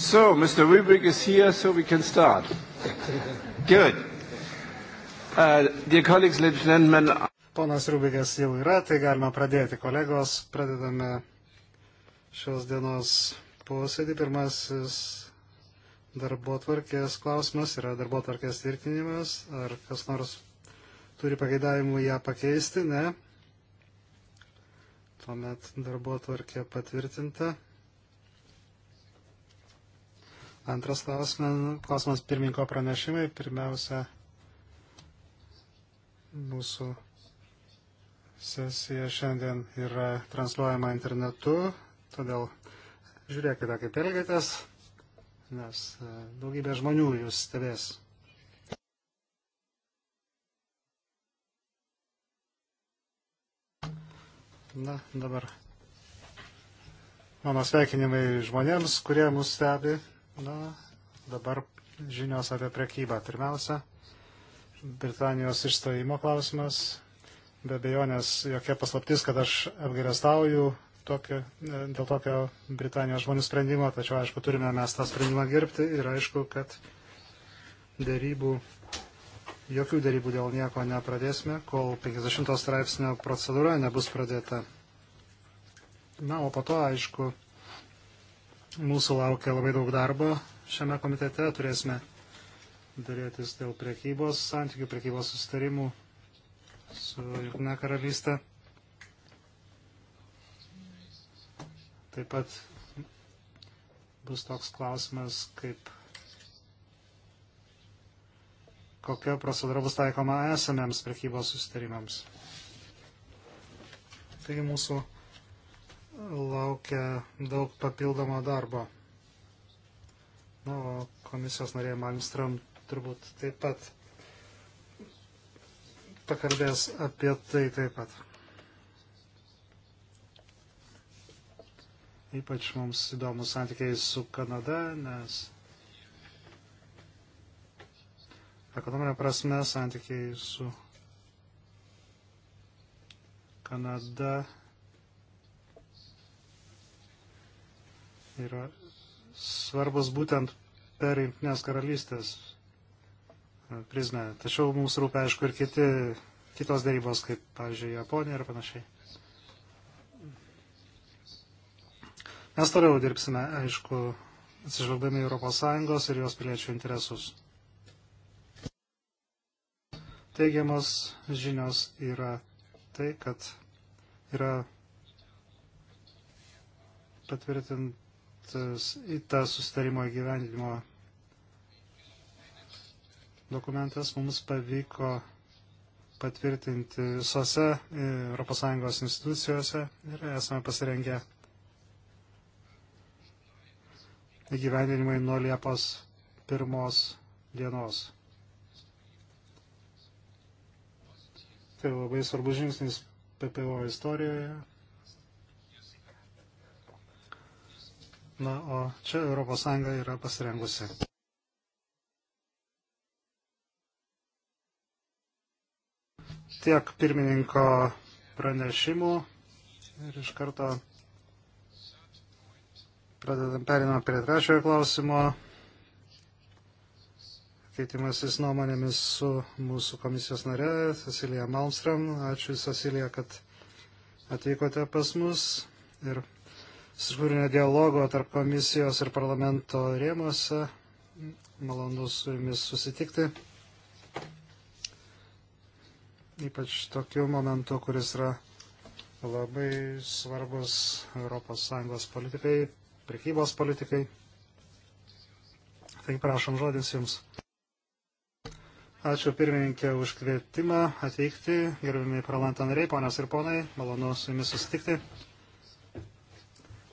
So, Mr. Rubik is here, so we can start. Good. Uh, dear colleagues, ladies and gentlemen. Uh, Ponas Rubikas jau yra, tai galima pradėti. Kolegos, pradedame šios dienos posėdį. Pirmasis darbo tvarkės klausimas yra darbo tvarkės tvirtinimas. Ar kas nors turi pageidavimų ją pakeisti? Ne. Tuomet darbo tvarkė patvirtinta. Antras klausimas, klausimas pirmininko pranešimai. Pirmiausia, mūsų sesija šiandien yra transliuojama internetu, todėl žiūrėkite, kaip elgiatės, nes e, daugybė žmonių jūs stebės. Na, dabar mano sveikinimai žmonėms, kurie mus stebi Na, dabar žinios apie prekybą. Pirmiausia, Britanijos išstojimo klausimas. Be abejonės, jokia paslaptis, kad aš apgailestauju tokio, e, dėl tokio Britanijos žmonių sprendimo, tačiau aišku, turime mes tą sprendimą gerbti ir aišku, kad dėrybų, jokių dėrybų dėl nieko nepradėsime, kol 50 straipsnio procedūra nebus pradėta. Na, o po to, aišku, Mūsų laukia labai daug darbo. Šiame komitete turėsime darėtis dėl priekybos santykių, priekybos sustarimų su Junktinė karalystė. Taip pat bus toks klausimas, kaip kokia procedūra bus taikoma esamiems prekybos sustarimams. Taigi mūsų laukia daug papildomo darbo. Na, o komisijos narė Malmström turbūt taip pat pakalbės apie tai taip pat. Ypač mums įdomus santykiai su Kanada, nes ekonominė prasme santykiai su Kanada yra svarbus būtent per Junktinės karalystės e, prizmę. Tačiau mums rūpia, aišku, ir kiti, kitos darybos, kaip, pavyzdžiui, Japonija ir panašiai. Mes toliau dirbsime, aišku, atsižvelgdami ES ir jos piliečių interesus. Teigiamos žinios yra tai, kad yra patvirtint į tą sustarimo įgyvendinimo dokumentas mums pavyko patvirtinti visose ES institucijose ir esame pasirengę įgyvendinimai nuo Liepos pirmos dienos. Tai labai svarbus žingsnis PPO istorijoje. Na, o čia ES yra pasirengusi. Tiek pirmininko pranešimų ir iš karto pradedam perinamą prie trečiojo klausimo keitimasis nuomonėmis su mūsų komisijos nare Cecilija Malmström. Ačiū Cecilija, kad atvykote pas mus ir struktūrinio dialogo tarp komisijos ir parlamento rėmose. Malonu su jumis susitikti. Ypač tokiu momentu, kuris yra labai svarbus ES politikai, prekybos politikai. Tai prašom žodis jums. Ačiū pirmininkė už kvietimą atvykti, gerbimi parlamento nariai, ponios ir ponai, malonu su jumis susitikti.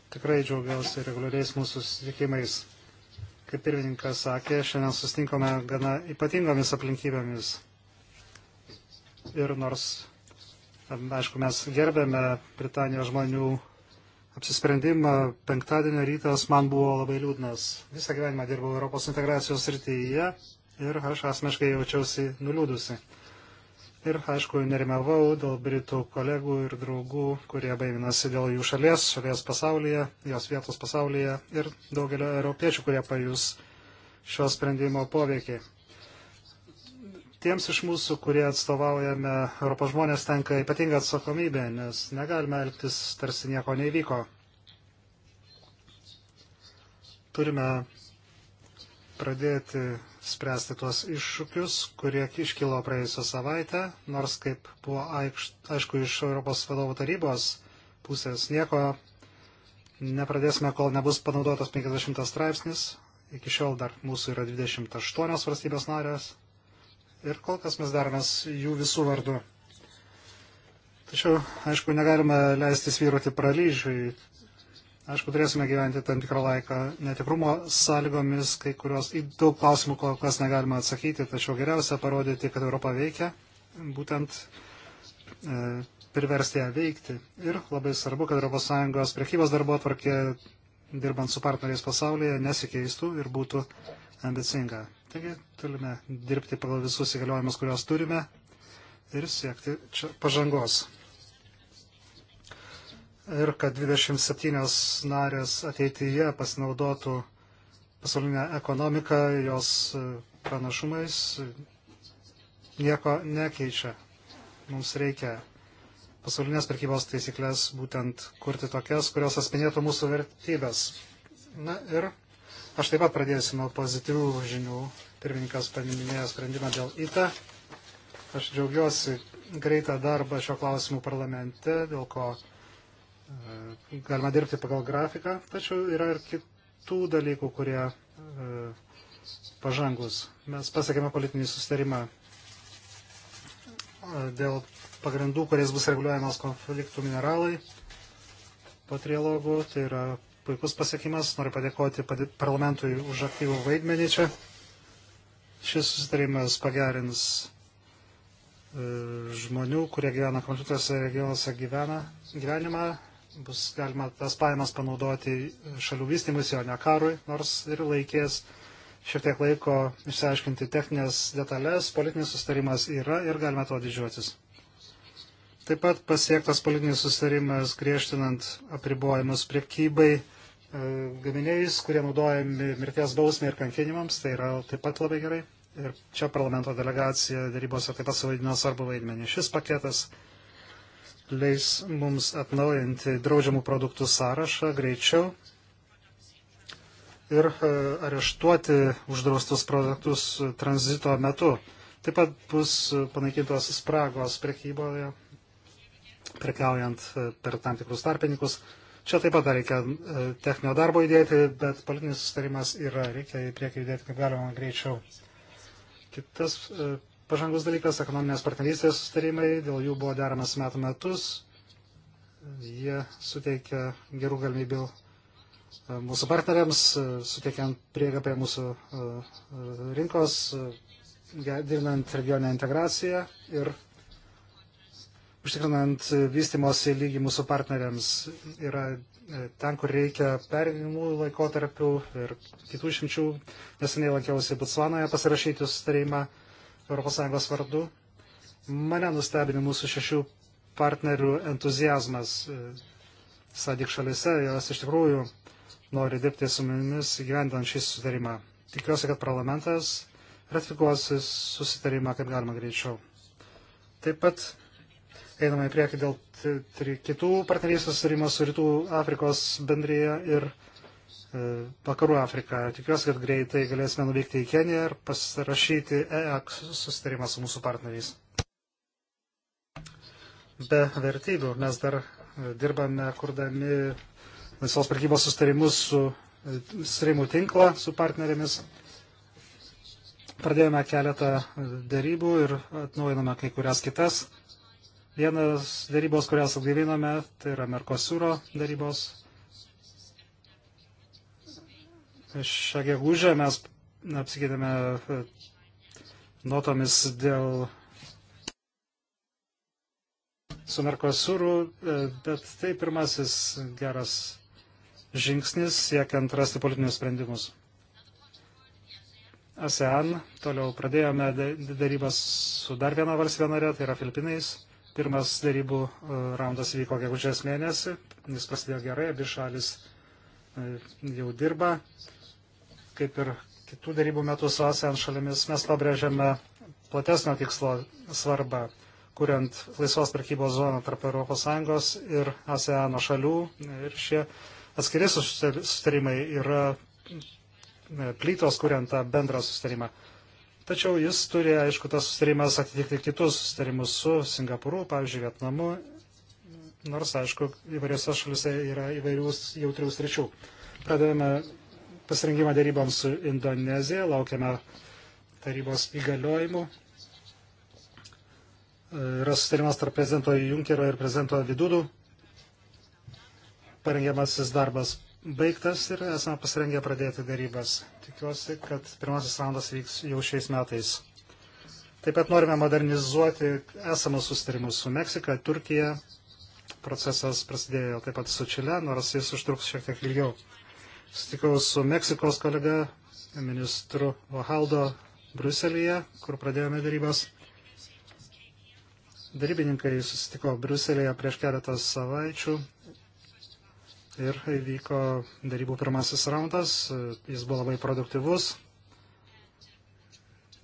Tikrai džiaugiausi reguliariais mūsų susitikimais. Kaip pirmininkas sakė, šiandien susitinkome gana ypatingomis aplinkybėmis. Ir nors, aišku, mes gerbėme Britanijos žmonių apsisprendimą, penktadienio rytas man buvo labai liūdnas. Visą gyvenimą dirbau Europos integracijos srityje ir aš asmeškai jaučiausi nuliūdusi. Ir, aišku, nerimavau dėl britų kolegų ir draugų, kurie baiminasi dėl jų šalies, šalies pasaulyje, jos vietos pasaulyje ir daugelio europiečių, kurie pajus šio sprendimo poveikį. Tiems iš mūsų, kurie atstovaujame Europos žmonės, tenka ypatinga atsakomybė, nes negalime elgtis tarsi nieko nevyko. Turime pradėti spręsti tuos iššūkius, kurie iškilo praėjusią savaitę, nors kaip buvo aišku iš Europos vadovų tarybos pusės nieko nepradėsime, kol nebus panaudotas 50 straipsnis. Iki šiol dar mūsų yra 28 valstybės narės ir kol kas mes daromės jų visų vardu. Tačiau, aišku, negalime leisti svyruoti pralyžiui, Aišku, turėsime gyventi tam tikrą laiką netikrumo sąlygomis, kai kurios į daug klausimų kol kas negalima atsakyti, tačiau geriausia parodyti, kad Europa veikia, būtent e, priversti ją veikti. Ir labai svarbu, kad ES priekybos darbo atvarkė, dirbant su partneriais pasaulyje, nesikeistų ir būtų ambicinga. Taigi turime dirbti pagal visus įgaliojimus, kuriuos turime ir siekti pažangos ir kad 27 narės ateityje pasinaudotų pasaulinę ekonomiką, jos pranašumais nieko nekeičia. Mums reikia pasaulinės prekybos taisyklės būtent kurti tokias, kurios atspindėtų mūsų vertybės. Na ir aš taip pat pradėsiu nuo pozityvių žinių. Pirmininkas paminėjo sprendimą dėl ITA. Aš džiaugiuosi greitą darbą šio klausimų parlamente, dėl ko E, galima dirbti pagal grafiką, tačiau yra ir kitų dalykų, kurie e, pažangus. Mes pasakėme politinį sustarimą e, dėl pagrindų, kuriais bus reguliuojamas konfliktų mineralai po trilogų. Tai yra puikus pasiekimas. Noriu padėkoti parlamentui už aktyvų vaidmenį čia. Šis susitarimas pagerins žmonių, kurie gyvena konfliktuose regionuose gyvena, gyvenimą bus galima tas pajamas panaudoti šalių vystymus, jo ne karui, nors ir laikės šiek tiek laiko išsiaiškinti techninės detalės, politinis sustarimas yra ir galime tuo didžiuotis. Taip pat pasiektas politinis sustarimas griežtinant apribojimus priekybai e, gaminiais, kurie naudojami mirties bausmė ir kankinimams, tai yra taip pat labai gerai. Ir čia parlamento delegacija darybose taip pat suvaidino svarbu vaidmenį. Šis paketas leis mums atnaujinti draudžiamų produktų sąrašą greičiau ir e, areštuoti uždraustus produktus tranzito metu. Taip pat bus panaikintos spragos prekyboje, prekiaujant e, per tam tikrus tarpininkus. Čia taip pat reikia e, techninio darbo įdėti, bet politinis sustarimas yra, reikia į priekį įdėti kaip galima greičiau. Kitas pažangus dalykas, ekonominės partnerystės sustarimai, dėl jų buvo deramas metų metus, jie suteikia gerų galimybių e, mūsų partneriams, e, suteikiant prieigą prie mūsų e, rinkos, didinant regionę integraciją ir užtikrinant vystimosi lygį mūsų partneriams. Yra ten, kur reikia perinimų laikotarpių ir kitų šimčių. Neseniai lankiausi Botsvanoje pasirašyti sustarimą ES vardu. Mane nustebino mūsų šešių partnerių entuzijazmas e, sadik šalise, jos iš tikrųjų nori dirbti su mumis gyvendant šį susitarimą. Tikiuosi, kad parlamentas ratifikuos susitarimą kaip galima greičiau. Taip pat einame į priekį dėl kitų partnerystės susitarimo su Rytų Afrikos bendryje ir E, Vakarų Afriką. Tikiuosi, kad greitai galėsime nuvykti į Keniją ir pasirašyti EAK susitarimą su mūsų partneriais. Be vertybių mes dar dirbame, kurdami laisvos prekybos susitarimus su e, streamų tinklą, su partnerėmis. Pradėjome keletą darybų ir atnaujiname kai kurias kitas. Vienas darybos, kurias atgaiviname, tai yra Merkosūro darybos Šią gegužę mes apsikeitėme e, notomis dėl su Merkosūru, e, bet tai pirmasis geras žingsnis siekiant rasti politinius sprendimus. ASEAN, toliau pradėjome darybas su dar viena valstybė narė, tai yra Filipinais. Pirmas darybų e, raundas vyko gegužės mėnesį, jis prasidėjo gerai, abi šalis jau dirba kaip ir kitų darybų metų su ASEAN šalimis, mes pabrėžiame platesnio tikslo svarbą, kuriant laisvos prekybos zoną tarp ES ir ASEAN šalių. Ir šie atskiri sustarimai yra e, plytos, kuriant tą bendrą sustarimą. Tačiau jis turi, aišku, tas sustarimas atitikti kitus sustarimus su Singapūru, pavyzdžiui, Vietnamu, nors, aišku, įvairiose šalise yra įvairių jautrių sričių. Pradėjome pasirengimą daryboms su Indonezija, laukiame tarybos įgaliojimų. E, yra sustarimas tarp prezidento Junkerio ir prezidento Vidudų. Parengiamasis darbas baigtas ir esame pasirengę pradėti darybas. Tikiuosi, kad pirmasis raundas vyks jau šiais metais. Taip pat norime modernizuoti esamus sustarimus su Meksika, Turkija. Procesas prasidėjo taip pat su Čile, nors jis užtruks šiek tiek ilgiau susitikau su Meksikos kolega ministru Ohaldo Bruselėje, kur pradėjome darybas. Darybininkai susitiko Bruselėje prieš keletą savaičių ir vyko darybų pirmasis raundas. Jis buvo labai produktyvus.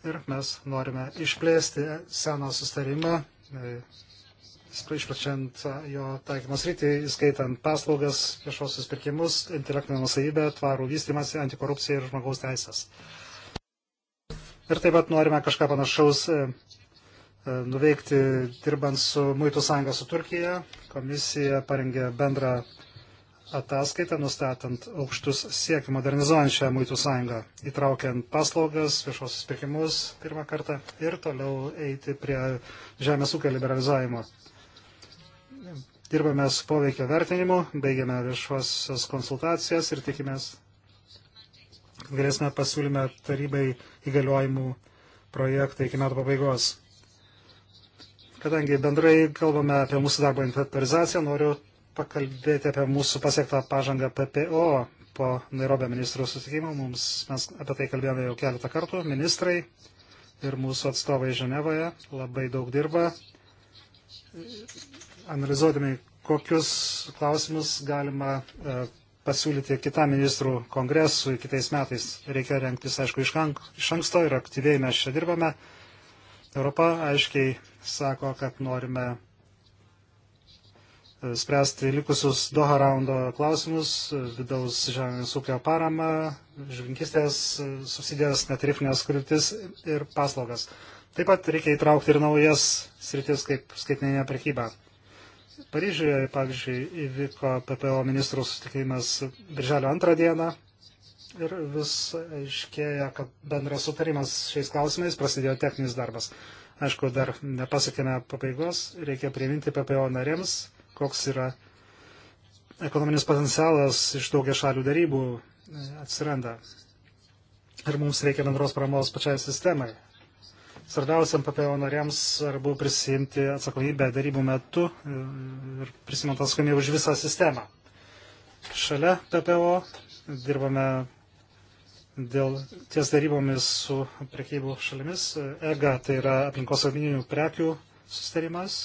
Ir mes norime išplėsti seną sustarimą išplečiant jo taikymas rytį, įskaitant paslaugas, viešosius pirkimus, intelektinę nusavybę, tvarų vystimąsi, antikorupciją ir žmogaus teisės. Ir taip pat norime kažką panašaus e, e, nuveikti dirbant su Muitų sąjunga su Turkija. Komisija parengė bendrą ataskaitą, nustatant aukštus siekį modernizuojančią Muitų sąjungą, įtraukiant paslaugas, viešosius pirkimus pirmą kartą ir toliau eiti prie žemės ūkio liberalizavimo. Dirbame su poveikio vertinimu, baigiame viešuosios konsultacijas ir tikimės, kad galėsime pasiūlyme tarybai įgaliojimų projektą iki metų pabaigos. Kadangi bendrai kalbame apie mūsų darbo inventarizaciją, noriu pakalbėti apie mūsų pasiektą pažangą PPO po Nairobio ministrų susitikimo. Mums, mes apie tai kalbėjome jau keletą kartų. Ministrai ir mūsų atstovai Ženevoje labai daug dirba analizuodami, kokius klausimus galima e, pasiūlyti kitam ministrų kongresui kitais metais. Reikia renktis, aišku, iš anksto ir aktyviai mes čia dirbame. Europa aiškiai sako, kad norime e, spręsti likusius Doha raundo klausimus, vidaus žemės ūkio paramą, žvinkistės e, susidės netarifinės kryptis ir paslaugas. Taip pat reikia įtraukti ir naujas sritis kaip skaitmeninė prekyba. Paryžiuje, pavyzdžiui, įvyko PPO ministrų susitikimas birželio antrą dieną ir vis aiškėja, kad bendras sutarimas šiais klausimais prasidėjo techninis darbas. Aišku, dar nepasakėme pabaigos, reikia priminti PPO narėms, koks yra ekonominis potencialas iš daugia šalių darybų e, atsiranda. Ir mums reikia bendros paramos pačiai sistemai. Svarbiausiam PPO nariams svarbu prisimti atsakomybę darybų metu e, ir prisimant atsakomybę už visą sistemą. Šalia PPO dirbame dėl ties darybomis su priekybų šalimis. EGA tai yra aplinkosauginių prekių sustarimas,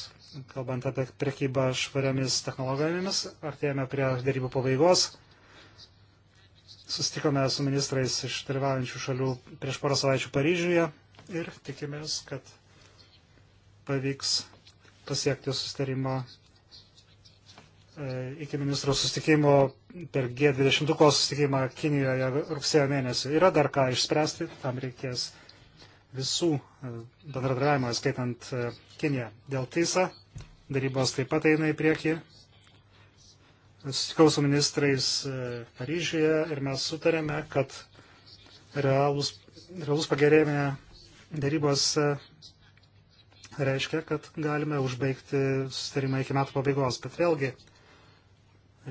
kalbant apie priekybą švariamis technologijomis. Artėjame prie darybų pabaigos. Sustikome su ministrais iš dalyvaujančių šalių prieš porą savaičių Paryžiuje ir tikimės, kad pavyks pasiekti sustarimo e, iki ministro sustikimo per G20 sustikimą Kinijoje rugsėjo mėnesį. Yra dar ką išspręsti, tam reikės visų e, bendradarbiavimo, skaitant e, Kiniją. Dėl TISA darybos taip pat eina į priekį. Susitikau su ministrais Paryžiuje ir mes sutarėme, kad realus, realus pagerėjimai darybose reiškia, kad galime užbaigti sustarimą iki metų pabaigos, bet vėlgi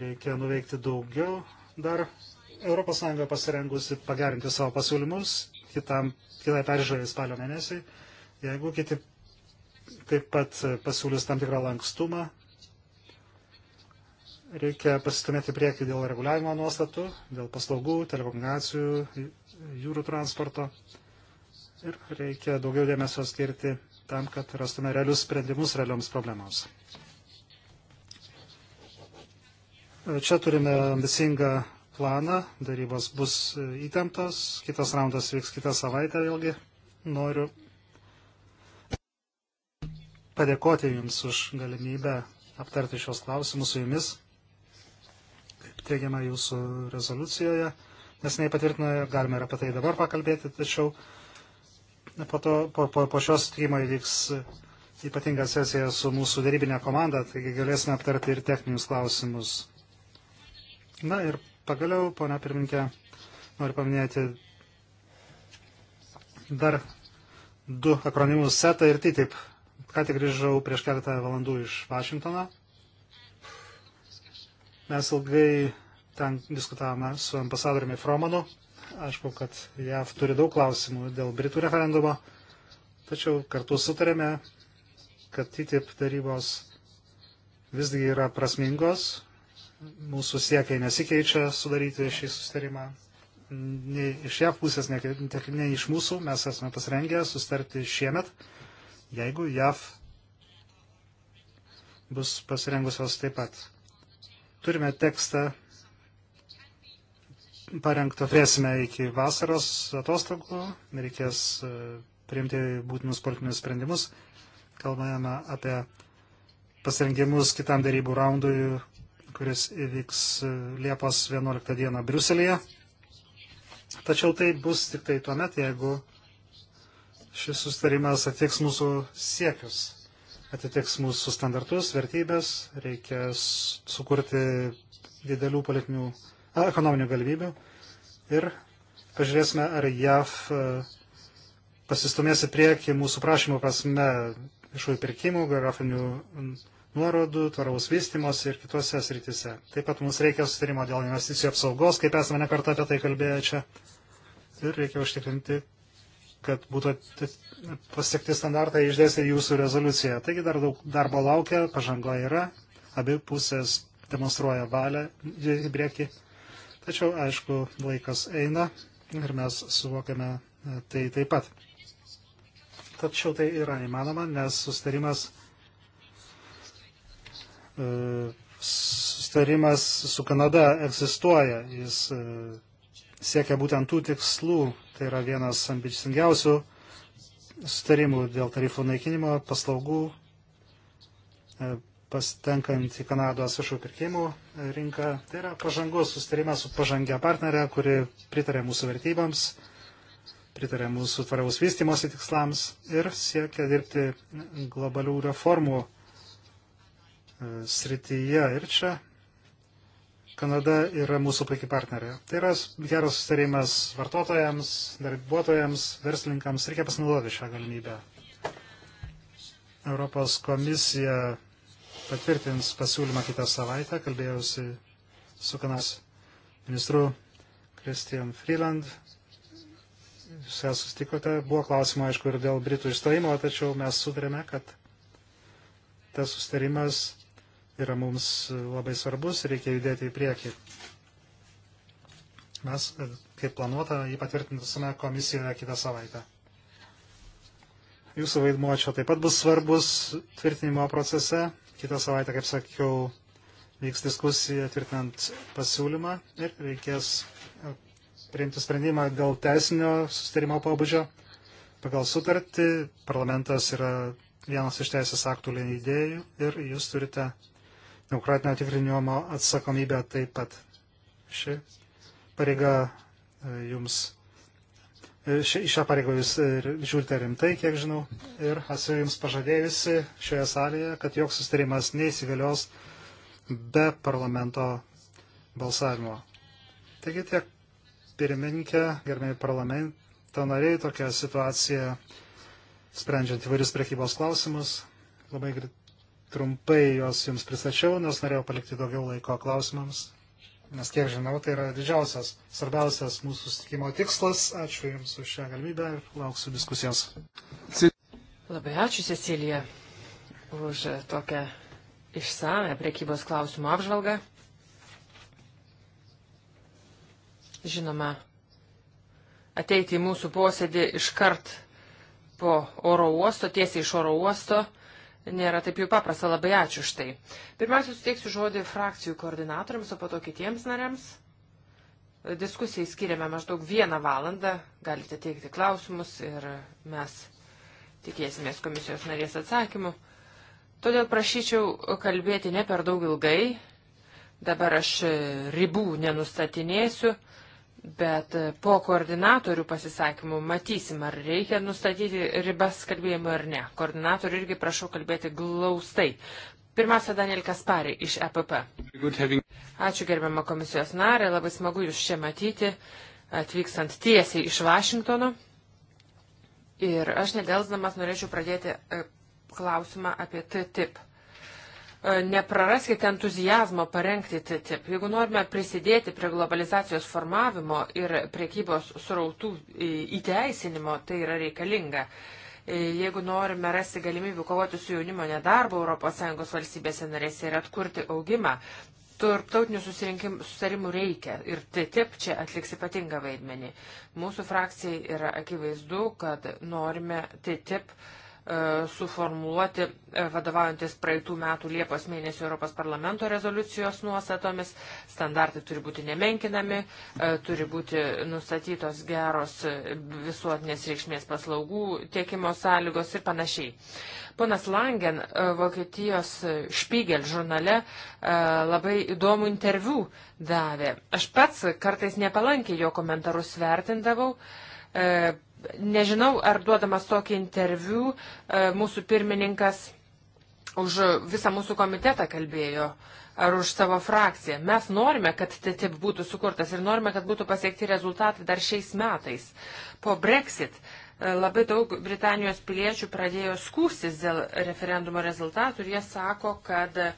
reikia nuveikti daugiau. Dar ES pasirengusi pagerinti savo pasiūlymus kitam, kitai peržiūrai spalio mėnesį, jeigu kiti taip pat pasiūlys tam tikrą lankstumą. Reikia pasistumėti prieki dėl reguliavimo nuostatų, dėl paslaugų, telekomunikacijų, jūrų transporto ir reikia daugiau dėmesio skirti tam, kad rastume realius sprendimus realioms problemams. Čia turime ambicingą planą, darybos bus įtemptos, kitas raundas vyks kitą savaitę vėlgi. Noriu padėkoti Jums už galimybę aptarti šios klausimus su Jumis, kaip teigiama Jūsų rezoliucijoje, nes neįpatvirtinoje, galime ir apie tai dabar pakalbėti, tačiau uh, po, to, po, po, po šios tyrimo įvyks ypatinga sesija su mūsų darybinė komanda, taigi galėsime aptarti ir techninius klausimus. Na ir pagaliau, ponia pirminkė, noriu paminėti dar du akronimus SETA ir TTIP. Ką tik grįžau prieš keletą valandų iš Vašingtono. Mes ilgai ten diskutavome su ambasadoriumi Fromanu Aišku, kad JAV turi daug klausimų dėl Britų referendumo, tačiau kartu sutarėme, kad TTIP darybos visgi yra prasmingos, mūsų siekiai nesikeičia sudaryti šį sustarimą. Nei iš JAV pusės, nei, nei iš mūsų mes esame pasirengę sustarti šiemet, jeigu JAV bus pasirengusios taip pat. Turime tekstą parengto turėsime iki vasaros atostogų, reikės e, priimti būtinus politinius sprendimus. Kalbame apie pasirengimus kitam darybų raundui, kuris įvyks e, Liepos 11 dieną Briuselėje. Tačiau tai bus tik tai tuo met, jeigu šis sustarimas atitiks mūsų siekius, atitiks mūsų standartus, vertybės, reikės sukurti didelių politinių ekonominių galimybių ir pažiūrėsime, ar JAV pasistumės į priekį mūsų prašymų prasme viešųjų pirkimų, grafinių nuorodų, tvaraus vystimos ir kitose srityse. Taip pat mums reikia sutarimo dėl investicijų apsaugos, kaip esame nekartą apie tai kalbėję čia. Ir reikia užtikrinti, kad būtų pasiekti standartai išdėstyti jūsų rezoliuciją. Taigi dar daug darbo laukia, pažango yra, abi pusės demonstruoja valią į priekį. Tačiau, aišku, laikas eina ir mes suvokiame e, tai taip pat. Tačiau tai yra įmanoma, nes sustarimas, e, sustarimas su Kanada egzistuoja. Jis e, siekia būtent tų tikslų. Tai yra vienas ambicingiausių sustarimų dėl tarifų naikinimo, paslaugų, pasitenkant į Kanados viešų pirkimų rinką. Tai yra pažangus sustarimas su pažangia partnerė, kuri pritarė mūsų vertybams, pritarė mūsų tvaraus vystimosi tikslams ir siekia dirbti globalių reformų e, srityje. Ir čia Kanada yra mūsų puikiai partnerė. Tai yra geras sustarimas vartotojams, darbuotojams, verslininkams. Reikia pasinaudoti šią galimybę. Europos komisija patvirtins pasiūlymą kitą savaitę. Kalbėjausi su Kanas ministru Christian Freeland. Jūs ją sustikote. Buvo klausimų, aišku, ir dėl Britų išstojimo, tačiau mes sutarėme, kad tas sustarimas yra mums labai svarbus ir reikia judėti į priekį. Mes, kaip planuota, jį patvirtinsime komisijoje kitą savaitę. Jūsų vaidmuo čia taip pat bus svarbus tvirtinimo procese. Kitą savaitę, kaip sakiau, vyks diskusija tvirtinant pasiūlymą ir reikės e, priimti sprendimą dėl teisinio sustarimo pobūdžio. Pagal sutartį parlamentas yra vienas iš teisės aktų leidėjų ir jūs turite demokratinio tikrinimo atsakomybę taip pat. Ši pareiga e, jums šią pareigą jūs žiūrite rimtai, kiek žinau, ir esu jums pažadėjusi šioje salėje, kad joks sustarimas neįsigalios be parlamento balsavimo. Taigi tiek pirmininkė, gerbėjai parlamento nariai, tokia situacija, sprendžiant įvairius prekybos klausimus. Labai trumpai juos jums pristačiau, nes norėjau palikti daugiau laiko klausimams nes kiek žinau, tai yra didžiausias, svarbiausias mūsų susitikimo tikslas. Ačiū Jums už šią galimybę ir lauksiu diskusijos. Labai ačiū, Cecilija, už tokią išsame priekybos klausimų apžvalgą. Žinoma, ateiti į mūsų posėdį iškart po oro uosto, tiesiai iš oro uosto nėra taip jau paprasta. Labai ačiū už tai. Pirmiausia, suteiksiu žodį frakcijų koordinatoriams, o po to kitiems nariams. Diskusijai skiriame maždaug vieną valandą. Galite teikti klausimus ir mes tikėsimės komisijos narės atsakymų. Todėl prašyčiau kalbėti ne per daug ilgai. Dabar aš ribų nenustatinėsiu. Bet po koordinatorių pasisakymų matysim, ar reikia nustatyti ribas kalbėjimo ar ne. Koordinatorių irgi prašau kalbėti glaustai. Pirmiausia, Daniel Kaspari iš EPP. Ačiū gerbiamą komisijos narę, labai smagu Jūs čia matyti, atvykstant tiesiai iš Vašingtono. Ir aš nedelsdamas norėčiau pradėti e, klausimą apie TTIP. E, nepraraskite entuzijazmo parengti TTIP. Jeigu norime prisidėti prie globalizacijos formavimo ir priekybos srautų įteisinimo, tai yra reikalinga. E, jeigu norime rasti galimybių kovoti su jaunimo nedarbo ES valstybėse narėse ir atkurti augimą, tarptautinių susitarimų reikia ir TTIP čia atliks ypatingą vaidmenį. Mūsų frakcijai yra akivaizdu, kad norime TTIP uh, E, suformuoluoti, e, vadovaujantis praeitų metų Liepos mėnesio Europos parlamento rezoliucijos nuostatomis. Standartai turi būti nemenkinami, e, turi būti nustatytos geros visuotinės reikšmės paslaugų tiekimo sąlygos ir panašiai. Ponas Langen Vokietijos Špygel žurnale labai įdomų interviu davė. Aš pats kartais nepalankiai jo komentarus vertindavau Nežinau, ar duodamas tokį interviu e, mūsų pirmininkas už visą mūsų komitetą kalbėjo ar už savo frakciją. Mes norime, kad TTIP būtų sukurtas ir norime, kad būtų pasiekti rezultatai dar šiais metais. Po Brexit e, labai daug Britanijos piliečių pradėjo skūstis dėl referendumo rezultatų ir jie sako, kad uh,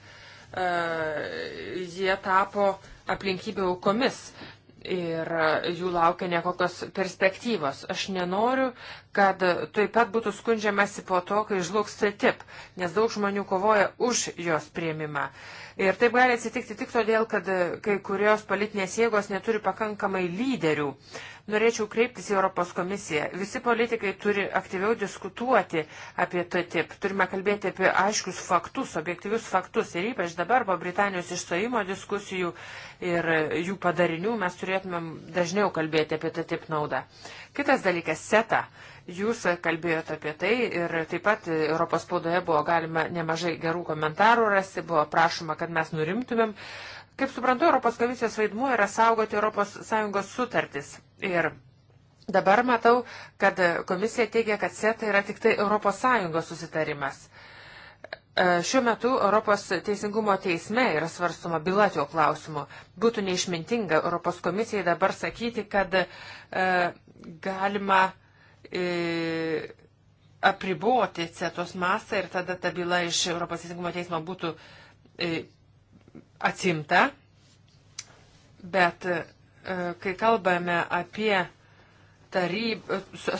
jie tapo aplinkybių aukomis ir jų laukia nekokios perspektyvos. Aš nenoriu, kad taip pat būtų skundžiamasi po to, kai žlugs CETIP, nes daug žmonių kovoja už jos prieimimą. Uh, Ir taip gali atsitikti tik todėl, kad e, kai kurios politinės jėgos neturi pakankamai lyderių. Norėčiau kreiptis į Europos komisiją. Visi politikai turi aktyviau diskutuoti apie tai taip. Turime kalbėti apie aiškius faktus, objektyvius faktus. Ir ypač dabar po Britanijos išstojimo diskusijų ir e, jų padarinių mes turėtumėm dažniau kalbėti apie tai taip naudą. Kitas dalykas - SETA. Jūs kalbėjote apie tai ir taip pat Europos spaudoje buvo galima nemažai gerų komentarų rasti, buvo prašoma, kad mes nurimtumėm. Kaip suprantu, Europos komisijos vaidmuo yra saugoti ES sutartis. Ir dabar matau, kad komisija teigia, kad SETA yra tik tai ES susitarimas. E, šiuo metu Europos teisingumo teisme yra svarstoma byla tio klausimu. Būtų neišmintinga Europos komisijai dabar sakyti, kad e, galima e, e, apriboti cetos masą ir tada ta byla iš Europos teisingumo teismo būtų e, atsimta. Bet e, kai kalbame apie taryb,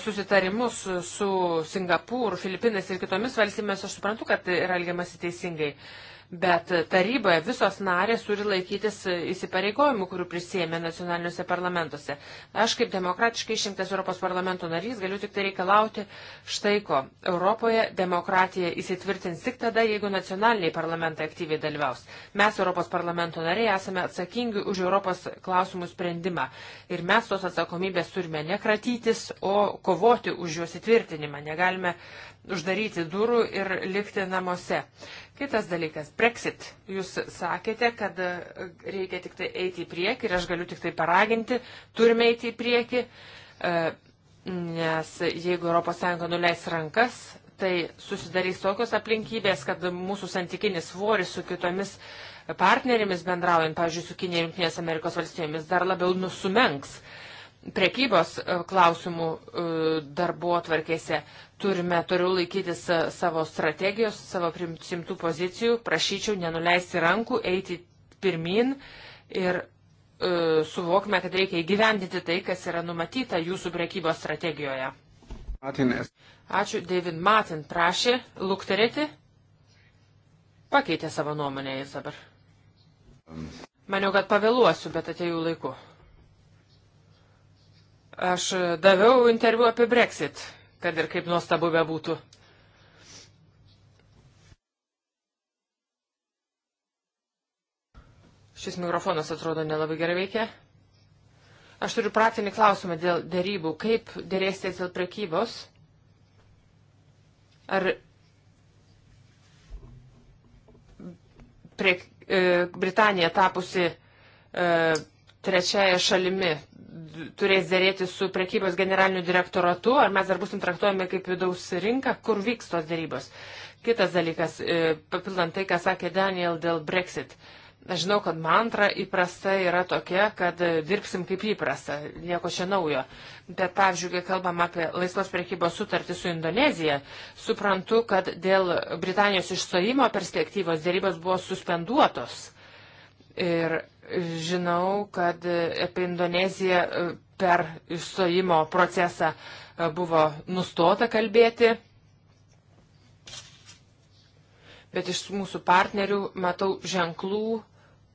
susitarimus su Singapūru, Filipinais ir kitomis valstybėmis, aš suprantu, kad yra elgiamasi teisingai. E, bet taryboje visos narės turi laikytis įsipareigojimų, kurių prisėmė nacionaliniuose parlamentuose. Aš kaip demokratiškai išrinktas Europos parlamento narys galiu tik tai reikalauti štai ko. Europoje demokratija įsitvirtins tik tada, jeigu nacionaliniai parlamentai aktyviai dalyvaus. Mes Europos parlamento nariai esame atsakingi už Europos klausimų sprendimą ir mes tos atsakomybės turime nekratytis, o kovoti už juos įtvirtinimą. Negalime uždaryti durų ir likti namuose. Kitas dalykas - Brexit. Jūs sakėte, kad reikia tik tai eiti į priekį ir aš galiu tik tai paraginti, turime eiti į priekį, e, nes jeigu ES nuleis rankas, tai susidarys tokios aplinkybės, kad mūsų santykinis svoris su kitomis partnerėmis bendraujant, pavyzdžiui, su Kinė ir Junktinės Amerikos valstybėmis, dar labiau nusumenks prekybos e, klausimų e, darbo atvarkėse Turime toliau laikytis e, savo strategijos, savo primtų pozicijų. Prašyčiau nenuleisti rankų, eiti pirmin ir e, suvokime, kad reikia įgyvendinti tai, kas yra numatyta jūsų prekybos strategijoje. Martinės. Ačiū, David Martin prašė lukterėti. Pakeitė savo nuomonę jis dabar. Maniau, kad pavėluosiu, bet atėjau laiku. Aš daviau interviu apie Brexit kad ir kaip nuostabu bebūtų. Šis mikrofonas atrodo nelabai gerai veikia. Aš turiu praktinį klausimą dėl dėrybų. Kaip dėrėsitės dėl prekybos? Ar prie, e, Britanija tapusi e, trečiaja šalimi turės dėrėti su prekybos generaliniu direktoratu, ar mes dar busim traktuojami kaip vidaus rinka, kur vyks tos dėrybos. Kitas dalykas, e, papildant tai, ką sakė Daniel dėl Brexit. Aš žinau, kad mantra įprasta yra tokia, kad e, dirbsim kaip įprasta, nieko čia naujo. Bet, pavyzdžiui, kai kalbam apie laisvos priekybos sutartį su Indonezija, suprantu, kad dėl Britanijos išstojimo perspektyvos dėrybos buvo suspenduotos. Ir Žinau, kad apie Indoneziją e, per išstojimo procesą e, buvo nustota kalbėti, bet iš mūsų partnerių matau ženklų,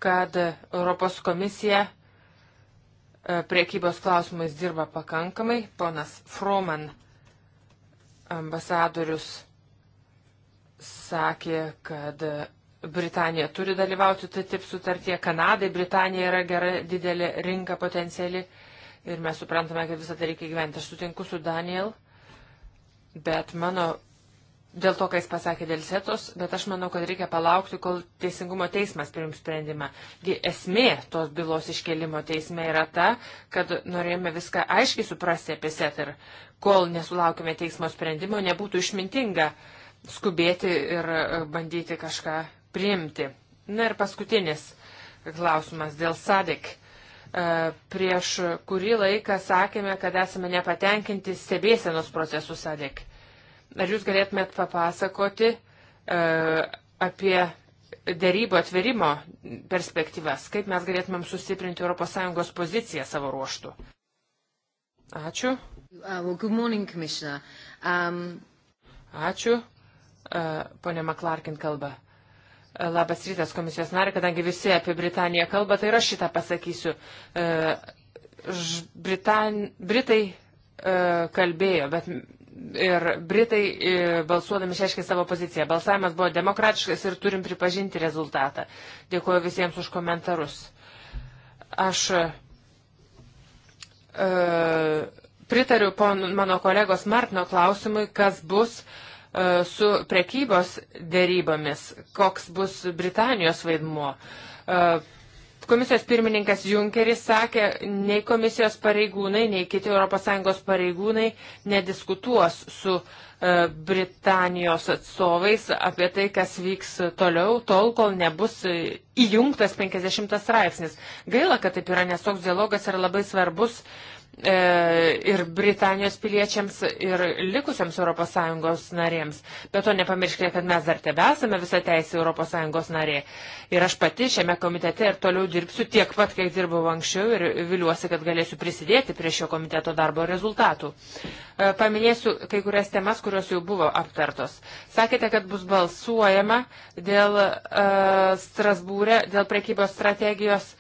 kad Europos komisija e, priekybos klausimais dirba pakankamai. Ponas Froman, ambasadorius, sakė, kad Britanija turi dalyvauti TTIP sutartie, Kanadai Britanija yra gera didelė rinka potenciali ir mes suprantame, kad visą tai reikia gyventi. Aš sutinku su Daniel, bet mano, dėl to, ką jis pasakė dėl setos, bet aš manau, kad reikia palaukti, kol Teisingumo teismas priims sprendimą. Esmė tos bylos iškelimo teisme yra ta, kad norėjome viską aiškiai suprasti apie setą ir kol nesulaukime teismo sprendimo, nebūtų išmintinga skubėti ir e, bandyti kažką priimti. Na ir paskutinis klausimas dėl SADIK. E, prieš kurį laiką sakėme, kad esame nepatenkinti stebėsenos procesų SADIK. Ar jūs galėtumėt papasakoti e, apie dėrybo atverimo perspektyvas, kaip mes galėtumėm sustiprinti ES poziciją savo ruoštų? Ačiū. Uh, good morning, Commissioner. Um... Ačiū. E, Pone Maklarkin kalba. Labas rytas komisijos nari, kadangi visi apie Britaniją kalba, tai ir aš šitą pasakysiu. E, Britan... Britai e, kalbėjo, bet ir Britai e, balsuodami išaiškė savo poziciją. Balsavimas buvo demokratiškas ir turim pripažinti rezultatą. Dėkuoju visiems už komentarus. Aš pritariu pon, mano kolegos Martino klausimui, kas bus uh, E, su prekybos dėrybomis, koks bus Britanijos vaidmuo. E, komisijos pirmininkas Junkeris sakė, nei komisijos pareigūnai, nei kiti ES pareigūnai nediskutuos su e, Britanijos atstovais apie tai, kas vyks toliau, tol, kol nebus įjungtas 50 straipsnis. Gaila, kad taip yra, nes toks dialogas yra labai svarbus uh, E, ir Britanijos piliečiams, ir likusiams ES narėms. Bet to nepamirškite, kad mes dar tebesame visą teisę ES narė. Ir aš pati šiame komitete ir toliau dirbsiu tiek pat, kiek dirbau anksčiau ir viliuosi, kad galėsiu prisidėti prie šio komiteto darbo rezultatų. E, paminėsiu kai kurias temas, kurios jau buvo aptartos. Sakėte, kad bus balsuojama dėl uh, e, Strasbūrė, dėl prekybos strategijos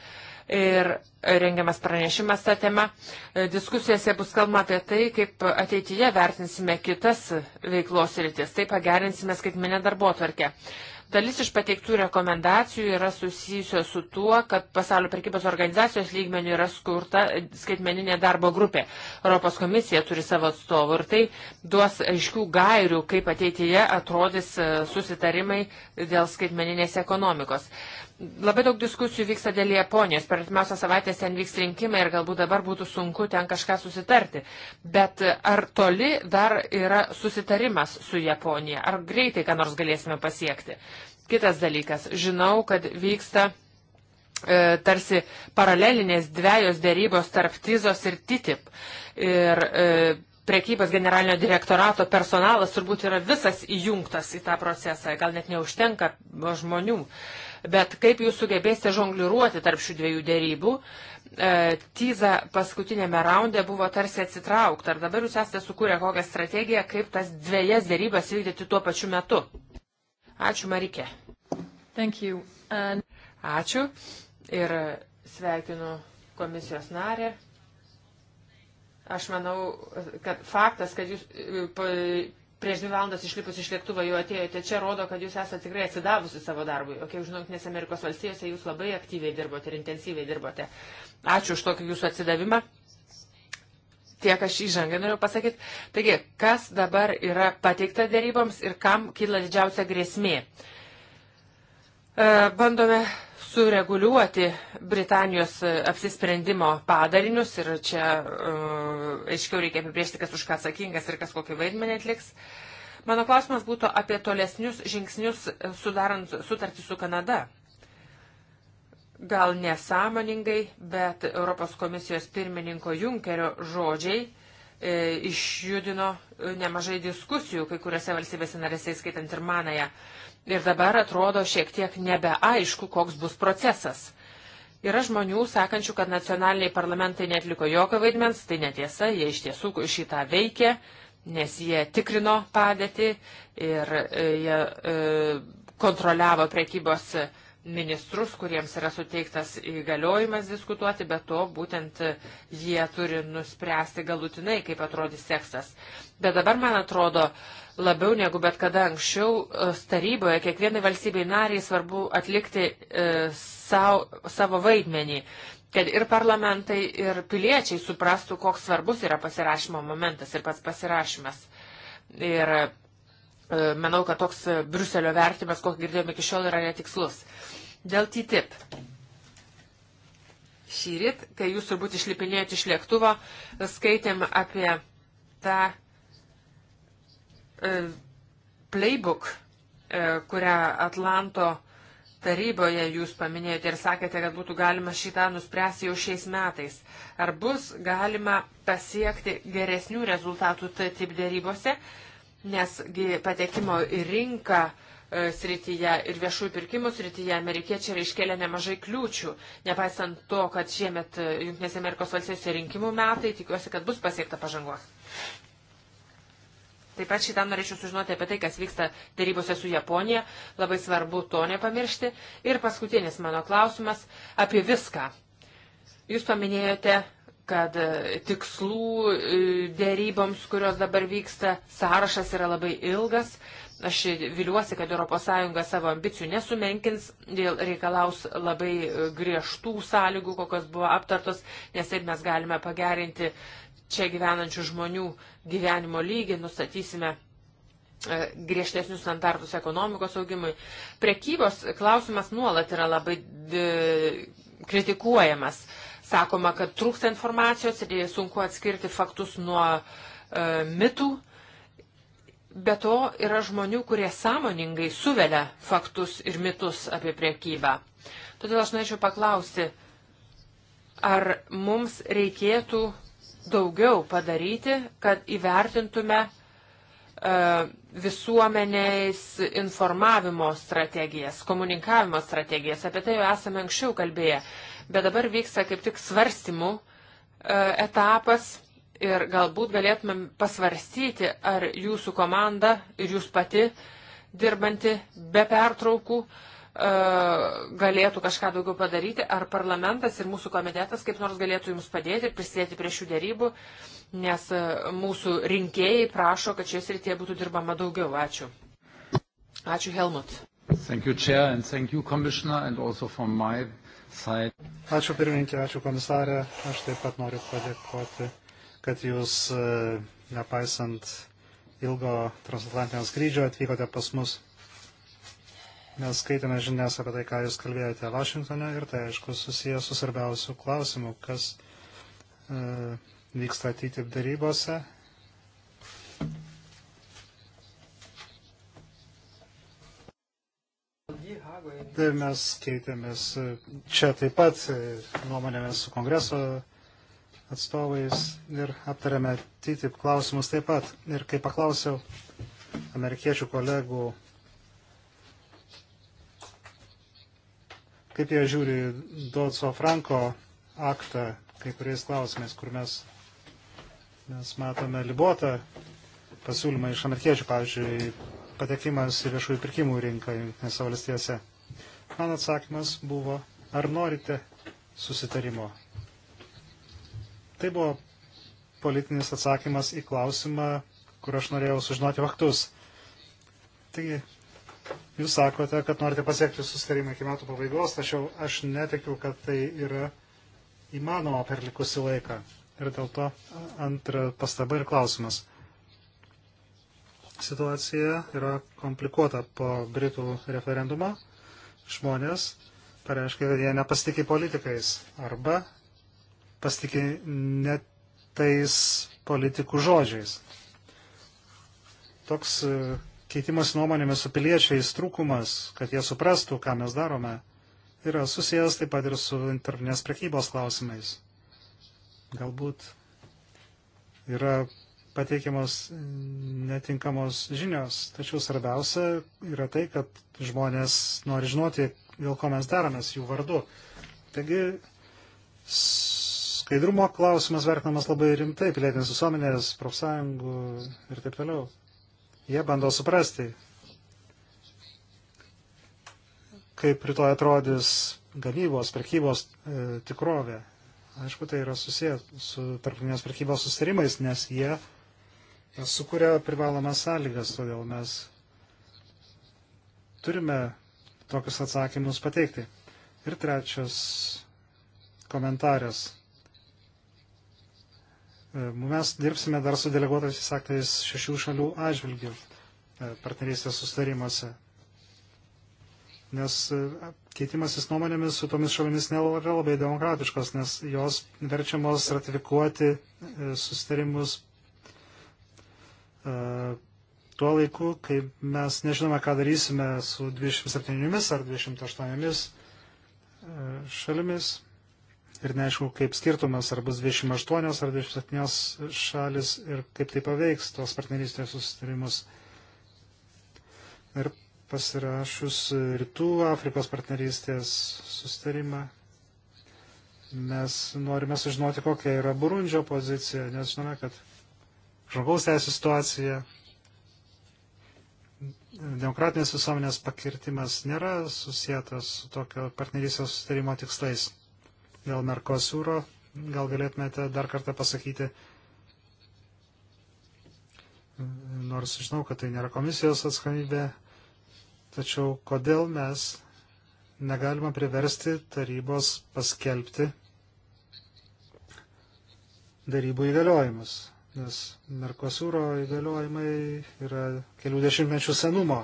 ir uh, rengiamas pranešimas tą temą. E, diskusijose bus kalbama apie tai, kaip ateityje vertinsime kitas veiklos rytis, taip pagerinsime skaitmenę darbo tvarkę. Dalis iš pateiktų rekomendacijų yra susijusios su tuo, kad pasaulio prekybos organizacijos lygmenių yra skurta skaitmeninė darbo grupė. Europos komisija turi savo atstovų ir tai duos aiškių gairių, kaip ateityje atrodys e, susitarimai dėl skaitmeninės ekonomikos. Labai daug diskusijų vyksta dėl Japonijos. Per artimiausią savaitę ten vyks rinkimai ir galbūt dabar būtų sunku ten kažką susitarti. Bet ar toli dar yra susitarimas su Japonija? Ar greitai ką nors galėsime pasiekti? Kitas dalykas. Žinau, kad vyksta e, tarsi paralelinės dviejos dėrybos tarp Tizos ir TTIP. Ir e, prekybos generalinio direktorato personalas turbūt yra visas įjungtas į tą procesą. Gal net neužtenka žmonių. E, Bet kaip jūs sugebėsite žongliruoti tarp šių dviejų dėrybų? E, Tyza paskutinėme raunde buvo tarsi atsitraukta. Ar dabar jūs esate sukūrę kokią strategiją, kaip tas dviejas dėrybas vykdyti tuo pačiu metu? Ačiū, Marike. And... Ačiū ir sveikinu komisijos narę. Aš manau, kad faktas, kad jūs e, prieš dvi valandas išlipus iš lėktuvo jau atėjote čia, rodo, kad jūs esate tikrai atsidavusi savo darbui. O kiek žinau, Junktinės Amerikos valstijose jūs labai aktyviai dirbote ir intensyviai dirbote. Ačiū už tokį jūsų atsidavimą. Tiek aš įžangą noriu pasakyti. Taigi, kas dabar yra pateikta dėryboms ir kam kyla didžiausia grėsmė? E, bandome sureguliuoti Britanijos e, apsisprendimo padarinius ir čia uh, aiškiau reikia apibriežti, kas už ką atsakingas ir kas kokį vaidmenį atliks. Mano klausimas būtų apie tolesnius žingsnius e, sudarant sutartį su Kanada. Gal nesąmoningai, bet Europos komisijos pirmininko Junkerio žodžiai e, išjudino nemažai diskusijų kai kuriuose valstybėse narėse, skaitant ir manąją. Ir dabar atrodo šiek tiek nebeaišku, koks bus procesas. Yra žmonių sakančių, kad nacionaliniai parlamentai netliko jokio vaidmens, tai netiesa, jie iš tiesų šitą veikė, nes jie tikrino padėtį ir e, jie e, kontroliavo prekybos. E, ministrus, kuriems yra suteiktas įgaliojimas diskutuoti, bet to būtent jie turi nuspręsti galutinai, kaip atrodys seksas. Bet dabar, man atrodo, labiau negu bet kada anksčiau e, taryboje kiekvienai valstybei nariai svarbu atlikti e, savo, savo vaidmenį, kad ir parlamentai, ir piliečiai suprastų, koks svarbus yra pasirašymo momentas ir pats pasirašymas. Ir e, manau, kad toks Bruselio vertimas, kokį girdėjome iki šiol, yra netikslus. Dėl TTIP. Šyrit, kai jūs turbūt išlipinėjot iš lėktuvo, skaitėm apie tą e, playbook, e, kurią Atlanto taryboje jūs paminėjote ir sakėte, kad būtų galima šitą nuspręsti jau šiais metais. Ar bus galima pasiekti geresnių rezultatų taip dėrybose, nesgi patekimo į rinką e, E, srityje ir viešųjų pirkimų srityje amerikiečiai yra iškėlę nemažai kliūčių. Nepaisant to, kad šiemet e, Junktinėse Amerikos valstijose rinkimų metai, tikiuosi, kad bus pasiekta pažangos. Taip pat šitą norėčiau sužinoti apie tai, kas vyksta darybose su Japonija. Labai svarbu to nepamiršti. Ir paskutinis mano klausimas apie viską. Jūs paminėjote kad e, tikslų dėryboms, kurios dabar vyksta, sąrašas yra labai ilgas. Aš viliuosi, kad ES savo ambicijų nesumenkins, dėl reikalaus labai e, griežtų sąlygų, kokios buvo aptartos, nes taip mes galime pagerinti čia gyvenančių žmonių gyvenimo lygį, nustatysime e, griežtesnius standartus ekonomikos augimui. Prekybos klausimas nuolat yra labai e, kritikuojamas. Sakoma, kad trūksta informacijos ir sunku atskirti faktus nuo e, mitų. E, Be to yra žmonių, kurie sąmoningai suvelia faktus ir mitus apie priekybą. Todėl aš norėčiau paklausti, ar mums reikėtų daugiau padaryti, kad įvertintume uh, visuomenės informavimo strategijas, komunikavimo strategijas. Apie tai jau esame anksčiau kalbėję, bet dabar vyksta kaip tik svarstymų uh, etapas ir galbūt galėtumėm pasvarstyti, ar jūsų komanda ir jūs pati dirbanti be pertraukų e, galėtų kažką daugiau padaryti, ar parlamentas ir mūsų komitetas kaip nors galėtų jums padėti ir prisidėti prie šių dėrybų, nes e, mūsų rinkėjai prašo, kad šioje srityje būtų dirbama daugiau. Ačiū. Ačiū Helmut. Thank you, Chair, and thank you, Commissioner, and also from my side. Ačiū pirmininkė, ačiū komisarė. Aš taip pat noriu padėkoti kad jūs, e, nepaisant ilgo transatlantinio skrydžio, atvykote pas mus. Mes skaitėme žinias apie tai, ką jūs kalbėjote Vašingtone ir tai, aišku, susijęs su svarbiausiu klausimu, kas e, vyksta ateityje darybose. Tai mes keitėmės e, čia taip pat e, nuomonėmis su kongreso atstovais ir aptarėme TTIP klausimus taip pat. Ir kai paklausiau amerikiečių kolegų, kaip jie žiūri Dodso Franko aktą kai kuriais klausimais, kur mes, mes matome libotą pasiūlymą iš amerikiečių, pavyzdžiui, patekimas į viešųjų pirkimų rinką Junktinėse valstijose. Man atsakymas buvo, ar norite susitarimo Tai buvo politinis atsakymas į klausimą, kur aš norėjau sužinoti faktus. Taigi, jūs sakote, kad norite pasiekti susitarimą iki metų pabaigos, tačiau aš netikiu, kad tai yra įmanoma per likusį laiką. Ir dėl to antra pastaba ir klausimas. Situacija yra komplikuota po Britų referendumo. Žmonės pareiškia, kad jie nepasitikė politikais arba pasitikė net tais politikų žodžiais. Toks e, keitimas nuomonėmis su piliečiais trūkumas, kad jie suprastų, ką mes darome, yra susijęs taip pat ir su internetinės prekybos klausimais. Galbūt yra pateikiamos netinkamos žinios, tačiau svarbiausia yra tai, kad žmonės nori žinoti, dėl ko mes daromės jų vardu. Taigi Skaidrumo klausimas vertinamas labai rimtai, pilietinės visuomenės, profsąjungų ir taip toliau. Jie bando suprasti, kaip rytoj atrodys gamybos, prekybos e, tikrovė. Aišku, tai yra susiję su tarptautinės prekybos sustarimais, nes jie sukuria privalomas sąlygas, todėl mes turime tokius atsakymus pateikti. Ir trečias komentaras. E, mes dirbsime dar su deleguotais aktais šešių šalių atžvilgių e, partnerystės sustarimuose. Nes e, keitimasis nuomonėmis su tomis šalimis nėra labai demokratiškos, nes jos verčiamos ratifikuoti sustarimus tuo laiku, kai mes nežinome, ką darysime su 27 ar 28 šalimis ir neaišku, kaip skirtumas, ar bus 28 ar 27 šalis ir kaip tai paveiks tos partnerystės susitarimus. Ir pasirašus Rytų Afrikos partnerystės susitarimą, mes norime sužinoti, kokia yra Burundžio pozicija, nes žinome, kad žmogaus teisų situacija, demokratinės visuomenės pakirtimas nėra susijęs su tokio partnerystės susitarimo tikslais dėl Merkosūro. Gal galėtumėte dar kartą pasakyti, nors žinau, kad tai nėra komisijos atskamybė, tačiau kodėl mes negalima priversti tarybos paskelbti darybų įgaliojimus, nes Merkosūro įgaliojimai yra kelių dešimtmečių senumo.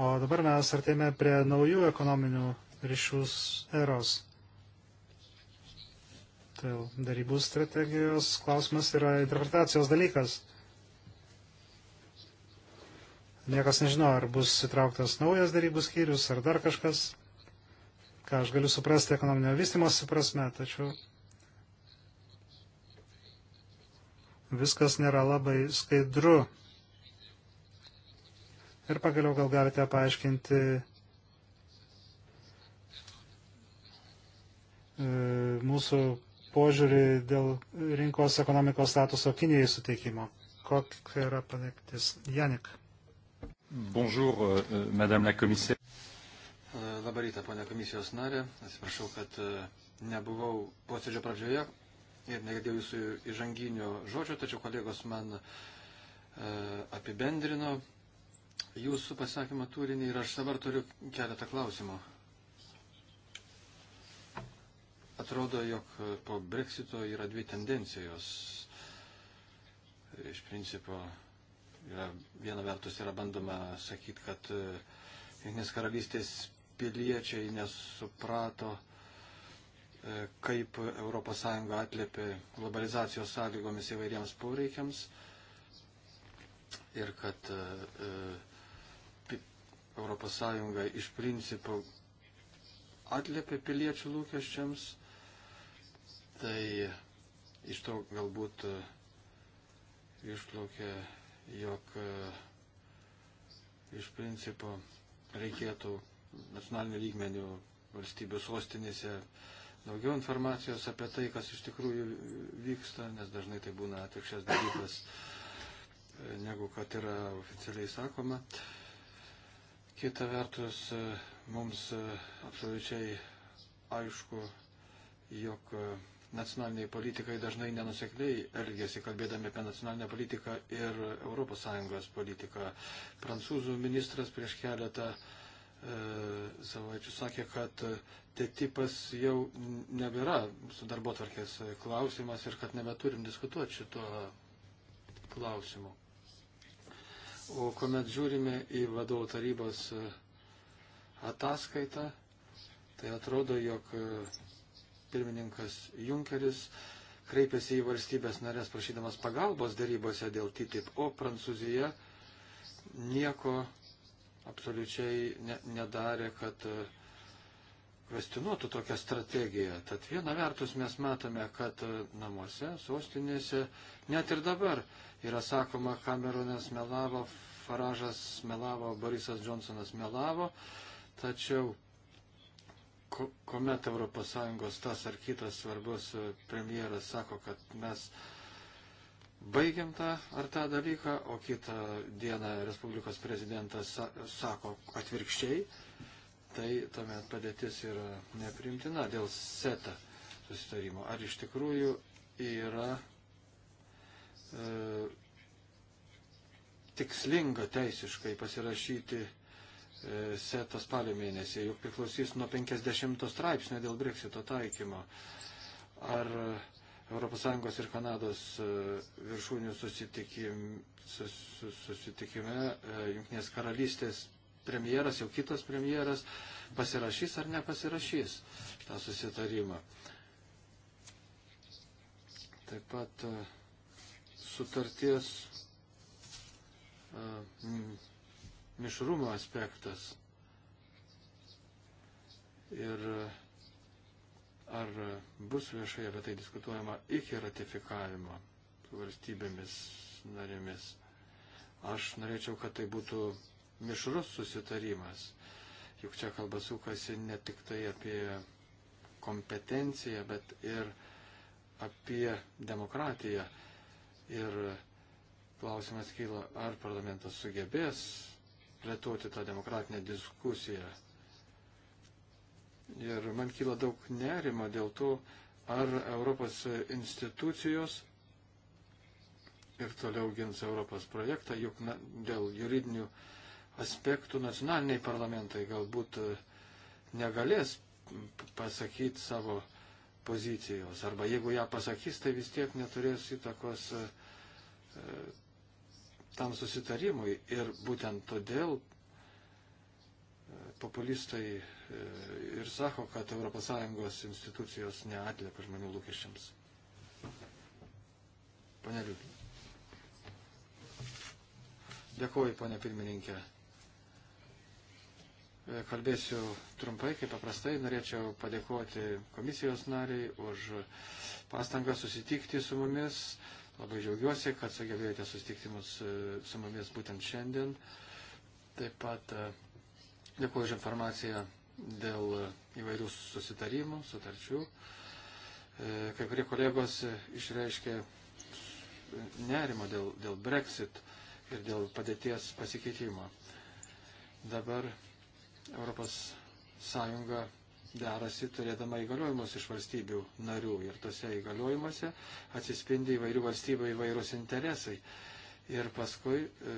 O dabar mes artėjame prie naujų ekonominių ryšius eros. Tai darybų strategijos klausimas yra interpretacijos dalykas. Niekas nežino, ar bus įtrauktas naujas darybų skyrius, ar dar kažkas, ką aš galiu suprasti ekonominio vystimosi prasme, tačiau viskas nėra labai skaidru Ir pagaliau gal galite paaiškinti e, mūsų požiūrį dėl rinkos ekonomikos statuso Kinijai suteikimo. Kokia yra padėktis? Janik. Bonjour, euh, euh, madame la komisija. E, labą rytą, ponia komisijos narė. Atsiprašau, kad e, nebuvau posėdžio pradžioje ir negirdėjau jūsų įžanginių žodžių, tačiau kolegos man apibendrino jūsų pasakymo turinį ir aš dabar turiu keletą klausimų. Atrodo, jog po Brexito yra dvi tendencijos. Iš principo, yra, viena vertus yra bandoma sakyti, kad e, Jungtinės karalystės piliečiai nesuprato, e, kaip ES atlėpė globalizacijos sąlygomis įvairiems poreikiams ir kad e, e ES iš principo atliepia piliečių lūkesčiams, tai iš to galbūt e, išplaukia, jog e, iš principo reikėtų nacionalinių lygmenių valstybių sostinėse daugiau informacijos apie tai, kas iš tikrųjų vyksta, nes dažnai tai būna atvirkščias dalykas, e, negu kad yra oficialiai sakoma. E, Kita vertus, e, mums e, absoliučiai aišku, jog e, nacionaliniai politikai dažnai nenusekliai elgesi, kalbėdami apie nacionalinę politiką ir ES politiką. Prancūzų ministras prieš keletą e, savaičių sakė, kad tetipas jau nebėra su darbo tvarkės klausimas ir kad nebeturim diskutuoti šito klausimu. O kuomet žiūrime į vadovų tarybos e, ataskaitą, tai atrodo, jog e, pirmininkas Junkeris kreipėsi į valstybės narės prašydamas pagalbos darybose dėl TTIP, o Prancūzija nieko absoliučiai ne, nedarė, kad uh, kvestinuotų tokią strategiją. Tad viena vertus mes matome, kad e, namuose, sostinėse, net ir dabar yra sakoma, Cameronas melavo, Faražas melavo, Borisas Johnsonas melavo, tačiau kuomet ES tas ar kitas svarbus e, premjeras sako, kad mes baigiam tą ar tą dalyką, o kitą dieną Respublikos prezidentas sako atvirkščiai, tai tuomet padėtis yra neprimtina dėl SETA susitarimo. Ar iš tikrųjų yra e, tikslinga teisiškai pasirašyti e, setą spalio mėnesį, juk priklausys nuo 50 straipsnio dėl breksito taikymo. Ar ES ir Kanados e, viršūnių susitikime, sus, susitikime e, Junknės karalystės premjeras, jau kitas premjeras pasirašys ar nepasirašys tą susitarimą. Taip pat e, sutarties e, mišrumo aspektas. Ir e, ar bus viešai apie tai diskutuojama iki ratifikavimo su valstybėmis narėmis. Aš norėčiau, kad tai būtų mišrus susitarimas. Juk čia kalba sukasi ne tik tai apie kompetenciją, bet ir apie demokratiją. Ir klausimas kyla, ar parlamentas sugebės plėtoti tą demokratinę diskusiją. Ir man kyla daug nerimo dėl to, ar Europos institucijos ir toliau gins Europos projektą, juk na, dėl juridinių aspektų nacionaliniai parlamentai galbūt e, negalės pasakyti savo pozicijos. Arba jeigu ją pasakys, tai vis tiek neturės įtakos e, e, tam susitarimui. Ir būtent todėl populistai ir sako, kad ES institucijos neatliepia žmonių lūkesčiams. Pane Liūdė. Dėkuoju, ponė pirmininkė. Kalbėsiu trumpai, kaip paprastai, norėčiau padėkoti komisijos nariai už pastangą susitikti su mumis. Labai džiaugiuosi, kad sugebėjote susitikti mus, e, su mumis būtent šiandien. Taip pat e, dėkuoju už informaciją dėl įvairių susitarimų, sutarčių. E, kai kurie kolegos išreiškė nerimo dėl, dėl Brexit ir dėl padėties pasikeitimo. Dabar Europos Sąjunga derasi turėdama įgaliojimus iš valstybių narių ir tose įgaliojimuose atsispindi įvairių valstybių įvairūs interesai. Ir paskui e,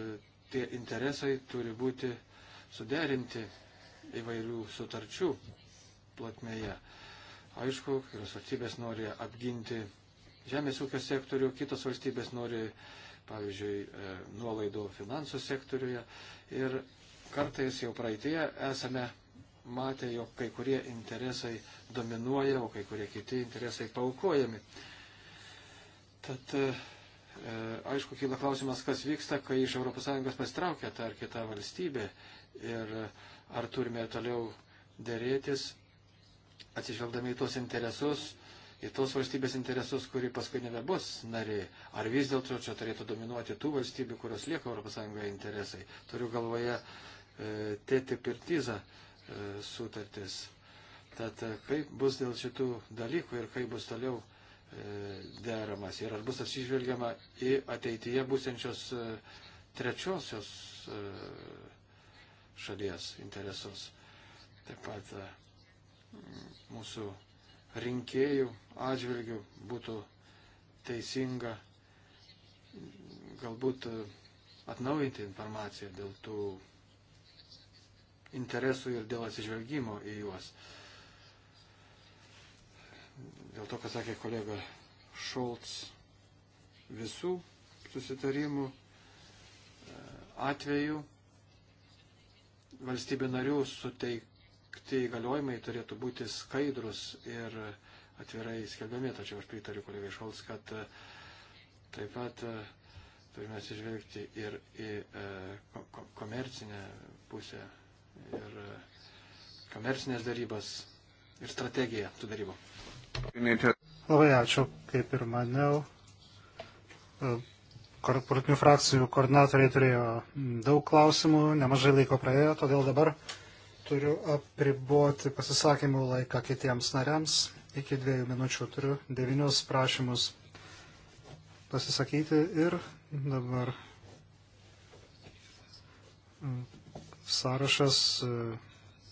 tie interesai turi būti suderinti įvairių sutarčių platmėje. Aišku, kurios valstybės nori apginti žemės ūkio sektorių, kitos valstybės nori, pavyzdžiui, e, nuolaidų finansų sektoriuje. Ir Kartais jau praeitie esame matę, jog kai kurie interesai dominuoja, o kai kurie kiti interesai paukojami. Tad e, aišku, kyla klausimas, kas vyksta, kai iš ES pasitraukia ta ar kita valstybė ir ar turime toliau dėrėtis, atsižvelgdami į tos interesus, į tos valstybės interesus, kuri paskui nebebus nariai, ar vis dėlto čia turėtų dominuoti tų valstybių, kurios lieka ES interesai. Turiu galvoje E, TTIP ir TIZA e, sutartis. Tad e, kaip bus dėl šitų dalykų ir kaip bus toliau deramas ir ar bus atsižvelgiama į ateityje būsiančios trečiosios šalies interesus. Taip pat mūsų rinkėjų atžvilgių būtų teisinga galbūt atnaujinti informaciją dėl tų interesų ir dėl atsižvelgimo į juos. Dėl to, ką sakė kolega Šolts, visų susitarimų e, atveju valstybė narių suteikti įgaliojimai turėtų būti skaidrus ir atvirai skelbiami, tačiau aš pritariu kolegai Šolts, kad e, taip pat e, turime atsižvelgti ir į komercinę pusę ir e, komercinės darybas ir strategiją tų darybų. Labai ačiū, kaip ir maniau. E, politinių frakcijų koordinatoriai turėjo daug klausimų, nemažai laiko praėjo, todėl dabar turiu apriboti pasisakymų laiką kitiems nariams. Iki dviejų minučių turiu devynius prašymus pasisakyti ir dabar sąrašas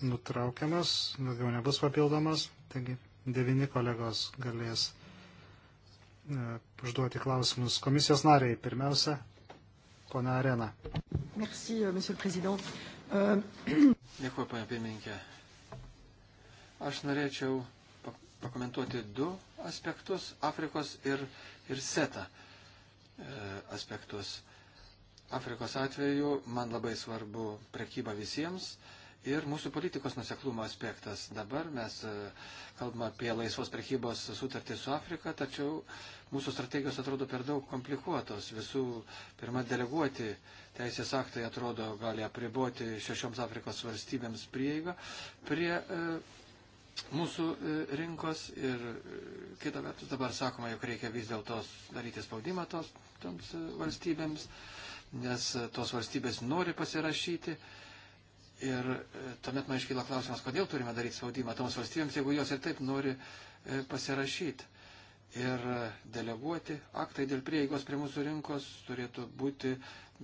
e, nutraukiamas, daugiau nebus papildomas, taigi devini kolegos galės e, užduoti klausimus komisijos nariai. Pirmiausia, ponia Arena. Merci, euh, monsieur le président. Euh, Dėkuoju, ponia pirmininkė. Aš norėčiau pakomentuoti du aspektus - Afrikos ir, ir SETA e, aspektus. Afrikos atveju man labai svarbu prekyba visiems ir mūsų politikos nuseklumo aspektas. Dabar mes e, kalbame apie laisvos prekybos sutartį su Afrika, tačiau mūsų strategijos atrodo per daug komplikuotos. Visų pirma, deleguoti teisės aktai atrodo gali apriboti šešioms Afrikos valstybėms prieigą prie e, mūsų e, rinkos ir kita vertus dabar sakoma, jog reikia vis dėlto daryti spaudimą tos toms valstybėms. Uh, nes e, tos valstybės nori pasirašyti. Ir e, tuomet man iškyla klausimas, kodėl turime daryti spaudimą toms valstybėms, jeigu jos ir taip nori e, pasirašyti. Ir deleguoti aktai dėl prieigos prie mūsų rinkos turėtų būti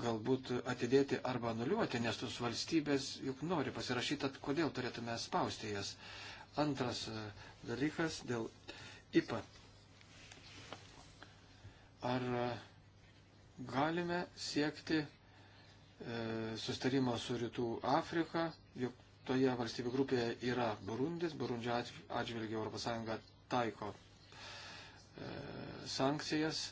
galbūt atidėti arba anuliuoti, nes tos valstybės juk nori pasirašyti, tad kodėl turėtume spausti jas. Antras dalykas dėl IPA. Ar galime siekti e, sustarimo su Rytų Afrika, juk toje valstybių grupėje yra Burundis, Burundžio atžvilgių ES taiko e, sankcijas.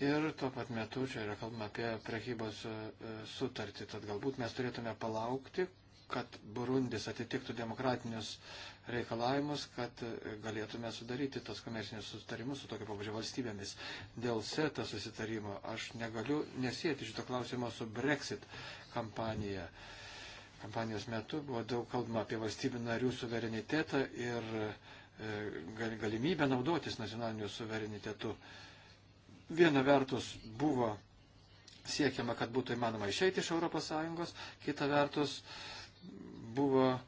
Ir tuo pat metu čia yra kalbama apie prekybos e, sutartį, tad galbūt mes turėtume palaukti, kad Burundis atitiktų demokratinius reikalavimus, kad galėtume sudaryti tos komercinius sustarimus su tokio pabudžio valstybėmis. Dėl SETA susitarimo aš negaliu nesėti šito klausimo su Brexit kampanija. Kampanijos metu buvo daug kalbama apie valstybių narių suverenitetą ir e, galimybę naudotis nacionaliniu suverenitetu. Viena vertus buvo siekiama, kad būtų įmanoma išeiti iš ES, kita vertus buvo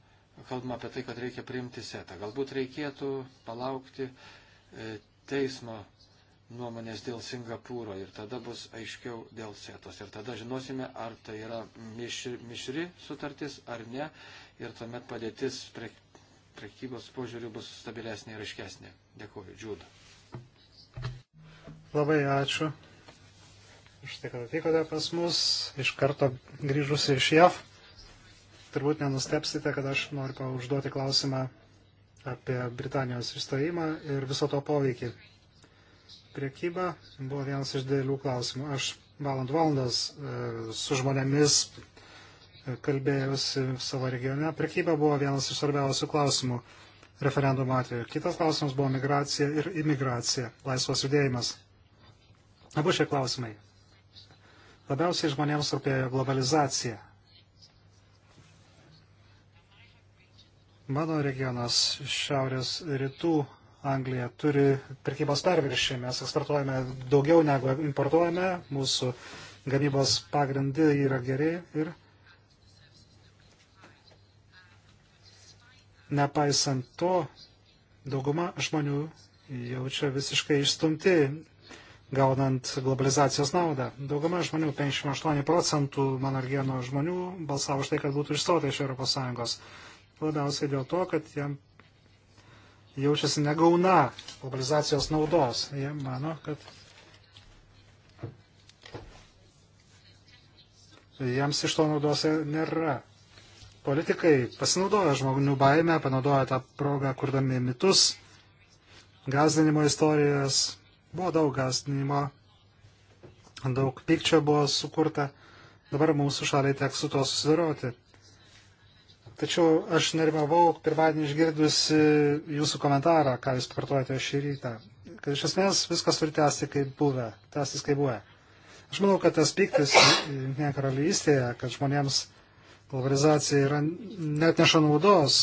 kalbama apie tai, kad reikia priimti setą. Galbūt reikėtų palaukti e, teismo nuomonės dėl Singapūro ir tada bus aiškiau dėl setos. Ir tada žinosime, ar tai yra mišri, mišri sutartis ar ne. Ir tuomet padėtis prie, prekybos požiūrių bus stabilesnė ir aiškesnė. Dėkuoju, Džiūda. Labai ačiū. Štai, kad atvykote pas mus, iš karto grįžus iš JAV turbūt nenustepsite, kad aš noriu užduoti klausimą apie Britanijos išstojimą ir viso to poveikį. Priekyba buvo vienas iš dėlių klausimų. Aš valandų valandas e, su žmonėmis e, kalbėjusi savo regione. Priekyba buvo vienas iš svarbiausių klausimų referendumo atveju. Kitas klausimas buvo migracija ir imigracija, laisvas judėjimas. Abu šie klausimai. Labiausiai žmonėms rūpėjo globalizacija. Mano regionas šiaurės rytų Anglija turi prekybos perviršį. Mes eksportuojame daugiau negu importuojame. Mūsų gamybos pagrindai yra geri ir nepaisant to, dauguma žmonių jaučia visiškai išstumti, gaunant globalizacijos naudą. Dauguma žmonių, 58 procentų mano regiono žmonių, balsavo už tai, kad būtų išstota iš ES labiausiai dėl to, kad jam jaučiasi negauna globalizacijos naudos. Jie mano, kad jiems iš to naudos nėra. Politikai pasinaudoja žmonių baimę, panaudoja tą progą, kurdami mitus, gazdinimo istorijas. Buvo daug gazdinimo, daug pykčio buvo sukurta. Dabar mūsų šaliai teks su to susidaroti. Tačiau aš nerimavau pirmadienį išgirdusi jūsų komentarą, ką jūs kartuojate šį rytą. Kad iš esmės viskas turi tęsti kaip buvę, tęstis kaip buvę. Aš manau, kad tas piktis ne karalystėje, kad žmonėms globalizacija yra net neša naudos,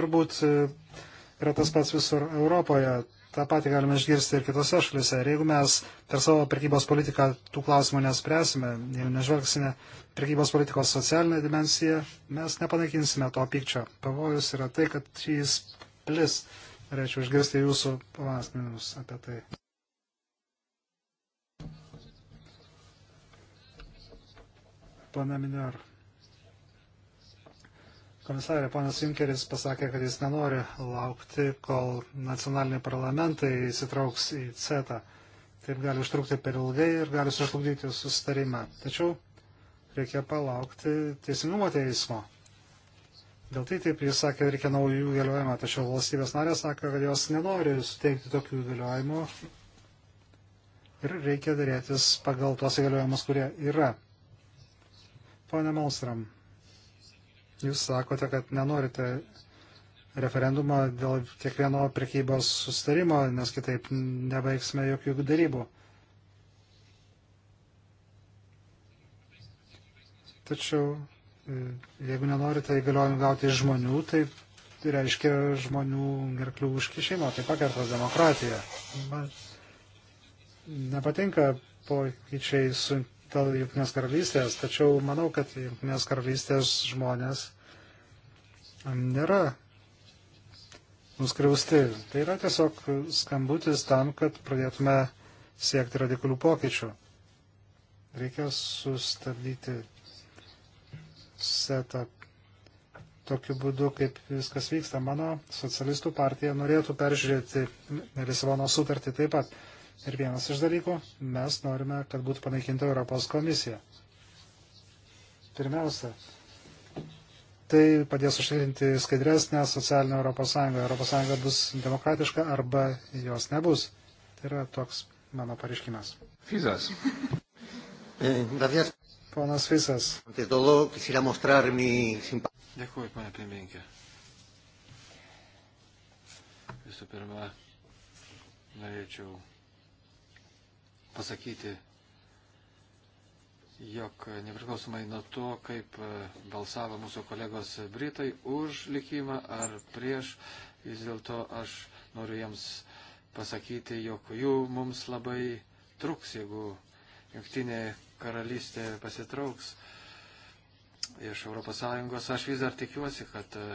turbūt yra tas pats visur Europoje tą patį galime išgirsti ir kitose šalise. Ir jeigu mes per savo prekybos politiką tų klausimų nespręsime, jeigu nežvelgsime prekybos politikos socialinę dimensiją, mes nepanaikinsime to pykčio. Pavojus yra tai, kad jis plis. Norėčiau išgirsti jūsų pavasminius apie tai. Pana Minero. Komisarė, panas Junkeris pasakė, kad jis nenori laukti, kol nacionaliniai parlamentai įsitrauks į CETA. Taip gali užtrukti per ilgai ir gali sužlugdyti susitarimą. Tačiau reikia palaukti teisingumo teismo. Dėl tai taip jis sakė, reikia naujų galiojimų, tačiau valstybės narės sako, kad jos nenori suteikti tokių galiojimų ir reikia dėrėtis pagal tuos įgaliojimus, kurie yra. Pone Malstram, Jūs sakote, kad nenorite referendumo dėl kiekvieno prekybos sustarimo, nes kitaip nebaigsime jokių darybų. Tačiau, e, jeigu nenorite įgaliojimų gauti iš žmonių, tai tai reiškia žmonių gerklių užkišimo, tai pakertas demokratija. Man nepatinka pokyčiai su Junktinės karalystės, tačiau manau, kad Junktinės karalystės žmonės nėra nuskriausti. Tai yra tiesiog skambutis tam, kad pradėtume siekti radikalių pokyčių. Reikia sustabdyti setą tokiu būdu, kaip viskas vyksta. Mano socialistų partija norėtų peržiūrėti Lisabono sutartį taip pat. Ir vienas iš dalykų, mes norime, kad būtų panaikinta Europos komisija. Pirmiausia, tai padės užtikrinti skaidresnę socialinę Europos Sąjungą. Europos Sąjunga bus demokratiška arba jos nebus. Tai yra toks mano pareiškimas. Fizas. Eh, Ponas Fisas. Dėkuoju, pane pirmininkė. Visų pirma, norėčiau pasakyti, jog nepriklausomai nuo to, kaip e, balsavo mūsų kolegos Britai už likimą ar prieš, vis dėlto aš noriu jiems pasakyti, jog jų mums labai truks, jeigu jungtinė karalystė pasitrauks iš ES. Aš vis dar tikiuosi, kad e,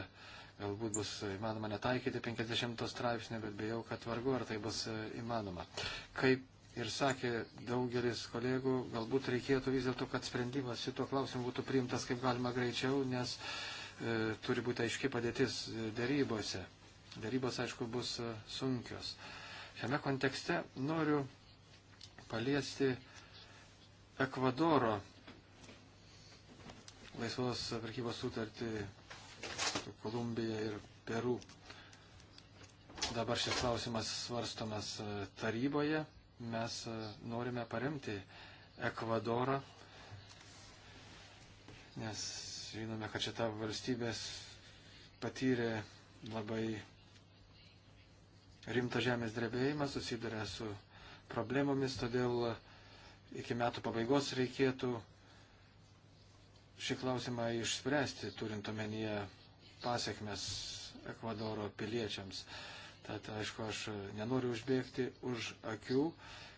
galbūt bus įmanoma netaikyti 50 straipsnį, bet bijau, kad vargu ar tai bus e, įmanoma. Kaip ir sakė daugelis kolegų, galbūt reikėtų vis dėlto, kad sprendimas šito klausimu būtų priimtas kaip galima greičiau, nes e, turi būti aiški padėtis e, dėrybose. Dėrybos, aišku, bus e, sunkios. Šiame kontekste noriu paliesti Ekvadoro laisvos prekybos sutartį su Kolumbija ir Peru. Dabar šis klausimas svarstomas e, taryboje mes e, norime paremti Ekvadorą, nes žinome, kad šita valstybės patyrė labai rimtą žemės drebėjimą, susiduria su problemomis, todėl iki metų pabaigos reikėtų šį klausimą išspręsti, turint omenyje pasiekmes Ekvadoro piliečiams. Uh, Tad, aišku, aš nenoriu užbėgti už akių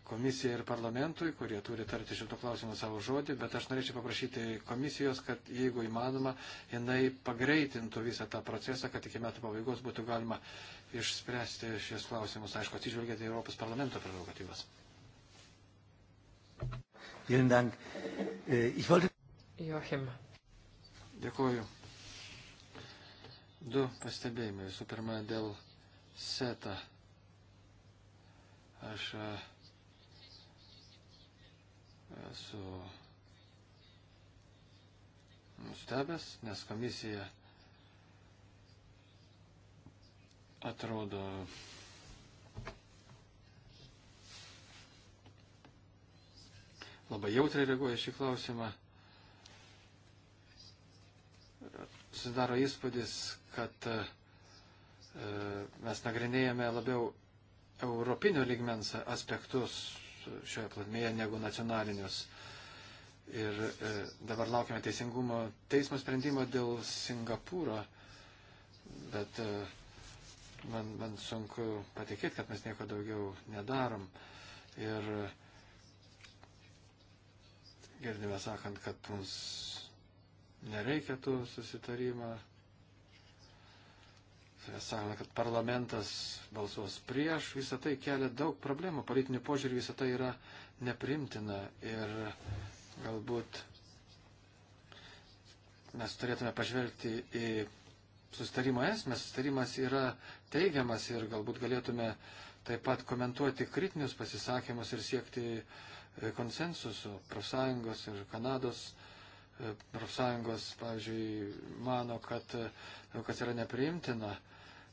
komisijai ir parlamentui, kurie turi tarti šito klausimo savo žodį, bet aš norėčiau paprašyti komisijos, kad jeigu įmanoma, jinai pagreitintų visą tą procesą, kad iki metų pabaigos būtų galima išspręsti šies klausimus, aišku, atsižvelgiant į Europos parlamento prerogatyvas. Äh, Joachim. Dėkuoju. Du pastebėjimai. Visų pirma, dėl setą. Aš e, esu nustebęs, nes komisija atrodo labai jautriai reaguoja šį klausimą. Susidaro įspūdis, kad uh, E, mes nagrinėjame labiau europinio ligmens aspektus šioje platmėje negu nacionalinius. Ir e, dabar laukiame teisingumo teismo sprendimo dėl Singapūro, bet e, man, man sunku patikėti, kad mes nieko daugiau nedarom. Ir girdime sakant, kad mums nereikia tų susitarimą sakome, kad parlamentas balsuos prieš, visą tai kelia daug problemų, politinių požiūrį visą tai yra neprimtina ir galbūt mes turėtume pažvelgti į sustarimo esmę. Sustarimas yra teigiamas ir galbūt galėtume taip pat komentuoti kritinius pasisakymus ir siekti konsensusų profsąjungos ir Kanados uh, profsąjungos, pavyzdžiui, mano, kad kas yra nepriimtina,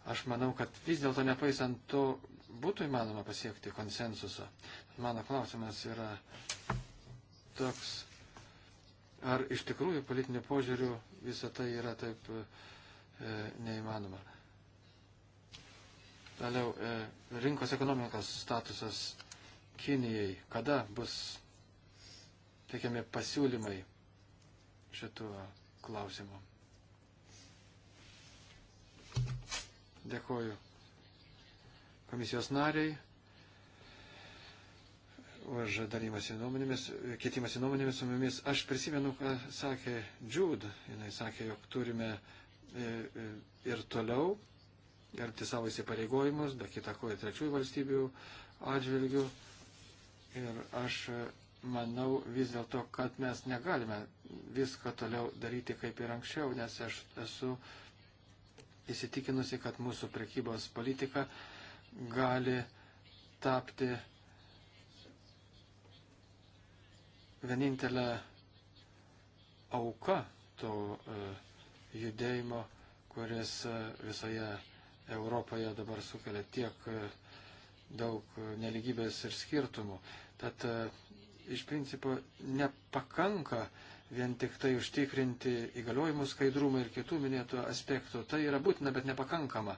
aš manau, kad vis dėlto nepaisant to būtų įmanoma pasiekti konsensuso. Mano klausimas yra toks, ar iš tikrųjų politinių požiūrių visą tai yra taip e, neįmanoma. Toliau, e, rinkos ekonomikos statusas Kinijai. Kada bus teikiami pasiūlymai šituo klausimu. Dėkoju komisijos nariai už dalymasi nuomonėmis, keitimasi nuomonėmis su mumis. Aš prisimenu, ką sakė Džud. Jis sakė, jog turime e, e, ir toliau gerbti savo įsipareigojimus, be kita ko ir trečiųjų valstybių atžvilgių. Ir aš manau vis dėlto, kad mes negalime visko toliau daryti kaip ir anksčiau, nes aš esu įsitikinusi, kad mūsų prekybos politika gali tapti vienintelė auka to e, judėjimo, kuris e, visoje Europoje dabar sukelia tiek e, daug neligybės ir skirtumų. Tad iš principo nepakanka vien tik tai užtikrinti įgaliojimų skaidrumą ir kitų minėtų aspektų. Tai yra būtina, bet nepakankama.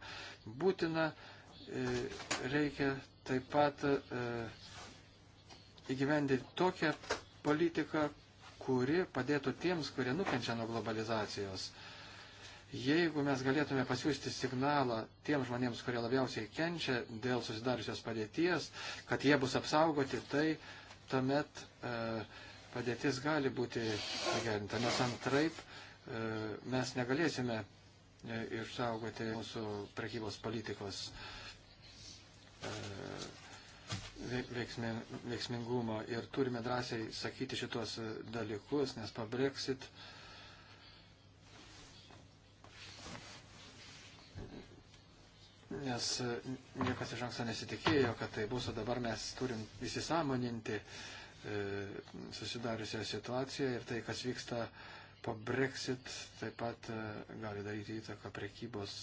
Būtina e, reikia taip pat e, įgyvendinti tokią politiką, kuri padėtų tiems, kurie nukenčia nuo globalizacijos. Jeigu mes galėtume pasiūsti signalą tiems žmonėms, kurie labiausiai kenčia dėl susidariusios padėties, kad jie bus apsaugoti, tai uh, tuomet e, padėtis gali būti pagerinta, nes antraip e, mes negalėsime e, išsaugoti mūsų prekybos politikos veiksmingumo ir turime drąsiai sakyti šitos dalykus, nes po Brexit uh, nes e, niekas iš anksto nesitikėjo, kad tai bus, o dabar mes turim įsisamoninti e, susidariusią situaciją ir tai, kas vyksta po Brexit, taip pat e, gali daryti įtaką prekybos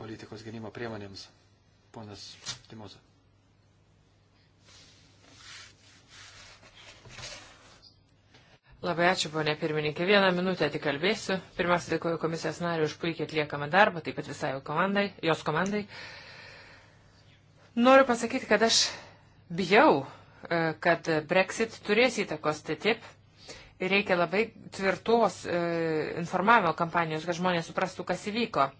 politikos gynimo priemonėms. Ponas Timoza. Labai ačiū, ponė pirmininkė. Vieną minutę tik kalbėsiu. Pirmiausia, dėkoju komisijos nariu už puikiai atliekamą darbą, taip pat visai komandai, jos komandai. Noriu pasakyti, kad aš bijau, e, kad Brexit turės įtakos TTIP ir reikia labai tvirtos e, informavimo kampanijos, kad žmonės suprastų, kas įvyko.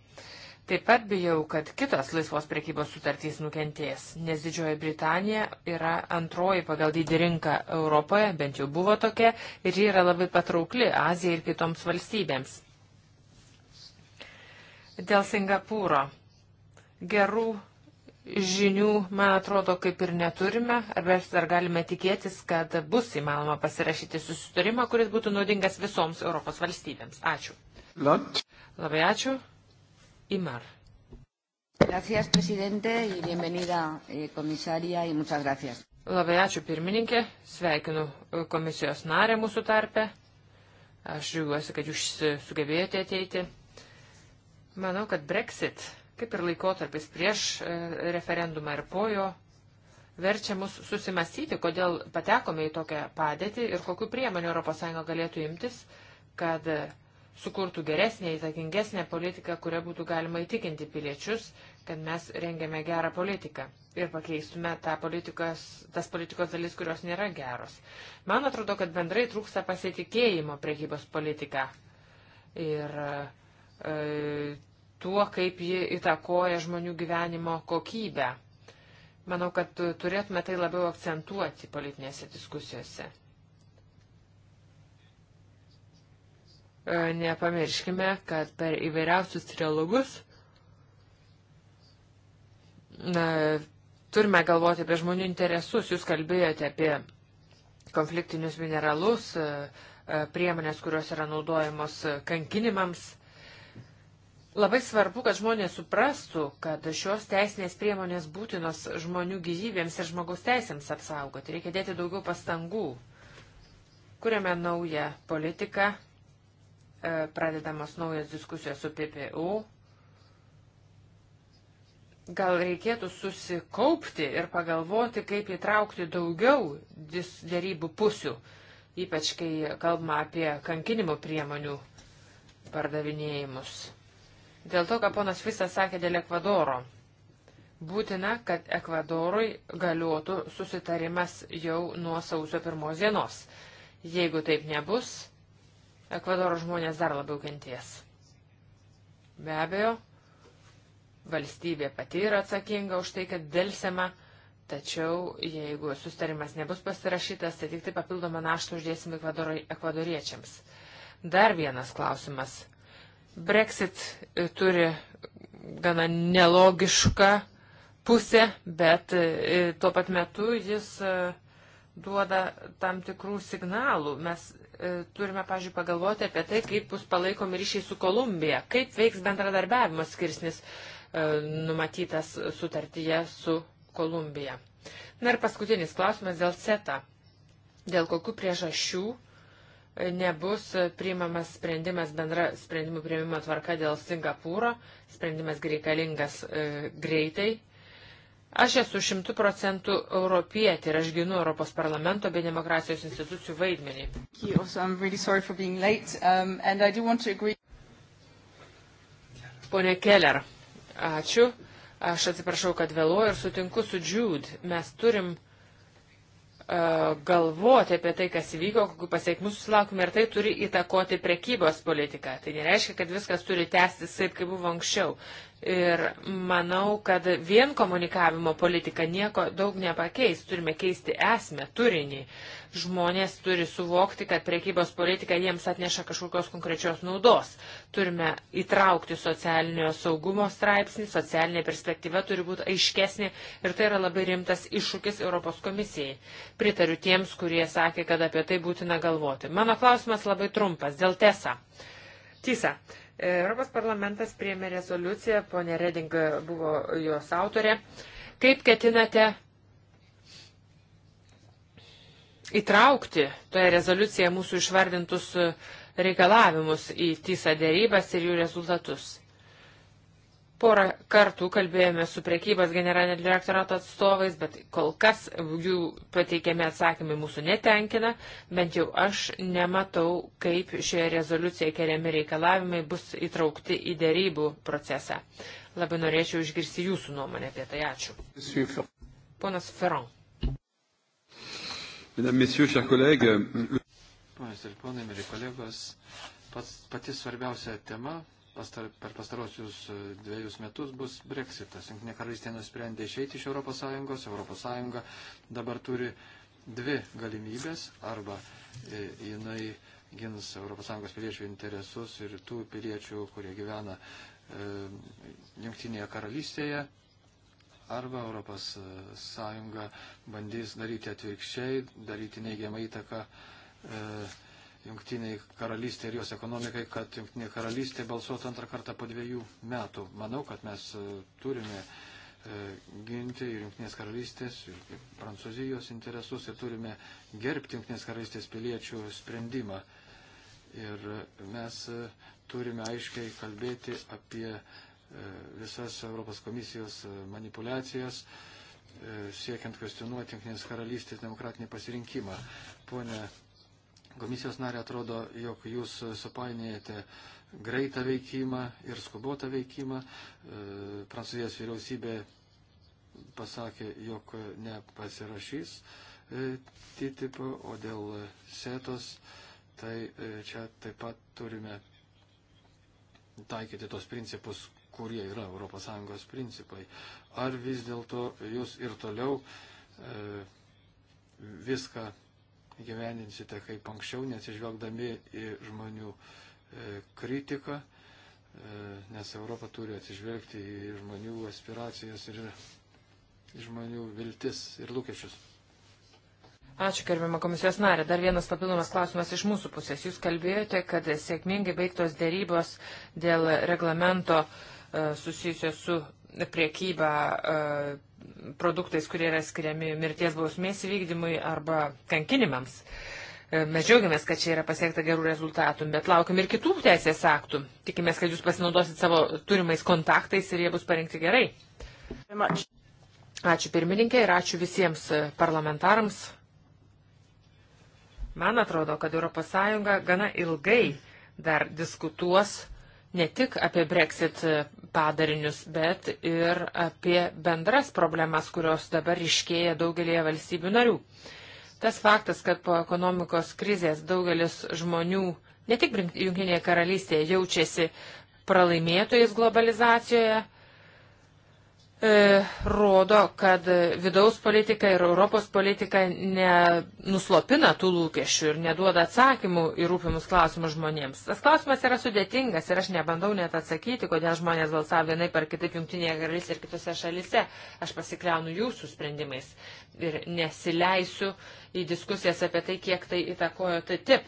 Taip pat bijau, kad kitos laisvos prekybos sutartys nukentės, nes Didžioji Britanija yra antroji pagal dydį rinka Europoje, bent jau buvo tokia, ir ji yra labai patraukli Azijai ir kitoms valstybėms. Dėl Singapūro. Gerų žinių, man atrodo, kaip ir neturime, ar mes dar galime tikėtis, kad bus įmanoma pasirašyti susitarimą, kuris būtų naudingas visoms Europos valstybėms. Ačiū. Lot. Labai ačiū. Imar. Gracias, prezidente, ir bienvenida, eh, komisarija, ir muchas gracias. Labai ačiū pirmininkė, sveikinu e, komisijos narę mūsų tarpę. Aš žiūriuosi, kad jūs e, sugebėjote ateiti. Manau, kad Brexit, kaip ir laikotarpis prieš e, referendumą ir po jo, verčia mus susimastyti, kodėl patekome į tokią padėtį ir kokiu priemonių ES galėtų imtis, kad sukurtų geresnę, įtakingesnę politiką, kurią būtų galima įtikinti piliečius, kad mes rengiame gerą politiką ir pakeistume tą politikos, tas politikos dalis, kurios nėra geros. Man atrodo, kad bendrai trūksta pasitikėjimo priekybos politika ir e, tuo, kaip ji įtakoja žmonių gyvenimo kokybę. Manau, kad turėtume tai labiau akcentuoti politinėse diskusijose. E, nepamirškime, kad per įvairiausius trialogus na, turime galvoti apie žmonių interesus. Jūs kalbėjote apie konfliktinius mineralus, e, e, priemonės, kurios yra naudojamos kankinimams. Labai svarbu, kad žmonės suprastų, kad šios teisinės priemonės būtinos žmonių gyvybėms ir žmogaus teisėms apsaugoti. Reikia dėti daugiau pastangų. Kuriame naują politiką, E, pradedamos naujas diskusijos su PPU. Gal reikėtų susikaupti ir pagalvoti, kaip įtraukti daugiau dėrybų pusių, ypač kai kalbama apie kankinimo priemonių pardavinėjimus. Dėl to, ką ponas Visas sakė dėl Ekvadoro, būtina, kad Ekvadorui galiotų susitarimas jau nuo sausio pirmos dienos. Jeigu taip nebus, Ekvadoro žmonės dar labiau kenties. Be abejo, valstybė pati yra atsakinga už tai, kad dėlsiama, tačiau jeigu sustarimas nebus pasirašytas, tai tik tai papildomą naštą uždėsim ekvadoriečiams. Dar vienas klausimas. Brexit e, turi gana nelogišką pusę, bet e, e, tuo pat metu jis duoda tam tikrų signalų. Mes E, turime, pažiūrėjau, pagalvoti apie tai, kaip bus palaikomi ryšiai su Kolumbija, kaip veiks bendradarbiavimo skirsnis e, numatytas sutartyje su Kolumbija. Na ir paskutinis klausimas dėl CETA. Dėl kokių priežasčių e, nebus priimamas sprendimas bendra sprendimų priimimo tvarka dėl Singapūro, sprendimas reikalingas e, greitai Aš esu šimtų procentų europietė ir aš ginu Europos parlamento bei demokratijos institucijų vaidmenį. Um, Pone Keller, ačiū. Aš atsiprašau, kad vėluoju ir sutinku su Jude. Mes turim uh, galvoti apie tai, kas įvyko, kokiu pasiekmiu susilaukime ir tai turi įtakoti prekybos politiką. Tai nereiškia, kad viskas turi tęstis taip, kaip buvo anksčiau. Ir manau, kad vien komunikavimo politika nieko daug nepakeis. Turime keisti esmę, turinį. Žmonės turi suvokti, kad priekybos politika jiems atneša kažkokios konkrečios naudos. Turime įtraukti socialinio saugumo straipsnį, socialinė perspektyva turi būti aiškesnė ir tai yra labai rimtas iššūkis Europos komisijai. Pritariu tiems, kurie sakė, kad apie tai būtina galvoti. Mano klausimas labai trumpas dėl TESA. TISA. Europos parlamentas priemė rezoliuciją, ponė Reding buvo jos autorė. Kaip ketinate įtraukti toje rezoliucijoje mūsų išvardintus reikalavimus į TISA dėrybas ir jų rezultatus? Porą kartų kalbėjome su priekybos generalinio direktorato atstovais, bet kol kas jų pateikiami atsakymai mūsų netenkina, bent jau aš nematau, kaip šioje rezoliucijoje keliami reikalavimai bus įtraukti į dėrybų procesą. Labai norėčiau išgirsti jūsų nuomonę apie tai. Ačiū. Ponas Ferron. Ponas ir ponai, mėly kolegos, pats, pati svarbiausia tema pastar, per pastarosius e, dviejus metus bus breksitas. Junktinė karalystė nusprendė išeiti iš ES, ES dabar turi dvi galimybės arba e, jinai gins ES piliečių interesus ir tų piliečių, kurie gyvena e, Junktinėje karalystėje, arba ES e, bandys daryti atvirkščiai, daryti neigiamą įtaką e, jungtiniai karalystė ir jos ekonomikai, kad jungtinė karalystė balsuotų antrą kartą po dviejų metų. Manau, kad mes e, turime e, ginti ir jungtinės karalystės, ir prancūzijos interesus ir turime gerbti jungtinės karalystės piliečių sprendimą. Ir mes e, turime aiškiai kalbėti apie visas Europos komisijos manipulacijas, siekiant kvestionuoti Junktinės karalystės demokratinį pasirinkimą. Pone Komisijos narė atrodo, jog jūs supainėjate greitą veikimą ir skubotą veikimą. E, Prancūzijos vyriausybė pasakė, jog nepasirašys e, TTIP, o dėl setos, tai e, čia taip pat turime taikyti tos principus, kurie yra ES principai. Ar vis dėlto jūs ir toliau viską gyveninsite kaip anksčiau, neatsižvelgdami į žmonių e, kritiką, e, nes Europa turi atsižvelgti į žmonių aspiracijas ir žmonių viltis ir lūkesčius. Ačiū, gerbimo komisijos narė. Dar vienas papildomas klausimas iš mūsų pusės. Jūs kalbėjote, kad sėkmingai baigtos dėrybos dėl reglamento e, susijusios su priekybą e, produktais, kurie yra skiriami mirties bausmės vykdymui arba kankinimams. E, mes džiaugiamės, kad čia yra pasiekta gerų rezultatų, bet laukiam ir kitų teisės aktų. Tikimės, kad jūs pasinaudosit savo turimais kontaktais ir jie bus parengti gerai. Ačiū pirmininkė ir ačiū visiems parlamentarams. Man atrodo, kad ES gana ilgai dar diskutuos ne tik apie Brexit padarinius, bet ir apie bendras problemas, kurios dabar iškėja daugelėje valstybių narių. Tas faktas, kad po ekonomikos krizės daugelis žmonių, ne tik Junktinėje karalystėje, jaučiasi pralaimėtojais globalizacijoje, E, rodo, kad vidaus politika ir Europos politika nenuslopina tų lūkesčių ir neduoda atsakymų į rūpimus klausimus žmonėms. Tas klausimas yra sudėtingas ir aš nebandau net atsakyti, kodėl žmonės balsavo vienai par kitaip jungtinėje karalystėje ir kitose šalise. Aš pasikliaunu jūsų sprendimais ir nesileisiu į diskusijas apie tai, kiek tai įtakojo tai tip.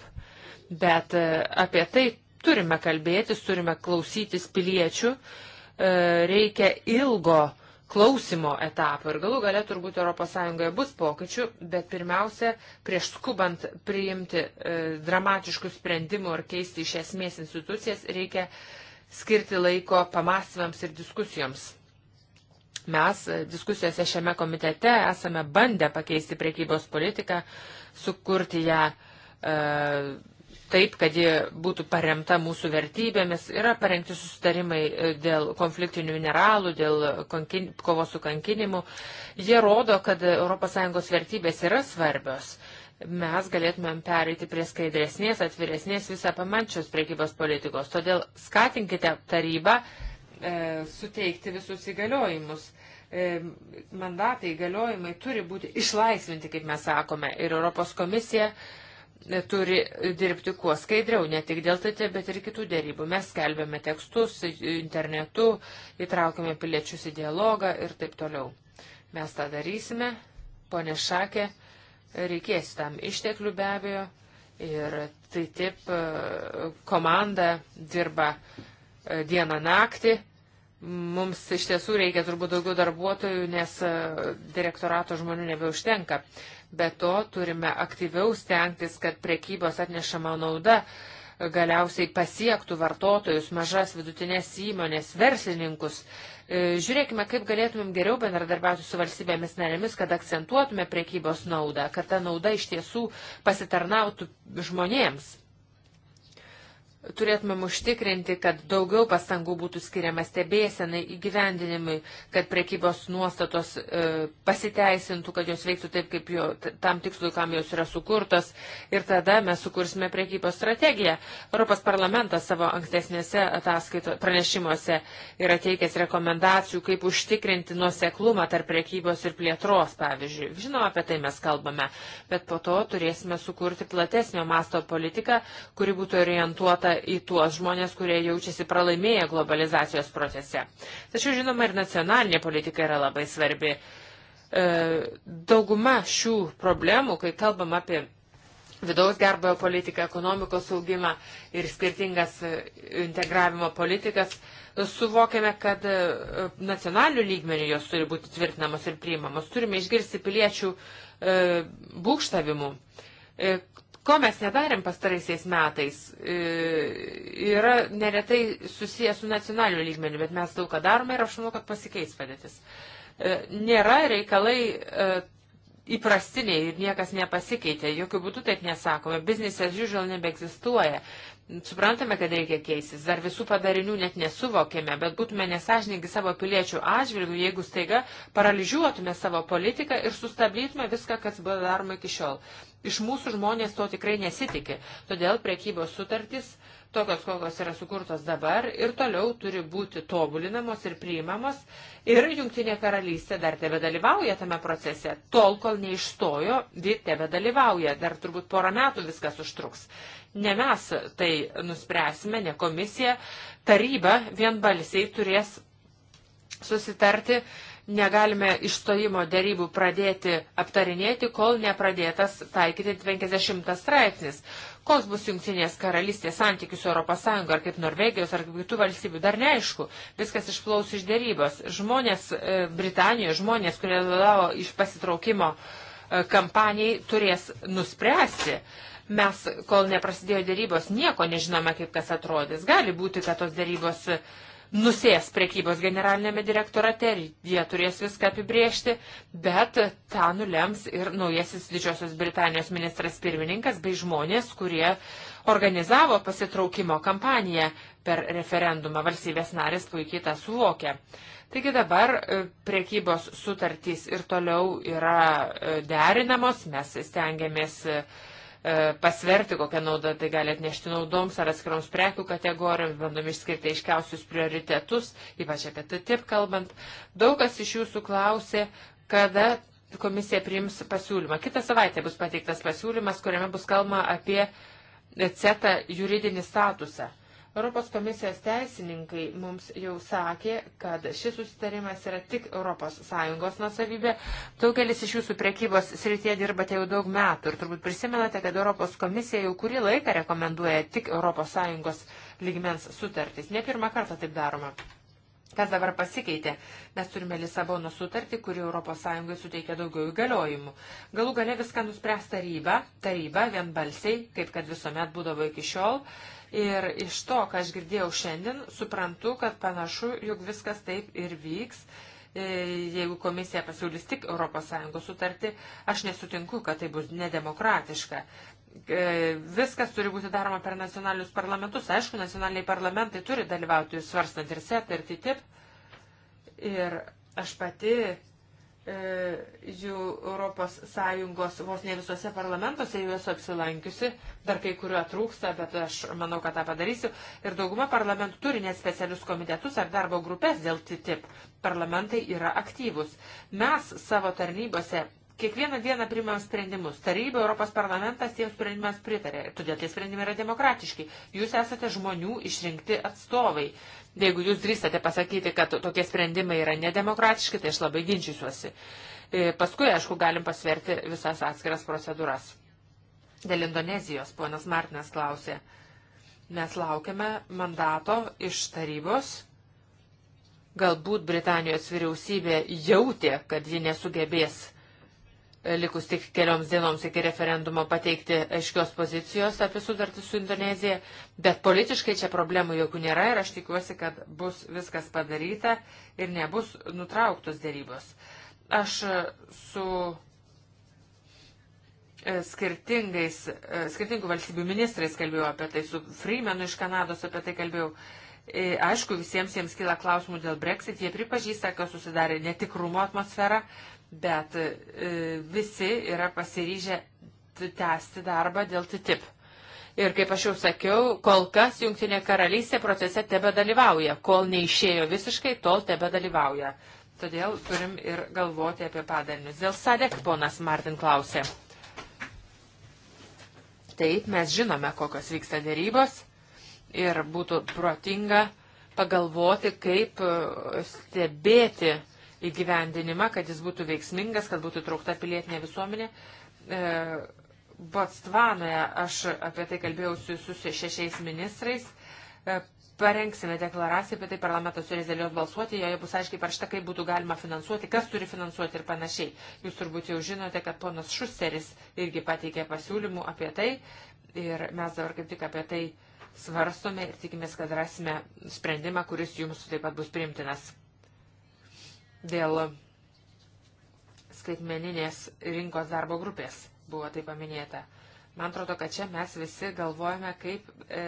Bet e, apie tai turime kalbėtis, turime klausytis piliečių. E, reikia ilgo klausimo etapo ir galų gale turbūt ES bus pokyčių, bet pirmiausia, prieš skubant priimti e, dramatiškų sprendimų ar keisti iš esmės institucijas, reikia skirti laiko pamastymams ir diskusijoms. Mes e, diskusijose šiame komitete esame bandę pakeisti priekybos politiką, sukurti ją e, taip, kad ji būtų paremta mūsų vertybėmis. Yra parengti susitarimai e, dėl konfliktinių mineralų, dėl konkin, kovos su kankinimu. Jie rodo, kad ES vertybės yra svarbios. Mes galėtumėm pereiti prie skaidresnės, atviresnės visą pamančios priekybos politikos. Todėl skatinkite tarybą e, suteikti visus įgaliojimus e, mandatai, įgaliojimai turi būti išlaisvinti, kaip mes sakome. Ir Europos komisija turi dirbti kuo skaidriau, ne tik dėl TTIP, bet ir kitų dėrybų. Mes skelbėme tekstus internetu, įtraukėme piliečius į dialogą ir taip toliau. Mes tą darysime, ponė Šakė, reikės tam išteklių be abejo ir tai taip e, komanda dirba e, dieną naktį Mums iš tiesų reikia turbūt daugiau darbuotojų, nes e, direktorato žmonių nebeužtenka. Be to turime aktyviau stengtis, kad prekybos atnešama nauda e, galiausiai pasiektų vartotojus, mažas vidutinės įmonės, verslininkus. E, žiūrėkime, kaip galėtumėm geriau bendradarbiauti su valstybėmis narėmis, kad akcentuotume prekybos naudą, kad ta nauda iš tiesų pasitarnautų žmonėms turėtumėm užtikrinti, kad daugiau pastangų būtų skiriama stebėsenai įgyvendinimui, kad prekybos nuostatos e, pasiteisintų, kad jos veiktų taip, kaip jo, tam tikslui, kam jos yra sukurtos. Ir tada mes sukursime prekybos strategiją. Europos parlamentas savo ankstesnėse ataskaito pranešimuose yra teikęs rekomendacijų, kaip užtikrinti nuoseklumą tarp prekybos ir plėtros, pavyzdžiui. Žinoma, apie tai mes kalbame, bet po to turėsime sukurti platesnio masto politiką, kuri būtų orientuota orientuota į tuos žmonės, kurie jaučiasi pralaimėję globalizacijos procese. Tačiau, žinoma, ir nacionalinė politika yra labai svarbi. E, dauguma šių problemų, kai kalbam apie vidaus gerbojo politiką, ekonomikos augimą ir skirtingas e, integravimo politikas, suvokiame, kad e, nacionalinių lygmenių jos turi būti tvirtinamos ir priimamos. Turime išgirsti piliečių būkštavimų. Ko mes nedarėm pastaraisiais metais, e, yra neretai susijęs su nacionaliniu lygmeniu, bet mes daug ką darome ir aš manau, kad pasikeis padėtis. E, nėra reikalai e, įprastiniai ir niekas nepasikeitė, jokių būdų taip nesakome, business as usual nebeegzistuoja, Suprantame, kad reikia keistis, dar visų padarinių net nesuvokėme, bet būtume nesažininkai savo piliečių atžvilgių, jeigu staiga paralyžiuotume savo politiką ir sustabdytume viską, kas buvo daroma iki šiol. Iš mūsų žmonės to tikrai nesitikė, todėl priekybos sutartys, tokios kokios yra sukurtos dabar, ir toliau turi būti tobulinamos ir priimamos, ir Junktinė karalystė dar tebe dalyvauja tame procese, tol kol neišstojo, ji tebe dalyvauja, dar turbūt porą metų viskas užtruks. Ne mes tai nuspręsime, ne komisija. Taryba vienbalsiai turės susitarti. Negalime išstojimo dėrybų pradėti aptarinėti, kol nepradėtas taikyti 50 straipsnis. Koks bus jungtinės karalystės santykius su ES ar kaip Norvegijos ar kaip kitų valstybių, dar neaišku. Viskas išplaus iš dėrybos. Žmonės e, Britanijoje, žmonės, kurie dalyvavo iš pasitraukimo e, kampanijai, turės nuspręsti. E, Mes, kol neprasidėjo dėrybos, nieko nežinome, kaip kas atrodys. Gali būti, kad tos dėrybos nusės prekybos generalinėme direktorate ir jie turės viską apibriežti, bet tą nulems ir naujasis Didžiosios Britanijos ministras pirmininkas bei žmonės, kurie organizavo pasitraukimo kampaniją per referendumą. Valstybės narės puikiai tą suvokia. Taigi dabar e, prekybos sutartys ir toliau yra e, derinamos, mes stengiamės e, E, pasverti, kokią naudą tai gali atnešti naudoms ar atskiroms prekių kategorijoms, bandom išskirti aiškiausius prioritetus, ypač apie tai taip kalbant. Daug kas iš jūsų klausė, kada komisija priims pasiūlymą. Kitą savaitę bus pateiktas pasiūlymas, kuriame bus kalbama apie CETA juridinį statusą. Europos komisijos teisininkai mums jau sakė, kad šis susitarimas yra tik ES nusavybė. Daugelis iš jūsų priekybos srityje dirbate jau daug metų ir turbūt prisimenate, kad Europos komisija jau kurį laiką rekomenduoja tik ES lygmens sutartys. Ne pirmą kartą taip daroma. Kas dabar pasikeitė? Mes turime Lisabono sutartį, kuri ES suteikia daugiau įgaliojimų. Galų gale viską nuspręs taryba, taryba vienbalsiai, kaip kad visuomet būdavo iki šiol. Ir iš to, ką aš girdėjau šiandien, suprantu, kad panašu, jog viskas taip ir vyks. E, jeigu komisija pasiūlys tik ES sutartį, aš nesutinku, kad tai bus nedemokratiška e, viskas turi būti daroma per nacionalinius parlamentus. Aišku, nacionaliniai parlamentai turi dalyvauti svarstant ir setą ir TTIP. Ir aš pati E, jų Europos Sąjungos vos ne visuose parlamentuose jau esu apsilankiusi, dar kai kurio trūksta, bet aš manau, kad tą padarysiu. Ir dauguma parlamentų turi net specialius komitetus ar darbo grupės dėl TTIP. Parlamentai yra aktyvus. Mes savo tarnybose kiekvieną dieną primam sprendimus. Taryba, Europos parlamentas tiems sprendimams pritarė. Todėl tie sprendimai yra demokratiški. Jūs esate žmonių išrinkti atstovai. Jeigu jūs drįstate pasakyti, kad tokie sprendimai yra nedemokratiški, tai aš labai ginčiusiuosi. E, paskui, aišku, galim pasverti visas atskiras procedūras. Dėl Indonezijos, ponas Martinas klausė, mes laukiame mandato iš tarybos. Galbūt Britanijos vyriausybė jautė, kad ji nesugebės E, likus tik kelioms dienoms iki referendumo pateikti aiškios pozicijos apie sutartį su Indonezija, bet politiškai čia problemų jokių nėra ir aš tikiuosi, kad bus viskas padaryta ir nebus nutrauktos dėrybos. Aš e, su e, skirtingais, skirtingų valstybių ministrais kalbėjau apie tai, su Freemanu iš Kanados apie tai kalbėjau. Aišku, visiems jiems kyla klausimų dėl Brexit, jie pripažįsta, kad susidarė netikrumo atmosfera, bet e, visi yra pasiryžę tęsti darbą dėl TTIP. Ir kaip aš jau sakiau, kol kas Junktinė karalystė procese tebe dalyvauja. Kol neišėjo visiškai, tol tebe dalyvauja. Todėl turim ir galvoti apie padarinius. Dėl SADEK ponas Martin klausė. Taip, mes žinome, kokios vyksta dėrybos ir būtų protinga pagalvoti, kaip e, stebėti įgyvendinimą, kad jis būtų veiksmingas, kad būtų traukta pilietinė visuomenė. E, Botsvanoje aš apie tai kalbėjau su, su šešiais ministrais. E, parengsime deklaraciją apie tai parlamentas turės dėl jos balsuoti, joje bus aiškiai parašta, kaip būtų galima finansuoti, kas turi finansuoti ir panašiai. Jūs turbūt jau žinote, kad ponas Šusteris irgi pateikė pasiūlymų apie tai ir mes dabar kaip tik apie tai svarstome ir tikimės, kad rasime sprendimą, kuris jums taip pat bus priimtinas dėl skaitmeninės rinkos darbo grupės buvo tai paminėta. Man atrodo, kad čia mes visi galvojame, kaip e,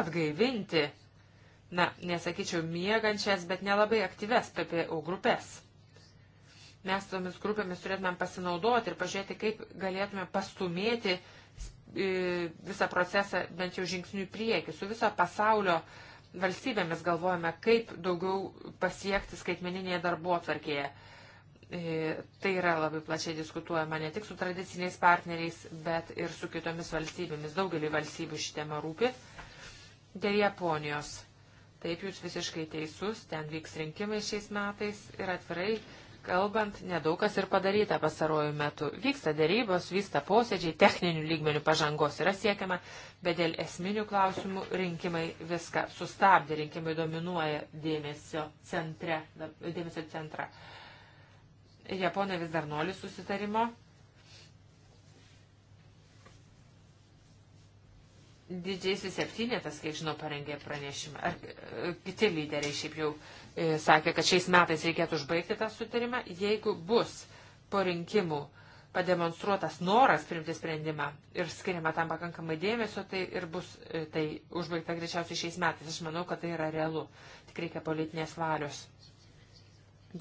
atgaivinti, na, nesakyčiau miegančias, bet nelabai aktyves PPO grupės. Mes tomis grupėmis turėtumėm pasinaudoti ir pažiūrėti, kaip galėtume pastumėti e, visą procesą bent jau žingsnių į priekį su viso pasaulio e, valstybėmis galvojame, kaip daugiau pasiekti skaitmeninėje darbo atvarkėje. E, tai yra labai plačiai diskutuojama ne tik su tradiciniais partneriais, bet ir su kitomis valstybėmis. Daugelį valstybių ši tema rūpi. Dėl Japonijos. Taip, jūs visiškai teisus, ten vyks rinkimai šiais metais ir atvirai kalbant, nedaug kas ir padaryta pasarojų metu. Vyksta dėrybos, vyksta posėdžiai, techninių lygmenių pažangos yra siekiama, bet dėl esminių klausimų rinkimai viską sustabdė, rinkimai dominuoja dėmesio, centre, dėmesio centrą. Japonai vis dar nori susitarimo. Didžiaisiais septynetas, kiek žinau, parengė pranešimą. Ar e, kiti lyderiai šiaip jau uh, E, sakė, kad šiais metais reikėtų užbaigti tą sutarimą. Jeigu bus po rinkimų pademonstruotas noras priimti sprendimą ir skiriama tam pakankamai dėmesio, tai ir bus e, tai užbaigta greičiausiai šiais metais. Aš manau, kad tai yra realu. Tik reikia politinės valios.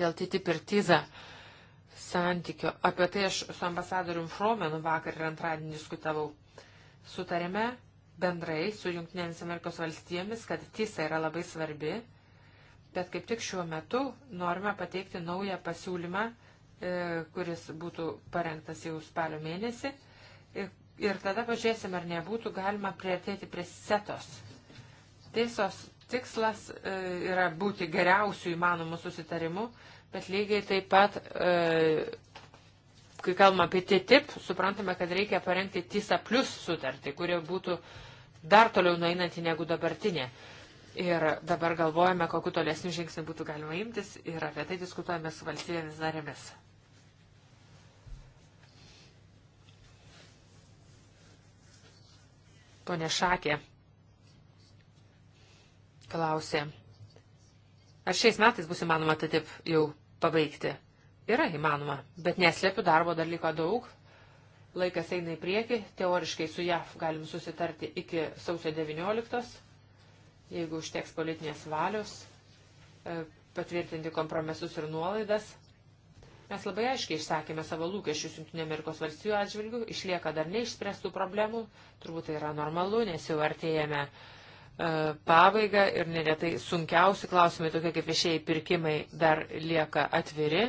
Dėl TTIP ir TIZA santykio. Apie tai aš su ambasadorium Fromenu vakar ir antradienį diskutavau. Sutarėme bendrai su Junktinėmis Amerikos valstijomis, kad TISA yra labai svarbi bet kaip tik šiuo metu norime pateikti naują pasiūlymą, e, kuris būtų parengtas jau spalio mėnesį. E, ir tada pažiūrėsim, ar nebūtų galima prieartėti prie setos. Teisos tikslas e, yra būti geriausių įmanomų susitarimų, bet lygiai taip pat, kai kalbame apie TTIP, suprantame, kad reikia parengti TISA plus sutartį, kuri būtų dar toliau nueinanti negu dabartinė. Ir dabar galvojame, kokiu tolesniu žingsniu būtų galima imtis ir apie tai diskutuojame su valstybėmis narėmis. Pone Šakė klausė, ar šiais metais bus įmanoma tai taip jau pabaigti? Yra įmanoma, bet neslėpiu, darbo dar liko daug. Laikas eina į priekį, teoriškai su JAF galim susitarti iki sausio 19 jeigu užteks politinės valios e, patvirtinti kompromisus ir nuolaidas. Mes labai aiškiai išsakėme savo lūkesčius Junktinio Amerikos valstijų atžvilgių, išlieka dar neišspręstų problemų, turbūt tai yra normalu, nes jau artėjame e, pabaigą ir neretai sunkiausi klausimai, tokie kaip viešieji pirkimai, dar lieka atviri.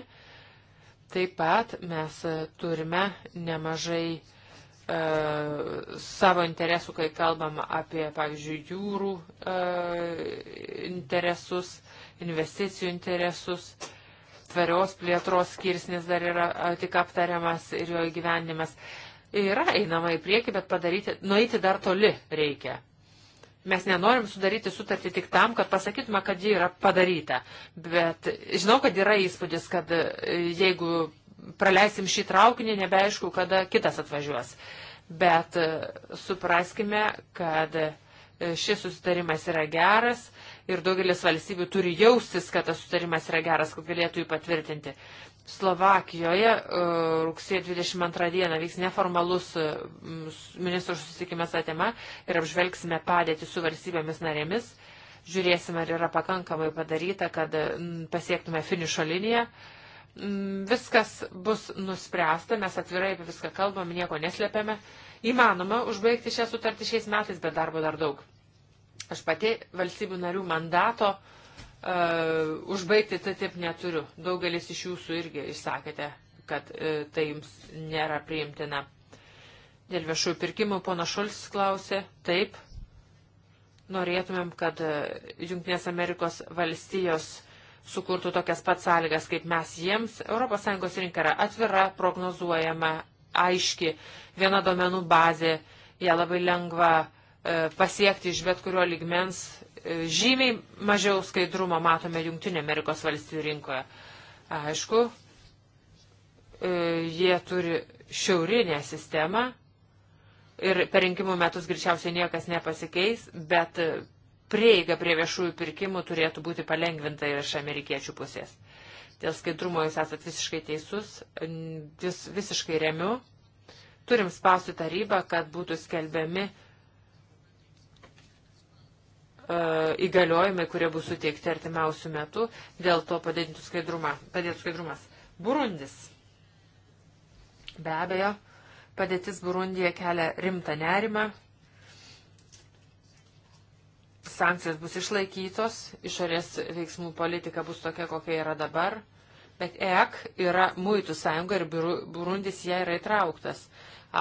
Taip pat mes e, turime nemažai E, savo interesų, kai kalbam apie, pavyzdžiui, jūrų e, interesus, investicijų interesus, tvarios plėtros skirsnis dar yra e, tik aptariamas ir jo įgyvendimas. Yra einama į priekį, bet padaryti, nueiti dar toli reikia. Mes nenorim sudaryti sutartį tik tam, kad pasakytume, kad ji yra padaryta. Bet žinau, kad yra įspūdis, kad jeigu praleisim šį traukinį, nebeaišku, kada kitas atvažiuos. Bet e, supraskime, kad e, šis susitarimas yra geras ir daugelis valstybių turi jaustis, kad tas sutarimas yra geras, kad galėtų jį patvirtinti. Slovakijoje e, rugsėjo 22 dieną vyks neformalus ministrų susitikimas tą temą ir apžvelgsime padėtį su valstybėmis narėmis. Žiūrėsime, ar yra pakankamai padaryta, kad pasiektume finišo liniją. Uh, Mm, viskas bus nuspręsta, mes atvirai apie viską kalbam, nieko neslėpiame. Įmanoma užbaigti šią sutartį šiais metais, bet darbo dar daug. Aš pati valstybių narių mandato uh, užbaigti tai taip neturiu. Daugelis iš jūsų irgi išsakėte, kad uh, tai jums nėra priimtina. Dėl viešųjų pirkimų pona Šulis klausė, taip, norėtumėm, kad e, Junktinės Amerikos valstijos sukurtų tokias pat sąlygas kaip mes jiems. ES rinka yra atvira, prognozuojama, aiški, viena domenų bazė, ją labai lengva e, pasiekti iš bet kurio ligmens. E, žymiai mažiau skaidrumo matome Junktinė Amerikos valstybių rinkoje. Aišku, e, jie turi šiaurinę sistemą ir per rinkimų metus greičiausiai niekas nepasikeis, bet prieiga prie viešųjų pirkimų turėtų būti palengvinta ir iš amerikiečių pusės. Dėl skaidrumo jūs esat visiškai teisus, vis, visiškai remiu. Turim spausti tarybą, kad būtų skelbiami e, įgaliojimai, kurie bus suteikti artimiausių metų, dėl to padėtų skaidrumą, padėtų skaidrumas. Burundis. Be abejo, padėtis Burundija kelia rimtą nerimą sankcijos bus išlaikytos, išorės veiksmų politika bus tokia, kokia yra dabar, bet EAC yra muitų sąjunga ir Burundis ją yra įtrauktas.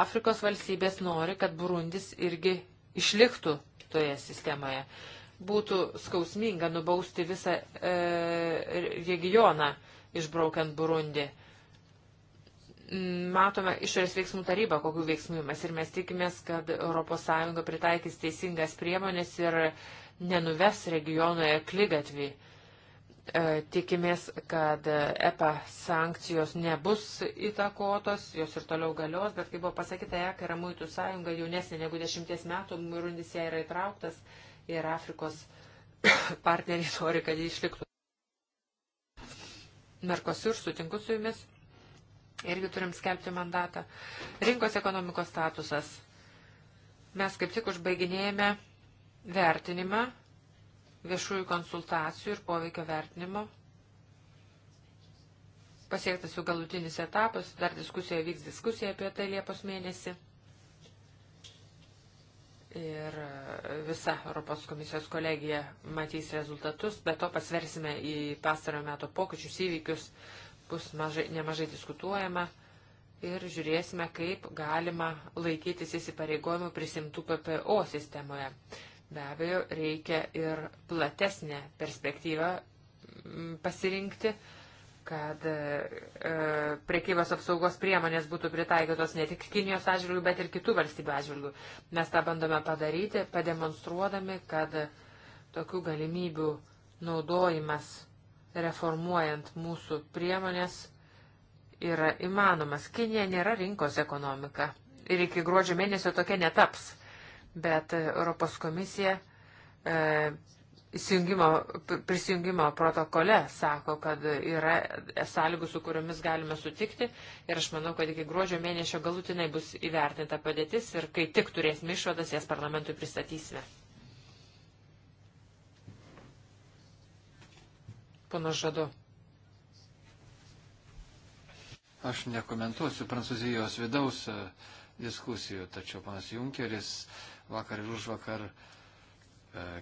Afrikos valstybės nori, kad Burundis irgi išliktų toje sistemoje. Būtų skausminga nubausti visą e, regioną, išbraukiant Burundį. Matome išorės veiksmų tarybą, kokiu veiksmu mes ir mes tikimės, kad ES pritaikys teisingas priemonės ir e, nenuves regionoje klygatvį. E, tikimės, kad EPA sankcijos nebus įtakotos, jos ir toliau galios, bet kaip buvo pasakyta, ECA yra muitų sąjunga jaunesnė negu dešimties metų, Murundis ją yra įtrauktas ir Afrikos partneriai nori, kad jį išliktų. Merkosur, sutinku su jumis, irgi turim skelbti mandatą. Rinkos ekonomikos statusas. Mes kaip tik užbaiginėjame vertinimą, viešųjų konsultacijų ir poveikio vertinimo. Pasiektas jau galutinis etapas, dar diskusijoje vyks diskusija apie tai Liepos mėnesį. Ir visa Europos komisijos kolegija matys rezultatus, bet to pasversime į pastarojo meto pokyčius įvykius, bus mažai, nemažai diskutuojama ir žiūrėsime, kaip galima laikytis įsipareigojimų prisimtų PPO sistemoje. Be abejo, reikia ir platesnę perspektyvą mm, pasirinkti, kad e, e, priekybos apsaugos priemonės būtų pritaikytos ne tik Kinijos atžvilgių, bet ir kitų valstybių atžvilgių. Mes tą bandome padaryti, pademonstruodami, kad tokių galimybių naudojimas reformuojant mūsų priemonės yra įmanomas. Kinija nėra rinkos ekonomika ir iki gruodžio mėnesio tokia netaps bet e, Europos komisija e, prisijungimo protokole sako, kad yra sąlygų, su kuriomis galime sutikti ir aš manau, kad iki gruodžio mėnesio galutinai bus įvertinta padėtis ir kai tik turėsime išvadas, jas parlamentui pristatysime. Pana Žadu. Aš nekomentuosiu prancūzijos vidaus e, diskusijų, tačiau panas Junkeris uh, vakar ir už vakar e,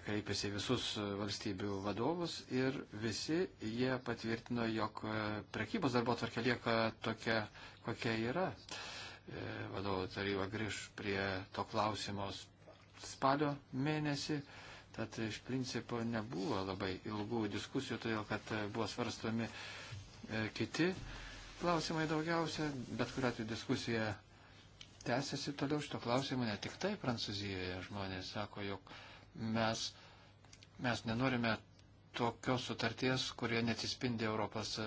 kreipėsi visus e, valstybių vadovus ir visi jie patvirtino, jog e, prekybos darbo tvarkė lieka tokia, kokia yra. Vadovų taryba grįž prie to klausimo spalio mėnesį. Tad iš principo nebuvo labai ilgų diskusijų, todėl kad buvo svarstomi kiti klausimai daugiausia, bet kuriuo atveju diskusija tęsiasi toliau šito klausimo, ne tik tai Prancūzijoje žmonės sako, jog mes, mes nenorime tokios sutarties, kurie netispindi Europos e,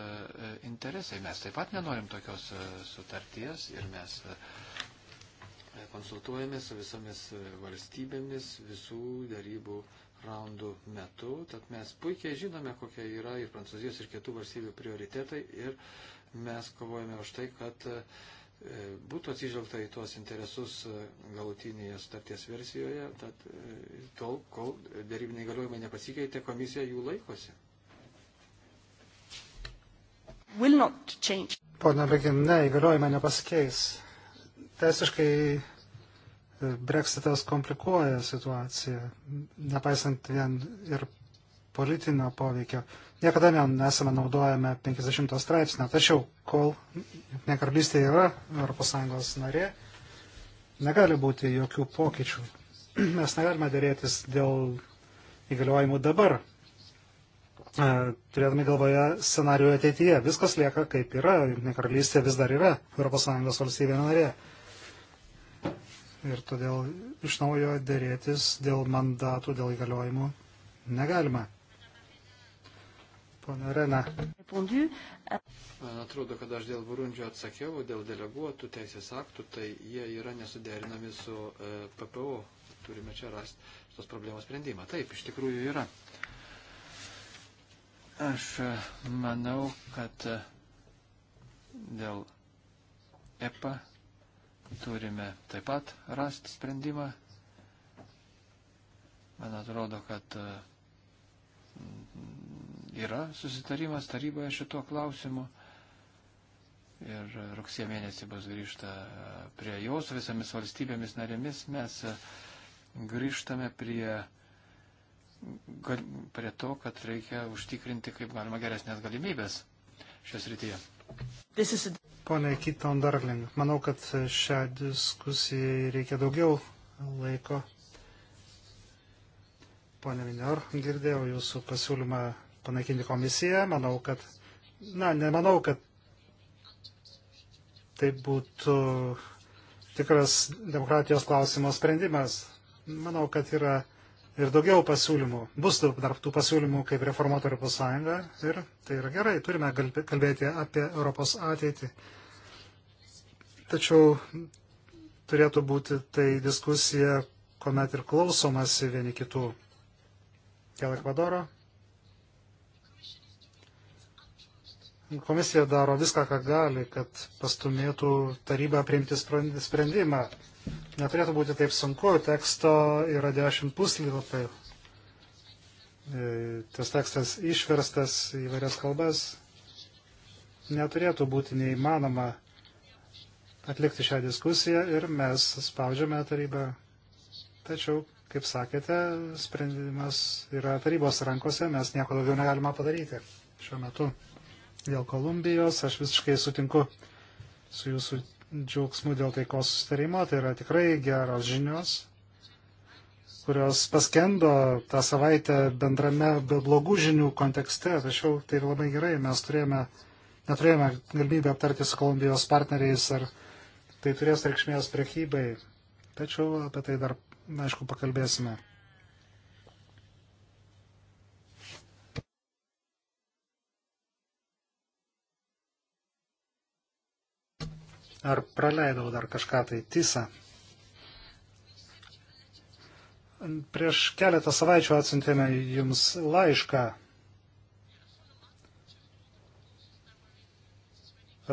interesai. Mes taip pat nenorim tokios e, sutarties ir mes e, konsultuojame su visomis valstybėmis visų darybų raundų metu. Tad mes puikiai žinome, kokie yra ir Prancūzijos, ir kitų valstybių prioritetai ir mes kovojame už tai, kad uh, E, būtų atsižvelgta į tuos interesus e, galutinėje sutarties versijoje, tad e, tol, kol dėrybiniai galiojimai nepasikeitė, komisija jų laikosi. Pone Begin, ne, įgaliojimai nepasikeis. Teisiškai Brexitas komplikuoja situaciją, nepaisant vien ir politinio poveikio niekada nesame naudojame 50 straipsnio. Tačiau, kol Junktinė karalystė yra ES narė, negali būti jokių pokyčių. Mes negalime dėrėtis dėl įgaliojimų dabar, e, turėdami galvoje scenarių ateityje. Viskas lieka kaip yra, Junktinė karalystė vis dar yra ES valstybė narė. Ir todėl iš naujo dėrėtis dėl mandatų, dėl įgaliojimų negalima. Pana Rena. Man atrodo, kad aš dėl Burundžio atsakiau, dėl deleguotų teisės aktų, tai jie yra nesuderinami su e, PPO. Turime čia rasti tos problemos sprendimą. Taip, iš tikrųjų yra. Aš e, manau, kad e, dėl EPA turime taip pat rasti sprendimą. Man atrodo, kad yra susitarimas taryboje šito klausimu. Ir rugsėjo mėnesį bus grįžta prie jos visomis valstybėmis narėmis. Mes grįžtame prie, prie to, kad reikia užtikrinti kaip galima geresnės galimybės šios rytyje. Is... Pone Kiton Darling, manau, kad šią diskusiją reikia daugiau laiko. Pone Minior, girdėjau jūsų pasiūlymą panaikinti komisiją. Manau, kad, na, nemanau, kad tai būtų tikras demokratijos klausimo sprendimas. Manau, kad yra ir daugiau pasiūlymų. Bus dar tų pasiūlymų kaip reformatų Europos Sąjunga ir tai yra gerai. Turime kalbėti apie Europos ateitį. Tačiau turėtų būti tai diskusija, kuomet ir klausomasi vieni kitų. Dėl Ekvadoro Komisija daro viską, ką gali, kad pastumėtų tarybą priimti sprendimą. Neturėtų būti taip sunku, teksto yra dešimt puslapių. E, tas tekstas išverstas į varias kalbas. Neturėtų būti neįmanoma atlikti šią diskusiją ir mes spaudžiame tarybą. Tačiau, kaip sakėte, sprendimas yra tarybos rankose, mes nieko daugiau negalime padaryti šiuo metu dėl Kolumbijos. Aš visiškai sutinku su jūsų džiaugsmu dėl taikos sustarimo. Tai yra tikrai geros žinios, kurios paskendo tą savaitę bendrame be blogų žinių kontekste. Tačiau tai yra labai gerai. Mes turėjome, neturėjome galimybę aptarti su Kolumbijos partneriais, ar tai turės reikšmės prekybai. Tačiau apie tai dar, aišku, pakalbėsime. Ar praleidau dar kažką tai tysą? Prieš keletą savaičių atsintėme jums laišką.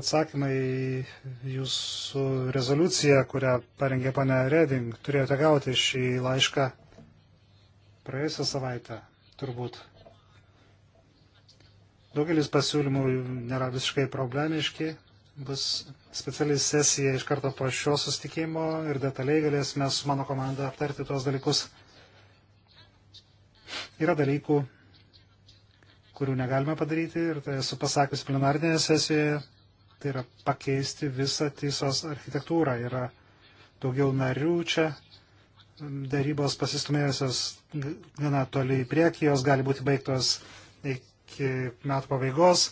Atsakymai jūsų rezoliuciją, kurią parengė pane Reding, turėjote gauti šį laišką praėjusią savaitę, turbūt. Daugelis pasiūlymų nėra visiškai problemiški, bus speciali sesija iš karto po šio sustikimo ir detaliai galėsime su mano komanda aptarti tuos dalykus. Yra dalykų, kurių negalime padaryti ir tai esu pasakius plenarnėje sesijoje, tai yra pakeisti visą tysos architektūrą. Yra daugiau narių čia, darybos pasistumėjusios gana toli į priekį, jos gali būti baigtos iki metų pabaigos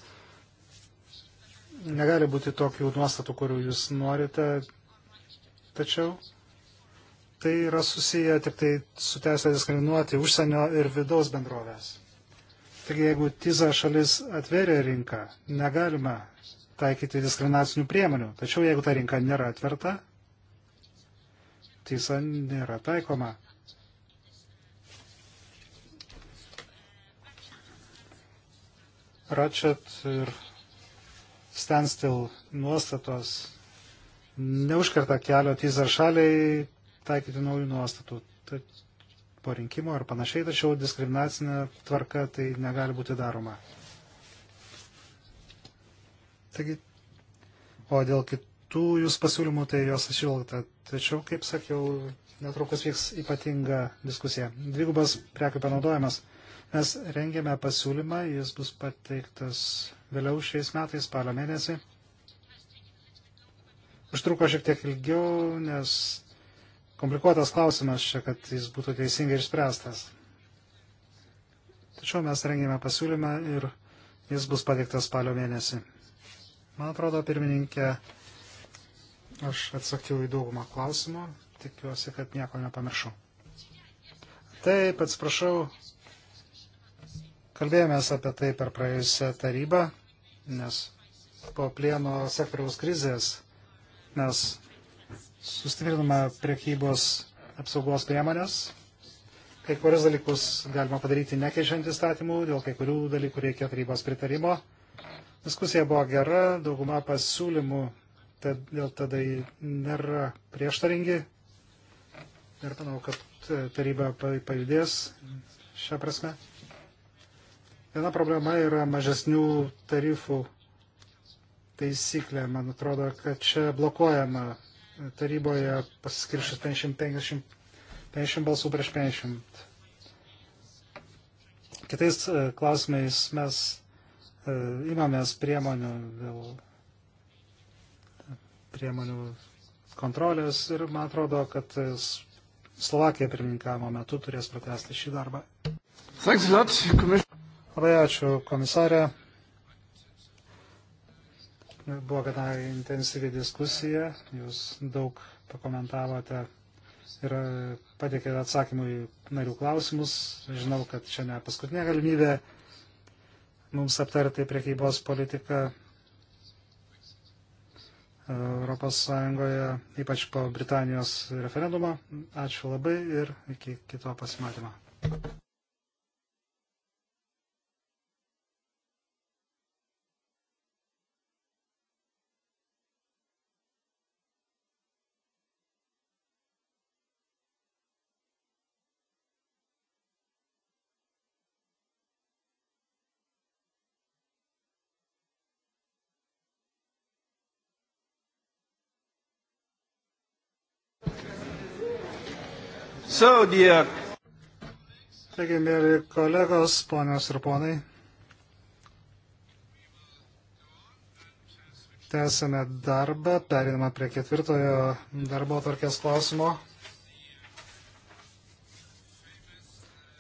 negali būti tokių nuostatų, kurių jūs norite, tačiau tai yra susiję tik tai su teisė diskriminuoti užsienio ir vidaus bendrovės. Taigi, jeigu TISA šalis atvėrė rinką, negalima taikyti diskriminacinių priemonių. Tačiau, jeigu ta rinka nėra atverta, TISA nėra taikoma. Ratchet ir standstill nuostatos neužkerta kelio teaser šaliai taikyti naujų nuostatų tai po rinkimo ar panašiai, tačiau diskriminacinė tvarka tai negali būti daroma. Taigi, o dėl kitų jūs pasiūlymų, tai jos atšilgta. Tačiau, kaip sakiau, netrukus vyks ypatinga diskusija. Dvigubas prekių panaudojimas. Mes rengėme pasiūlymą, jis bus pateiktas vėliau šiais metais, spalio mėnesį. Užtruko šiek tiek ilgiau, nes komplikuotas klausimas čia, kad jis būtų teisingai išspręstas. Tačiau mes rengėme pasiūlymą ir jis bus pateiktas spalio mėnesį. Man atrodo, pirmininkė, aš atsakiau į daugumą klausimų, tikiuosi, kad nieko nepamiršau. Taip, atsiprašau, kalbėjomės apie tai per praėjusią tarybą nes po plieno sektoriaus krizės mes sustiprinome priekybos apsaugos priemonės. Kai kurios dalykus galima padaryti nekeičiant įstatymų, dėl kai kurių dalykų reikia tarybos pritarimo. Diskusija buvo gera, dauguma pasiūlymų tad, dėl tada nėra prieštaringi. Ir manau, kad taryba pajudės šią prasme. Viena problema yra mažesnių tarifų taisyklė. Man atrodo, kad čia blokuojama taryboje pasiskiršus 50, 50, 50 balsų prieš 50. Kitais e, klausimais mes e, imamės priemonių dėl priemonių kontrolės ir man atrodo, kad Slovakija pirmininkavimo metu turės pratesti šį darbą. Thanks a lot, Commissioner. Labai ačiū komisarė. Buvo gana intensyvi diskusija, jūs daug pakomentavote ir patikė atsakymų į narių klausimus. Žinau, kad čia ne paskutinė galimybė mums aptarti priekybos politiką ES, ypač po Britanijos referendumo. Ačiū labai ir iki kito pasimatymo. So, dear... Taigi, mėly kolegos, ponios ir ponai, tęsime darbą, periname prie ketvirtojo darbo tvarkės klausimo.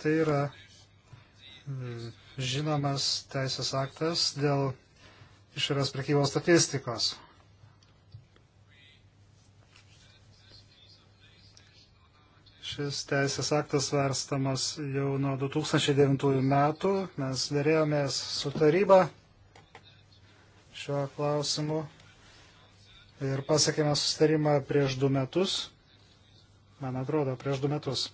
Tai yra mm, žinomas teisės aktas dėl išorės prekybos statistikos. Šis teisės aktas varstamas jau nuo 2009 metų. Mes dėrėjomės su taryba šiuo klausimu ir pasiekėme sustarimą prieš du metus. Man atrodo, prieš du metus.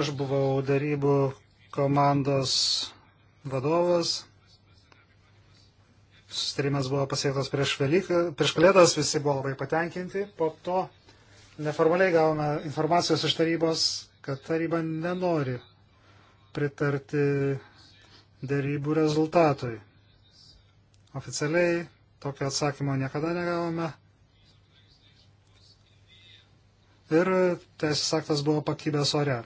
Aš buvau darybų komandos vadovas Sustarimas buvo pasiektas prieš, Velyką, prieš Kalėdas, visi buvo labai patenkinti. Po to neformaliai gavome informacijos iš tarybos, kad taryba nenori pritarti dėrybų rezultatui. Oficialiai tokio atsakymo niekada negavome. Ir teisės aktas buvo pakybęs ore.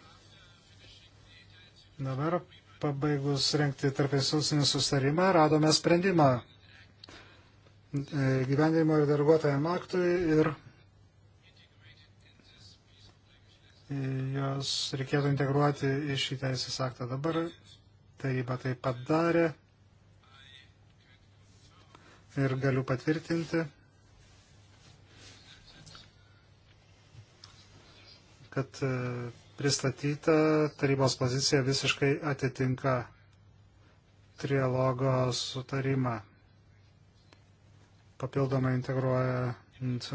Dabar pabaigus renkti tarp institucinį sustarimą, radome sprendimą, gyvendinimo ir darbuotojam aktui ir jos reikėtų integruoti į šį teisės aktą. Dabar taryba tai padarė ir galiu patvirtinti, kad e, pristatyta tarybos pozicija visiškai atitinka trialogo sutarimą papildomai integruoja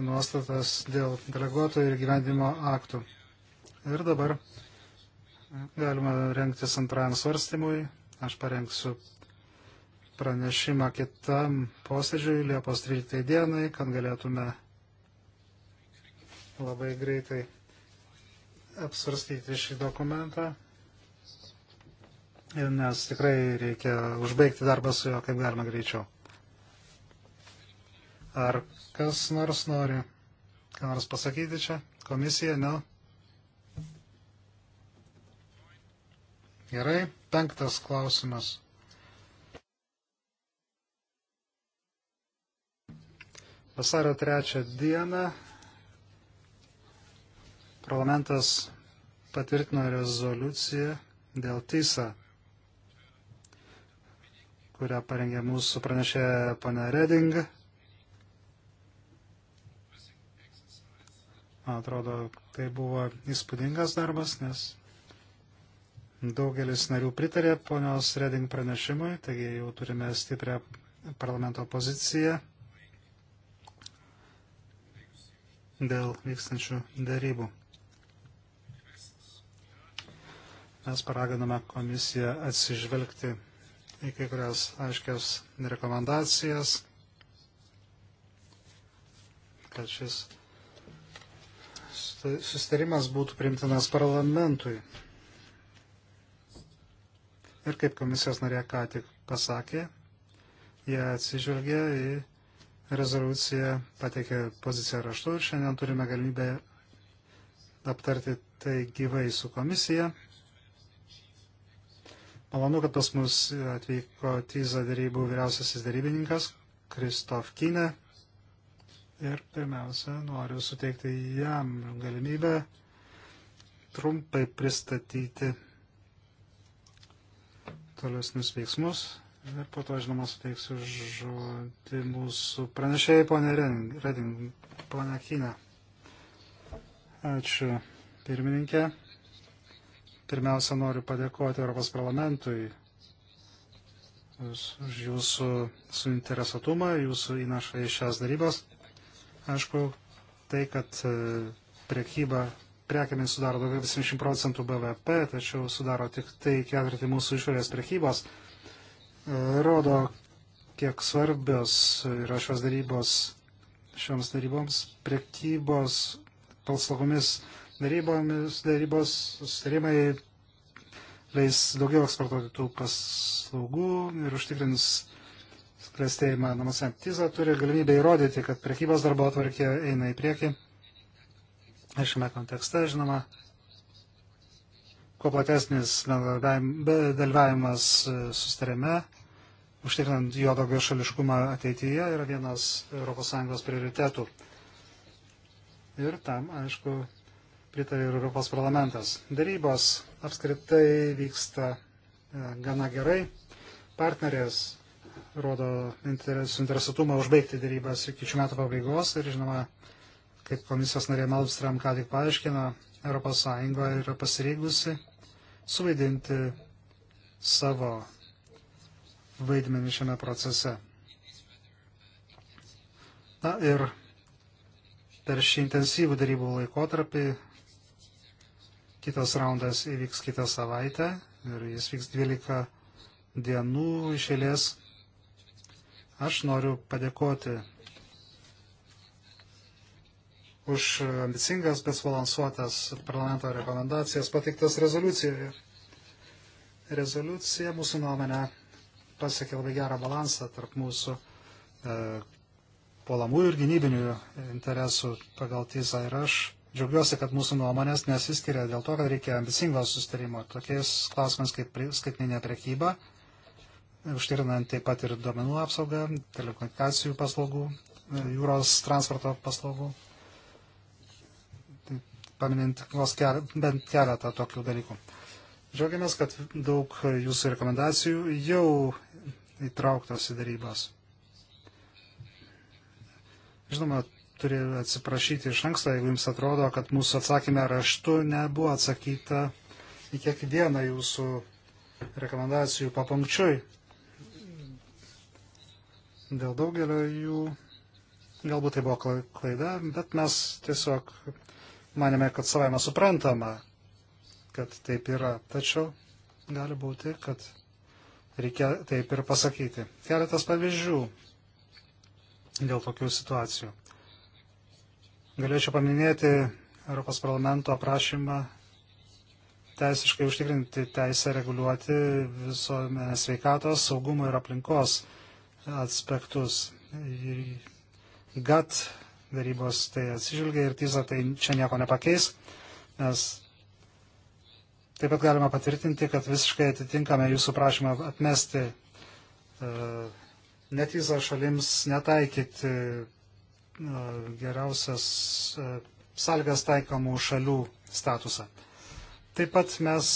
nuostatas dėl deleguotojų ir gyvendimo aktų. Ir dabar galima rengtis antrajam svarstymui. Aš parengsiu pranešimą kitam posėdžiui Liepos 13 dienai, kad galėtume labai greitai apsvarstyti šį dokumentą, nes tikrai reikia užbaigti darbą su juo kaip galima greičiau. Ar kas nors nori, ką nors pasakyti čia? Komisija, ne? No. Gerai, penktas klausimas. Vasario trečią dieną parlamentas patvirtino rezoliuciją dėl TISA, kurią parengė mūsų pranešė pana Reding. Man atrodo, tai buvo įspūdingas darbas, nes daugelis narių pritarė ponios Reding pranešimui, taigi jau turime stiprią parlamento poziciją dėl vykstančių darybų. Mes paraginame komisiją atsižvelgti į kai kurias aiškias rekomendacijas, kad šis susitarimas būtų primtinas parlamentui. Ir kaip komisijos narė ką tik pasakė, jie atsižvelgė į rezoliuciją, pateikė poziciją raštu ir šiandien turime galimybę aptarti tai gyvai su komisija. Malonu, kad pas mus atvyko TISA darybų vyriausiasis darybininkas Kristof Kine. Ir pirmiausia, noriu suteikti jam galimybę trumpai pristatyti tolesnius veiksmus. Ir po to, žinoma, suteiksiu žodį mūsų pranešėjai, ponė Reding, ponė Kynė. Ačiū, pirmininkė. Pirmiausia, noriu padėkoti Europos parlamentui už jūsų suinteresuotumą, jūsų įnašą į šias darybas. Aišku, tai, kad e, priekyba prekiamis sudaro daugiau 70 procentų BVP, tačiau sudaro tik tai ketvirtį mūsų išorės priekybos, e, rodo, kiek svarbios yra šios darybos, šioms daryboms priekybos palslagomis darybomis, darybos, sustarimai leis daugiau eksportuoti tų paslaugų ir užtikrins klėstėjimą namuose. TISA turi galimybę įrodyti, kad prekybos darbo atvarkė eina į priekį. Ir šiame kontekste, žinoma, kuo platesnis dalyvavimas e, sustarėme, užtikrinant jo daugiau šališkumą ateityje, yra vienas ES prioritetų. Ir tam, aišku, pritarė ir Europos parlamentas. Darybos apskritai vyksta e, gana gerai. Partnerės rodo suinteresuotumą užbaigti dėrybas iki šių metų pabaigos ir, žinoma, kaip komisijos narė Malmström ką tik paaiškino, ES yra pasireigusi suvaidinti savo vaidmenį šiame procese. Na ir per šį intensyvų darybų laikotarpį kitas raundas įvyks kitą savaitę ir jis vyks 12 dienų iš eilės Aš noriu padėkoti už ambicingas, besvalansuotas parlamento rekomendacijas pateiktas rezoliucijoje. Rezoliucija mūsų nuomonė pasiekė labai gerą balansą tarp mūsų e, puolamųjų ir gynybinių interesų pagal TISA ir aš džiaugiuosi, kad mūsų nuomonės nesiskiria dėl to, kad reikia ambicingo sustarimo tokiais klausimais kaip skaitminė prekyba užtirinant taip pat ir duomenų apsaugą, telekomunikacijų paslaugų, e, jūros transporto paslaugų. Paminint vos kel, bent keletą tokių dalykų. Džiaugiamės, kad daug jūsų rekomendacijų jau įtrauktos į darybas. Žinoma, turiu atsiprašyti iš anksto, jeigu jums atrodo, kad mūsų atsakymė raštu nebuvo atsakyta į kiekvieną jūsų rekomendacijų papunkčiui dėl daugelio jų. Galbūt tai buvo klaida, bet mes tiesiog manėme, kad savame suprantama, kad taip yra. Tačiau gali būti, kad reikia taip ir pasakyti. Keletas pavyzdžių dėl tokių situacijų. Galėčiau paminėti Europos parlamento aprašymą teisiškai užtikrinti teisę reguliuoti visuomenės sveikatos, saugumo ir aplinkos aspektus. Ir GAT darybos tai atsižvelgia ir TISA tai čia nieko nepakeis, nes taip pat galima patvirtinti, kad visiškai atitinkame jūsų prašymą atmesti uh, e, netyza šalims netaikyti e, geriausias e, sąlygas taikomų šalių statusą. Taip pat mes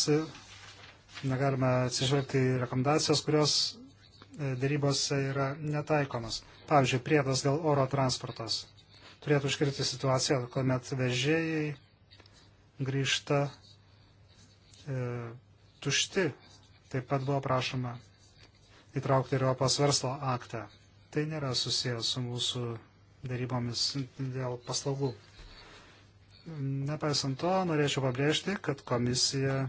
negalime atsižvelgti į rekomendacijas, kurios darybose yra netaikomas. Pavyzdžiui, priedas dėl oro transportos turėtų iškirti situaciją, kuomet vežėjai grįžta e, tušti. Taip pat buvo prašoma įtraukti ir Europos verslo aktą. Tai nėra susijęs su mūsų darybomis dėl paslaugų. Nepaisant to, norėčiau pabrėžti, kad komisija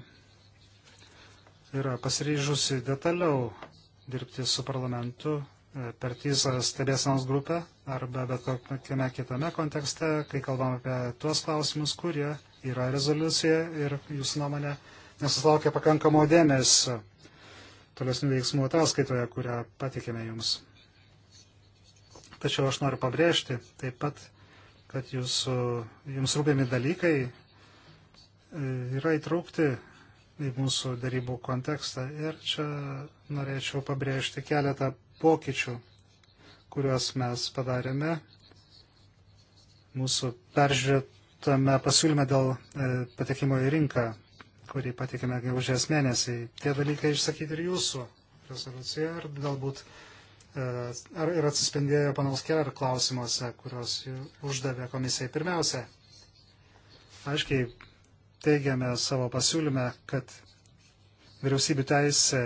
yra pasiryžusi detaliau dirbti su parlamentu e, per TISA stebėsenos grupę arba bet kokiame kitame kontekste, kai kalbam apie tuos klausimus, kurie yra rezoliucija ir jūsų nuomonė nesusilaukia pakankamo dėmesio tolesnių veiksmų ataskaitoje, kurią patikėme jums. Tačiau aš noriu pabrėžti taip pat, kad jūsų, jums rūpėmi dalykai e, yra įtraukti į mūsų darybų kontekstą. Ir čia norėčiau pabrėžti keletą pokyčių, kuriuos mes padarėme mūsų peržiūrėtame pasiūlyme dėl e, patekimo į rinką, kurį patikėme gegužės mėnesį. Tie dalykai išsakyti ir jūsų rezoliucijoje, ir galbūt e, ar ir atsispindėjo panaus kerar klausimuose, kuriuos uždavė komisijai pirmiausia. Aiškiai teigiame savo pasiūlyme, kad vyriausybių teisė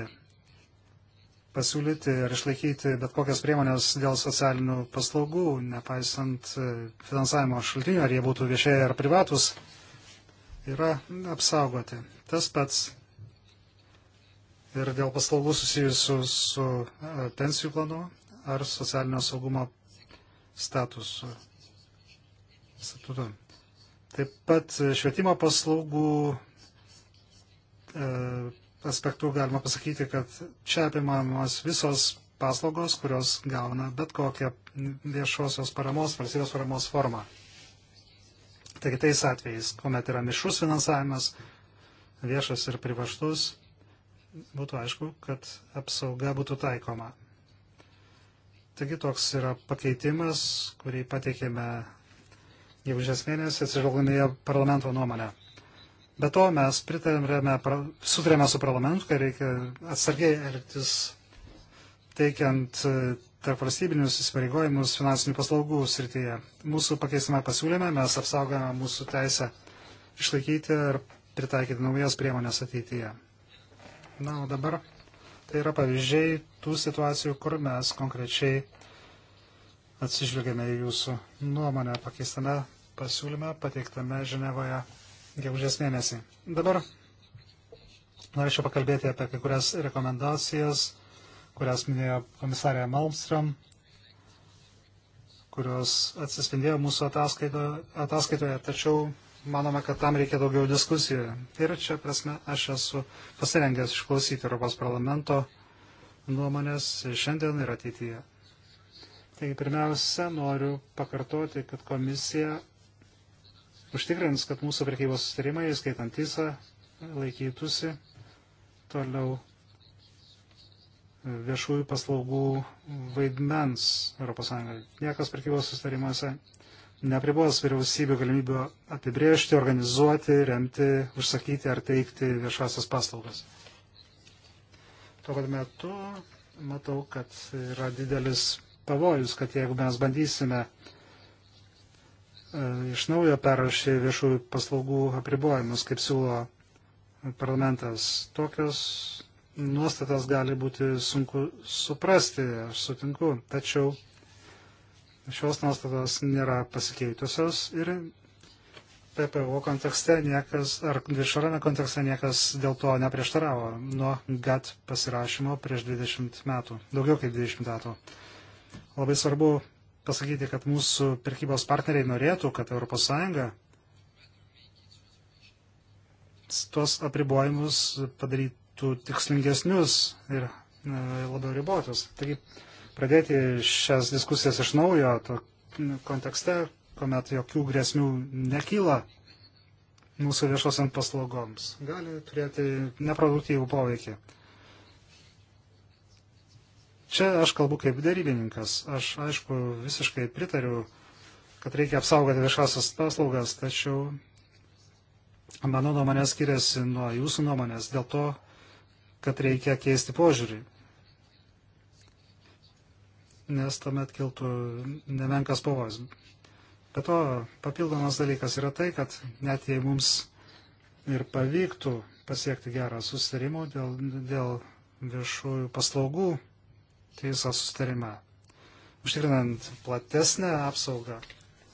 pasiūlyti ir išlaikyti bet kokias priemonės dėl socialinių paslaugų, nepaisant e, finansavimo šaltinio, ar jie būtų viešieji ar privatus, yra apsaugoti. Tas pats ir dėl paslaugų susijusių su e, pensijų planu ar socialinio saugumo statusu. Statutu. Taip pat švietimo paslaugų e, aspektų galima pasakyti, kad čia apimamos visos paslaugos, kurios gauna bet kokią viešosios paramos, valstybės paramos formą. Tai kitais atvejais, kuomet yra mišrus finansavimas, viešas ir privaštus, būtų aišku, kad apsauga būtų taikoma. Taigi toks yra pakeitimas, kurį pateikėme gegužės mėnesį atsižvelgdami į parlamento nuomonę. Be to mes pritarėme, sutarėme su parlamentu, kad reikia atsargiai elgtis teikiant e, tarp valstybinius įsipareigojimus finansinių paslaugų srityje. Mūsų pakeistame pasiūlyme mes apsaugame mūsų teisę išlaikyti ir pritaikyti naujas priemonės ateityje. Na, o dabar tai yra pavyzdžiai tų situacijų, kur mes konkrečiai atsižvelgiame į jūsų nuomonę pakeistame pasiūlyme pateiktame Ženevoje gegužės mėnesį. Dabar norėčiau pakalbėti apie kai kurias rekomendacijas, kurias minėjo komisarė Malmström, kurios atsispindėjo mūsų ataskaito, ataskaitoje, tačiau manome, kad tam reikia daugiau diskusijų. Ir čia prasme aš esu pasirengęs išklausyti Europos parlamento nuomonės šiandien ir ateityje. Taigi pirmiausia, noriu pakartoti, kad komisija užtikrins, kad mūsų prekybos sustarimai, skaitant visą, laikytųsi toliau viešųjų paslaugų vaidmens ES. Niekas prekybos sustarimuose nepribos vyriausybių galimybių apibriežti, organizuoti, remti, užsakyti ar teikti viešasias paslaugas. Tuo pat metu matau, kad yra didelis pavojus, kad jeigu mes bandysime uh, E, iš naujo perrašė viešųjų paslaugų apribojimus, kaip siūlo parlamentas. Tokios nuostatas gali būti sunku suprasti, aš sutinku, tačiau šios nuostatos nėra pasikeitusios ir PPO kontekste niekas, ar viršarame kontekste niekas dėl to neprieštaravo nuo GAT pasirašymo prieš 20 metų, daugiau kaip 20 metų. Labai svarbu pasakyti, kad mūsų pirkybos partneriai norėtų, kad ES tuos apribojimus padarytų tikslingesnius ir e, labiau ribotus. Taigi pradėti šias diskusijas iš naujo to kontekste, kuomet jokių grėsmių nekyla mūsų viešosiam paslaugoms, gali turėti neproduktyvų poveikį. Čia aš kalbu kaip darybininkas. Aš, aišku, visiškai pritariu, kad reikia apsaugoti viešasias paslaugas, tačiau mano nuomonė skiriasi nuo jūsų nuomonės dėl to, kad reikia keisti požiūrį. Nes tuomet kiltų nemenkas pavojus. Be to, papildomas dalykas yra tai, kad net jei mums ir pavyktų pasiekti gerą susitarimą dėl, dėl viešųjų paslaugų tai visą sustarimą. Užtikrinant platesnę apsaugą,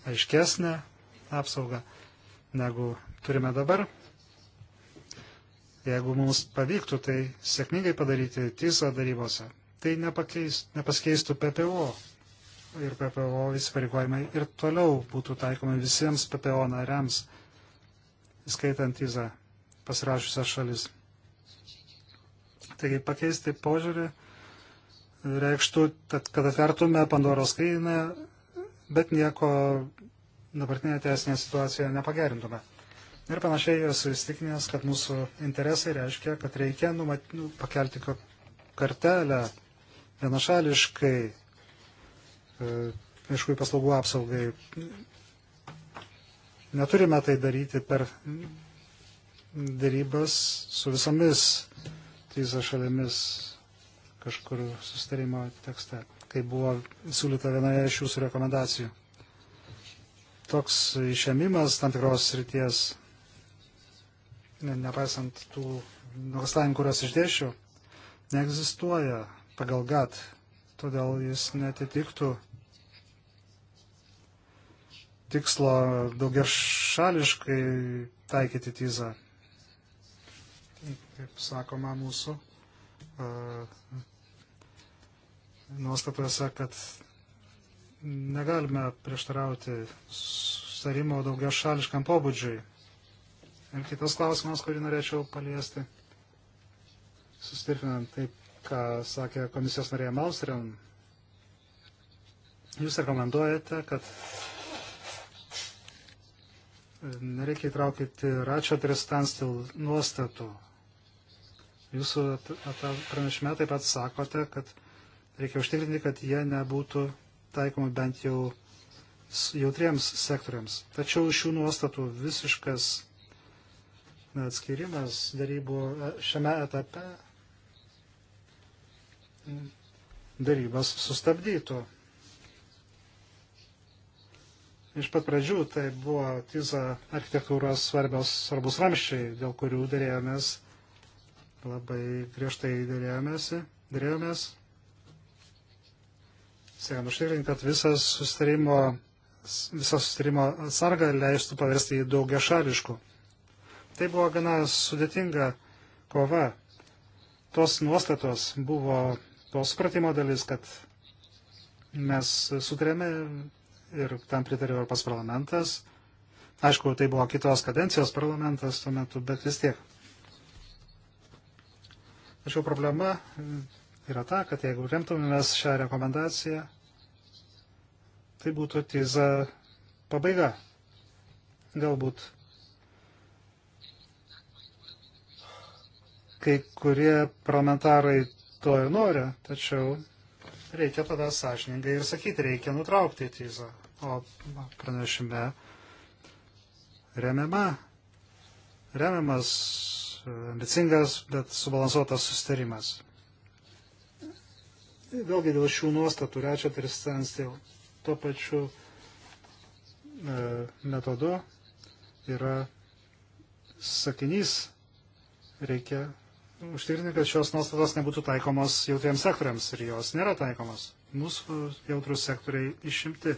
aiškesnę apsaugą negu turime dabar. Jeigu mums pavyktų tai sėkmingai padaryti TISA darybose, tai nepakeis, nepasikeistų PPO ir PPO įsipareigojimai ir toliau būtų taikomi visiems PPO nariams, skaitant TISA pasirašusias šalis. Taigi pakeisti požiūrį reikštų, kad atvertume Pandoros skryną, bet nieko dabartinė teisinė situacija nepagerintume. Ir panašiai esu įstikinęs, kad mūsų interesai reiškia, kad reikia numat, nu, pakelti kartelę vienašališkai e, viešųjų paslaugų apsaugai. Neturime tai daryti per dėrybas su visomis trys šalimis kažkur sustarimo tekste, kai buvo siūlyta vienoje iš jūsų rekomendacijų. Toks išėmimas tam tikros ryties, nepaisant tų nuostatimų, kuriuos išdėšiu, neegzistuoja pagal GAT, todėl jis netitiktų tikslo daugia šališkai taikyti tyzą. Kaip sakoma, mūsų nuostatose, kad negalime prieštarauti sustarimo daugia šališkam pobūdžiui. Ir kitas klausimas, kurį norėčiau paliesti, sustirpinant taip, ką sakė komisijos narė Malstrian, jūs rekomenduojate, kad nereikia įtraukyti račio tristanstil nuostatų. Jūsų pranešime taip pat sakote, kad reikia užtikrinti, kad jie nebūtų taikomi bent jau jautriems sektoriams. Tačiau šių nuostatų visiškas atskirimas darybų e, šiame etape darybas sustabdytų. Iš pat pradžių tai buvo tiza architektūros svarbios, svarbus ramščiai, dėl kurių dėrėjomės, labai griežtai dėrėjomės, dėrėjomės siekiant užtikrinti, kad visas sustarimo, visas sustarimo sarga leistų paversti į daugia šališkų. Tai buvo gana sudėtinga kova. Tos nuostatos buvo to supratimo dalis, kad mes sutarėme ir tam pritarė Europos parlamentas. Aišku, tai buvo kitos kadencijos parlamentas tuo metu, bet vis tiek. Tačiau problema yra ta, kad jeigu remtumėmės šią rekomendaciją, tai būtų tiza pabaiga. Galbūt kai kurie parlamentarai to ir nori, tačiau reikia tada sąžiningai ir sakyti, reikia nutraukti tyzą. O pranešime remiama, remiamas ambicingas, bet subalansuotas sustarimas. Tai vėlgi dėl šių nuostatų Ratchet ir Standstill tuo pačiu e, metodu yra sakinys, reikia užtikrinti, kad šios nuostatos nebūtų taikomos jautriems sektoriams ir jos nėra taikomos. Mūsų jautrus sektoriai išimti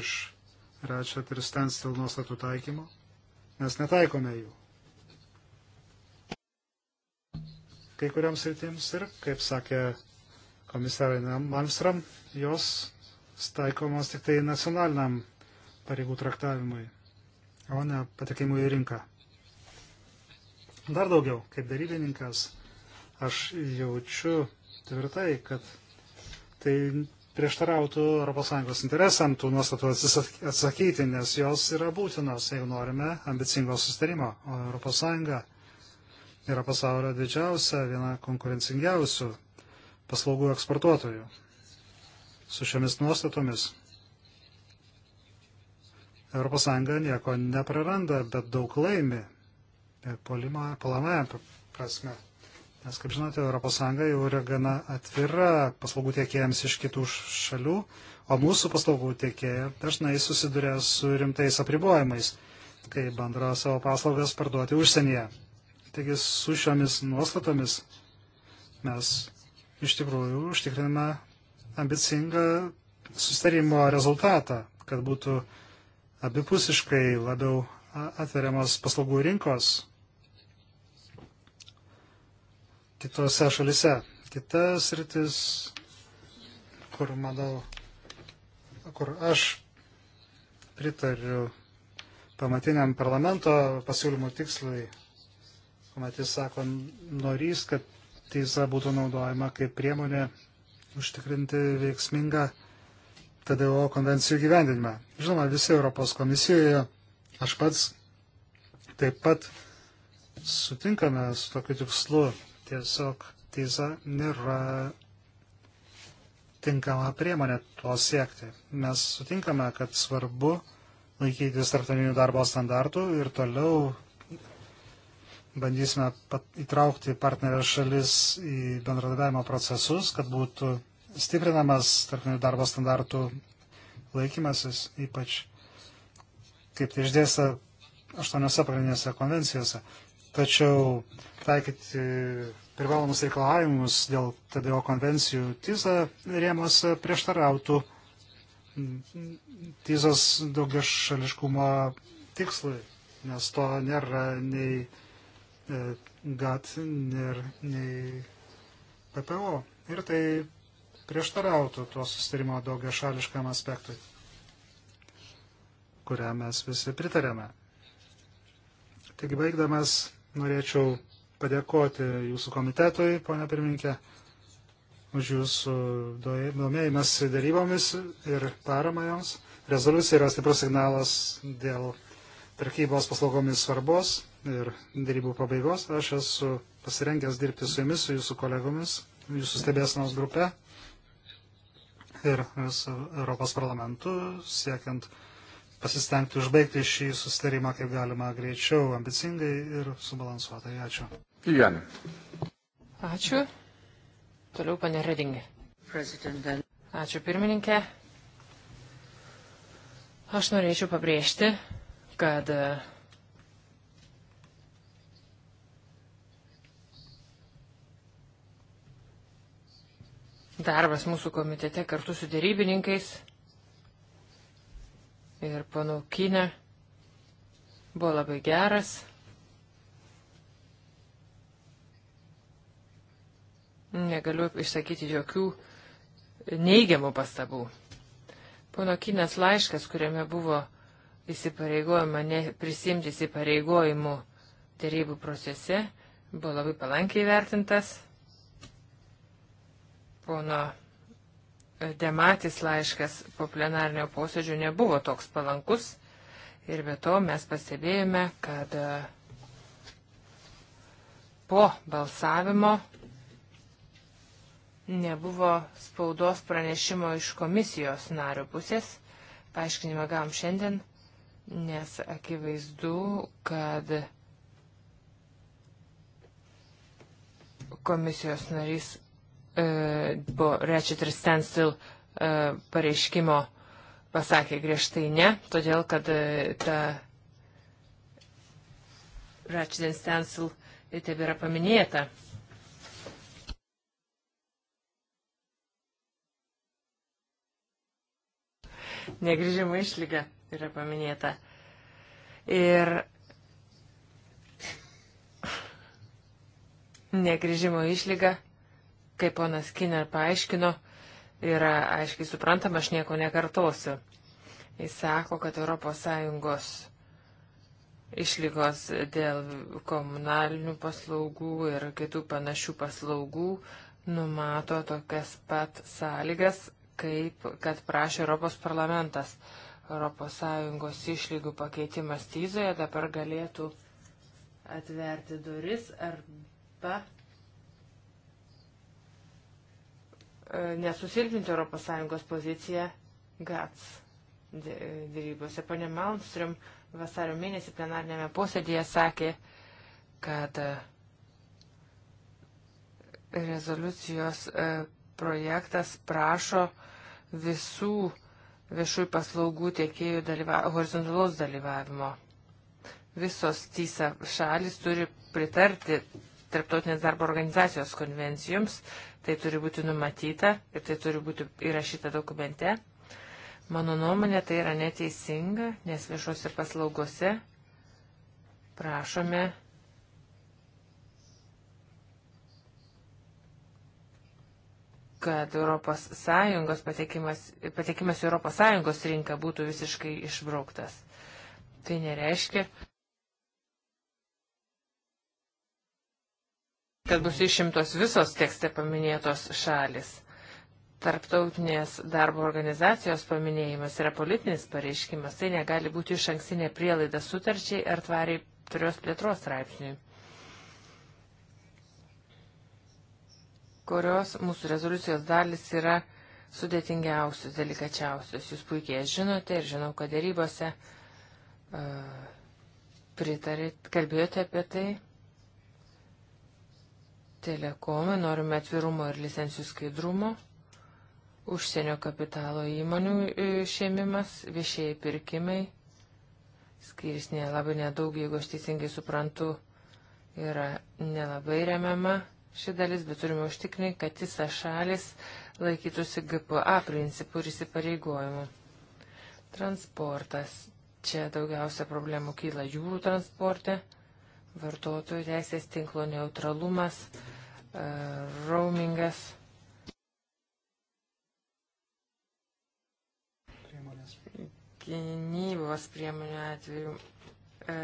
iš Ratchet ir Standstill nuostatų taikymo. Mes netaikome jų. Kai kuriams rytims ir, kaip sakė komisarė Malmstram, jos taikomos tik tai nacionaliniam pareigų traktavimui, o ne patekimui į rinką. Dar daugiau, kaip darybininkas, aš jaučiu tvirtai, kad tai prieštarautų ES interesam tų nuostatų atsakyti, nes jos yra būtinos, jeigu norime ambicingo sustarimo. O ES yra pasaulio didžiausia, viena konkurencingiausių paslaugų eksportuotojų. Su šiomis nuostatomis ES nieko nepraranda, bet daug laimi puolamąją prasme. Nes, kaip žinote, ES jau yra gana atvira paslaugų tiekėjams iš kitų šalių, o mūsų paslaugų tiekėjai dažnai susiduria su rimtais apribojimais, kai bandro savo paslaugas parduoti užsienyje. Taigi su šiomis nuostatomis mes iš tikrųjų užtikriname ambicingą sustarimo rezultatą, kad būtų abipusiškai labiau atveriamos paslaugų rinkos kitose šalise. Kitas rytis, kur manau, kur aš pritariu pamatiniam parlamento pasiūlymų tikslui, kuomet jis sako, norys, kad teisa būtų naudojama kaip priemonė užtikrinti veiksmingą TDO konvencijų gyvendinimą. Žinoma, visi Europos komisijoje, aš pats taip pat sutinkame su tokiu tikslu. Tiesiog teisa nėra tinkama priemonė tuo siekti. Mes sutinkame, kad svarbu laikytis tarptautinių darbo standartų ir toliau bandysime pat, įtraukti partnerės šalis į bendradarbiavimo procesus, kad būtų stiprinamas tarpinių darbo standartų laikymasis, ypač kaip tai išdėsta aštuoniuose pagrindinėse konvencijose. Tačiau taikyti privalomus reikalavimus dėl TDO konvencijų TISA rėmose prieštarautų TISAS daugiašališkumo tikslui, nes to nėra nei E, GAT, NER, nei PPO. Ir tai prieštarautų tuo sustarimo daugia šališkam aspektui, kurią mes visi pritarėme. Taigi baigdamas norėčiau padėkoti jūsų komitetui, ponia pirmininkė, už jūsų domėjimas darybomis ir paramą joms. Rezoliucija yra stiprus signalas dėl prekybos paslaugomis svarbos ir darybų pabaigos. Aš esu pasirengęs dirbti su jumis, su jūsų kolegomis, jūsų stebėsinos grupe ir su Europos parlamentu, siekiant pasistengti užbaigti šį susitarimą kaip galima greičiau, ambicingai ir subalansuotai. Ačiū. Janė. Ačiū. Toliau panė Redingė. Ačiū pirmininkė. Aš norėčiau pabrėžti, kad darbas mūsų komitete kartu su dėrybininkais ir panaukinė buvo labai geras. Negaliu išsakyti jokių neigiamų pastabų. Pono Kinės laiškas, kuriame buvo įsipareigojama prisimti įsipareigojimų dėrybų procese, buvo labai palankiai vertintas pono Dematis laiškas po plenarnio posėdžio nebuvo toks palankus ir be to mes pastebėjome, kad e, po balsavimo nebuvo spaudos pranešimo iš komisijos nario pusės. Paaiškinimą gavom šiandien, nes akivaizdu, kad komisijos narys E, po Ratchet ir Stencil e, pareiškimo pasakė griežtai ne, todėl kad e, ta Ratchet ir Stencil tebėra paminėta. negrįžimo išlyga yra paminėta. Ir negrįžimo išlyga Kaip ponas Kiner paaiškino, yra aiškiai suprantama, aš nieko nekartosiu. Jis sako, kad ES išlygos dėl komunalinių paslaugų ir kitų panašių paslaugų numato tokias pat sąlygas, kaip kad prašė Europos parlamentas. ES išlygų pakeitimas tyzoje dabar galėtų atverti duris arba nesusilpinti ES poziciją GATS dėrybose. Pone Malmström vasario mėnesį plenarnėme posėdėje sakė, kad e, rezoliucijos e, projektas prašo visų viešųjų paslaugų tiekėjų dalyva, horizontalaus dalyvavimo. Visos TISA šalis turi pritarti Tarptautinės darbo organizacijos konvencijoms Tai turi būti numatyta ir tai turi būti įrašyta dokumente. Mano nuomonė tai yra neteisinga, nes viešuose paslaugose prašome kad Europos Sąjungos patekimas, patekimas į Europos Sąjungos rinką būtų visiškai išbrauktas. Tai nereiškia, kad bus išimtos visos tekste paminėtos šalis. Tarptautinės darbo organizacijos paminėjimas yra politinis pareiškimas, tai negali būti iš anksinė prielaida sutarčiai ar tvariai turios plėtros straipsniui, kurios mūsų rezoliucijos dalis yra sudėtingiausios, delikačiausios. Jūs puikiai žinote ir žinau, kad dėrybose uh, pritarit, kalbėjote apie tai telekomai, norime atvirumo ir licencijų skaidrumo, užsienio kapitalo įmonių e, šėmimas, viešieji pirkimai, skiris nelabai nedaug, jeigu aš teisingai suprantu, yra nelabai remiama ši dalis, bet turime užtikrinti, kad visa šalis laikytųsi GPA principų ir įsipareigojimų. Transportas. Čia daugiausia problemų kyla jūrų transporte, vartotojų teisės tinklo neutralumas, E, roamingas. Priemonės. Gynybos priemonių atveju e,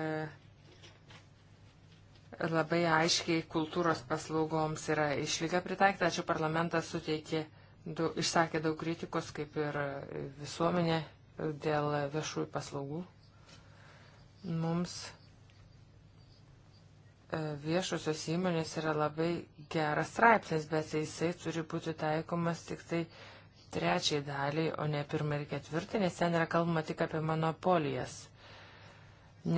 labai aiškiai kultūros paslaugoms yra išlyga pritaikta, tačiau parlamentas suteikė, daug, išsakė daug kritikos, kaip ir visuomenė, dėl viešųjų paslaugų. Mums E, viešosios įmonės yra labai geras straipsnis, bet jisai turi būti taikomas tik tai trečiai daliai, o ne pirmai ir ketvirtai, nes ten yra kalbama tik apie monopolijas.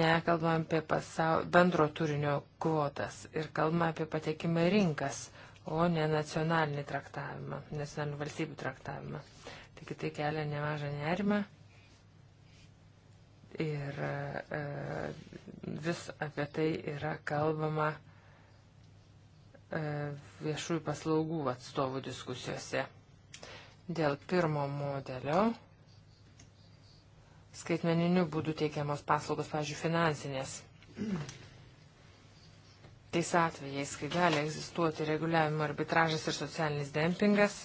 Nekalbam apie pasaul... bendro turinio kvotas ir kalbam apie patekimą į rinkas, o ne nacionalinį traktavimą, nacionalinių valstybių traktavimą. Taigi tai kelia nemažą nerimą. Ir e, vis apie tai yra kalbama e, viešųjų paslaugų atstovų diskusijose. Dėl pirmo modelio skaitmeniniu būdu teikiamos paslaugos, pavyzdžiui, finansinės. Tais atvejais, kai gali egzistuoti reguliavimo arbitražas ir socialinis dempingas,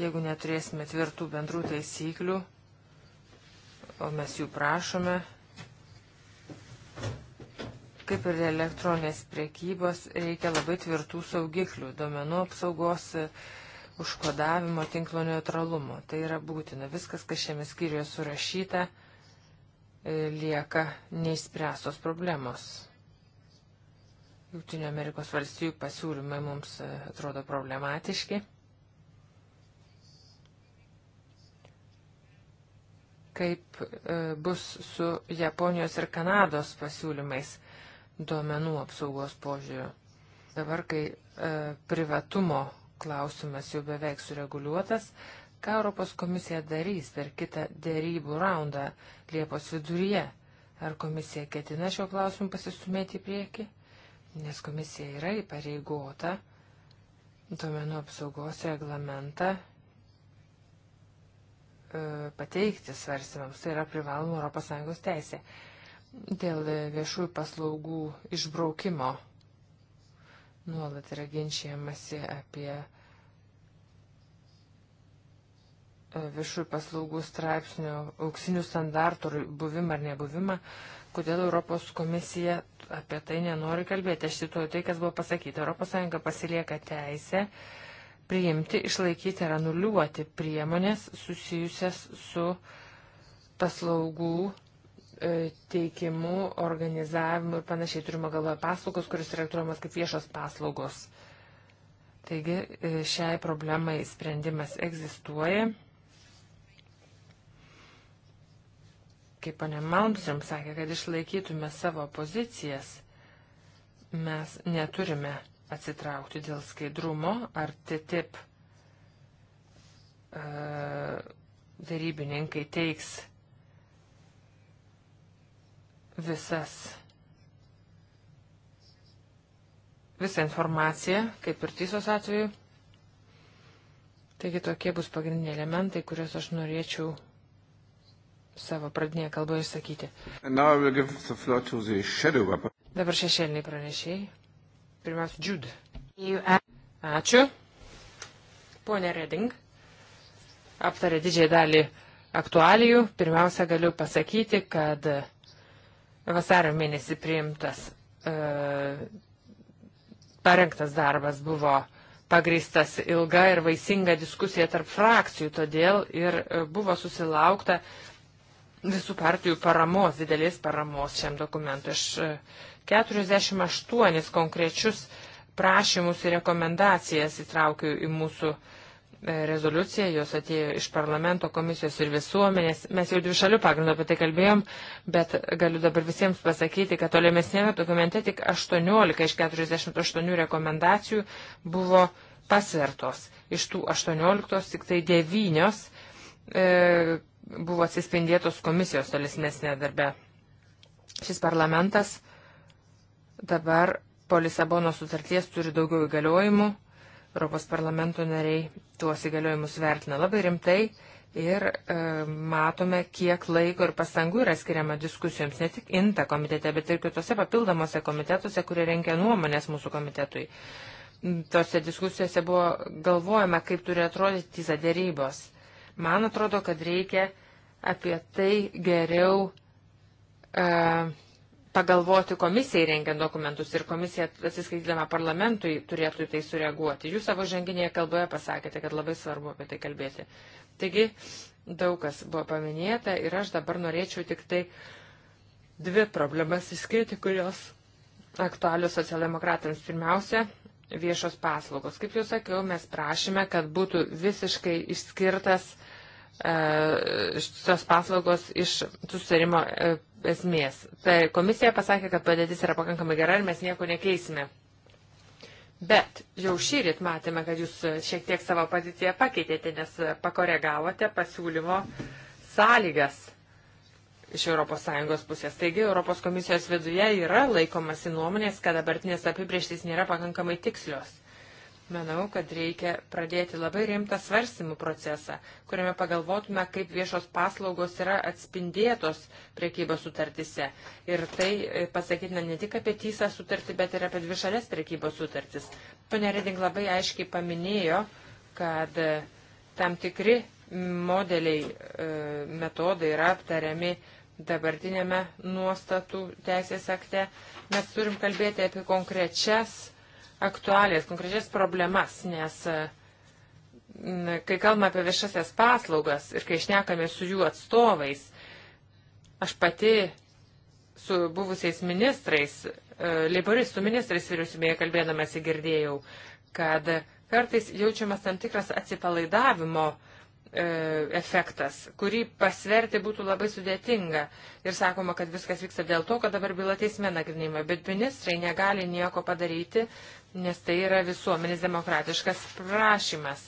jeigu neturėsime tvirtų bendrų taisyklių, o mes jų prašome. Kaip ir elektroninės priekybos, reikia labai tvirtų saugiklių, domenų apsaugos, užkodavimo, tinklo neutralumo. Tai yra būtina. Viskas, kas šiame skyriuje surašyta, e, lieka neišspręstos problemos. Jungtinių Amerikos valstijų pasiūlymai mums e, atrodo problematiški. kaip e, bus su Japonijos ir Kanados pasiūlymais duomenų apsaugos požiūriu. Dabar, kai e, privatumo klausimas jau beveik sureguliuotas, ką Europos komisija darys per kitą dėrybų raundą Liepos viduryje? Ar komisija ketina šio klausimu pasistumėti į priekį? Nes komisija yra įpareigota duomenų apsaugos reglamentą E, pateikti svarstymams. Tai yra privaloma ES teisė. Dėl viešųjų paslaugų išbraukimo nuolat yra ginčiamasi apie e, viešųjų paslaugų straipsnių auksinių standartų buvimą ar nebuvimą, kodėl Europos komisija apie tai nenori kalbėti. Aš cituoju tai, kas buvo pasakyta. ES pasilieka teisę uh, priimti, išlaikyti ir anuliuoti priemonės susijusias su paslaugų e, teikimu, organizavimu ir panašiai turime galvoje paslaugos, kuris traktuojamas kaip viešos paslaugos. Taigi e, šiai problemai sprendimas egzistuoja. Kaip pane Maundsiam sakė, kad išlaikytume savo pozicijas, mes neturime atsitraukti dėl skaidrumo, ar TTIP e, darybininkai teiks visas, visą informaciją, kaip ir tysos atveju. Taigi tokie bus pagrindiniai elementai, kuriuos aš norėčiau savo pradinėje kalboje išsakyti. Dabar šešėliniai pranešėjai. Pirmiausia, Džud. Ačiū. Pone Reding, aptarė didžiai dalį aktualijų. Pirmiausia, galiu pasakyti, kad vasario mėnesį priimtas e, parengtas darbas buvo pagristas ilga ir vaisinga diskusija tarp frakcijų, todėl ir e, buvo susilaukta visų partijų paramos, didelės paramos šiam dokumentui. Aš e, 48 konkrečius prašymus ir rekomendacijas įtraukiu į mūsų e, rezoliucija, jos atėjo iš parlamento komisijos ir visuomenės. Mes jau dvi šalių pagrindų apie tai kalbėjom, bet galiu dabar visiems pasakyti, kad tolimesnėme dokumente tik 18 iš 48 rekomendacijų buvo pasvertos. Iš tų 18 tik tai 9 e, buvo atsispindėtos komisijos tolimesnė darbe. Šis parlamentas Dabar po Lisabono sutarties turi daugiau įgaliojimų. Europos parlamento nariai tuos įgaliojimus vertina labai rimtai ir e, matome, kiek laiko ir pastangų yra skiriama diskusijoms, ne tik INTA komitete, bet ir kitose papildomose komitetuose, kurie renkia nuomonės mūsų komitetui. Mm, tose diskusijose buvo galvojama, kaip turi atrodyti tiza dėrybos. Man atrodo, kad reikia apie tai geriau. E, pagalvoti komisijai rengiant dokumentus ir komisija atsiskaitydama parlamentui turėtų į tai sureaguoti. Jūs savo ženginėje kalboje pasakėte, kad labai svarbu apie tai kalbėti. Taigi, daug kas buvo paminėta ir aš dabar norėčiau tik tai dvi problemas įskirti, kurios aktualios socialdemokratams. Pirmiausia, viešos paslaugos. Kaip jau sakiau, mes prašyme, kad būtų visiškai išskirtas e, šios paslaugos iš susitarimo e, esmės. Tai komisija pasakė, kad padėtis yra pakankamai gera ir mes nieko nekeisime. Bet jau šį ryt matėme, kad jūs šiek tiek savo poziciją pakeitėte, nes pakoregavote pasiūlymo sąlygas iš ES pusės. Taigi ES viduje yra laikomasi nuomonės, kad dabartinės apibrieštis nėra pakankamai tikslios. Manau, kad reikia pradėti labai rimtą svarstymų procesą, kuriame pagalvotume, kaip viešos paslaugos yra atspindėtos priekybos sutartise. Ir tai e, pasakytina ne tik apie tysą sutartį, bet ir apie dvišalės priekybos sutartis. Pane Reding labai aiškiai paminėjo, kad e, tam tikri modeliai, e, metodai yra aptariami dabartinėme nuostatų teisės akte. Mes turim kalbėti apie konkrečias aktualės, konkrečias problemas, nes e, kai kalbame apie viešasias paslaugas ir kai išnekame su jų atstovais, aš pati su buvusiais ministrais, e, leiboristų ministrais vyriausybėje kalbėdamas įgirdėjau, kad kartais jaučiamas tam tikras atsipalaidavimo e, efektas, kurį pasverti būtų labai sudėtinga. Ir sakoma, kad viskas vyksta dėl to, kad dabar byla teisme nagrinėjama, bet ministrai negali nieko padaryti, nes tai yra visuomenės demokratiškas prašymas.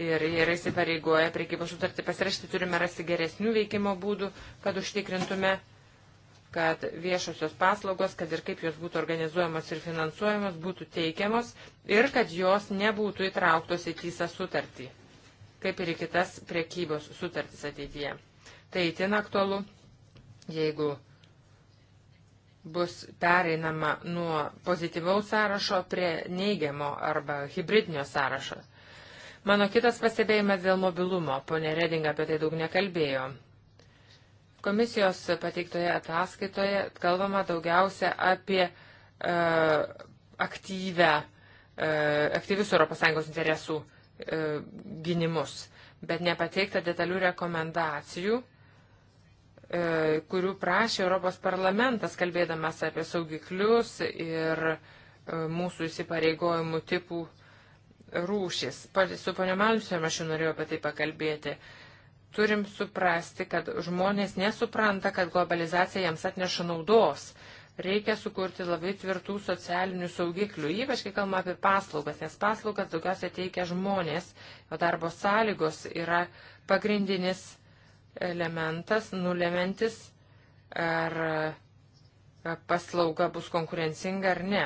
Ir jie yra įsipareigoję priekybos sutartį pasirašyti, turime rasti geresnių veikimo būdų, kad užtikrintume, kad viešosios paslaugos, kad ir kaip jos būtų organizuojamos ir finansuojamos, būtų teikiamos ir kad jos nebūtų įtrauktos į tysą sutartį, kaip ir į kitas priekybos sutartis ateityje. Tai itin aktualu, jeigu bus pereinama nuo pozityvaus sąrašo prie neigiamo arba hybridinio sąrašo. Mano kitas pastebėjimas dėl mobilumo, ponė Redinga apie tai daug nekalbėjo. Komisijos pateiktoje ataskaitoje kalbama daugiausia apie e, aktyvę, e, aktyvius ES interesų e, gynimus, bet nepateikta detalių rekomendacijų E, kurių prašė Europos parlamentas, kalbėdamas apie saugiklius ir e, mūsų įsipareigojimų tipų rūšis. Su ponio Malmstrėm aš jau norėjau apie tai pakalbėti. Turim suprasti, kad žmonės nesupranta, kad globalizacija jiems atneša naudos. Reikia sukurti labai tvirtų socialinių saugiklių, ypač kai kalbame apie paslaugas, nes paslaugas daugiausia teikia žmonės, o darbo sąlygos yra pagrindinis elementas nulemantis, ar e, paslauga bus konkurencinga ar ne.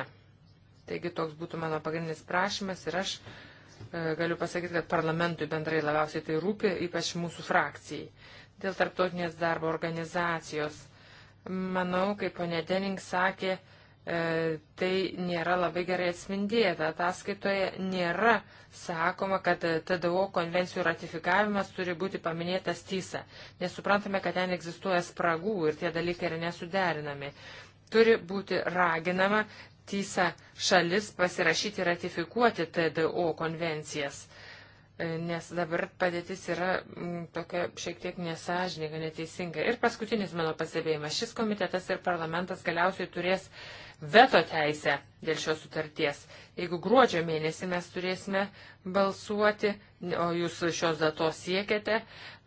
Taigi toks būtų mano pagrindinis prašymas ir aš e, galiu pasakyti, kad parlamentui bendrai labiausiai tai rūpi, ypač mūsų frakcijai. Dėl tarptautinės darbo organizacijos. Manau, kaip ponė Dening sakė, E, tai nėra labai gerai atspindėta. Ataskaitoje nėra sakoma, kad TDO konvencijų ratifikavimas turi būti paminėtas tysa. Nesuprantame, kad ten egzistuoja spragų ir tie dalykai yra nesuderinami. Turi būti raginama tysa šalis pasirašyti ir ratifikuoti TDO konvencijas. E, nes dabar padėtis yra mm, tokia šiek tiek nesažininga, neteisinga. Ir paskutinis mano pastebėjimas. Šis komitetas ir parlamentas galiausiai turės uh, veto teisę dėl šios sutarties. Jeigu gruodžio mėnesį mes turėsime balsuoti, o jūs šios datos siekiate,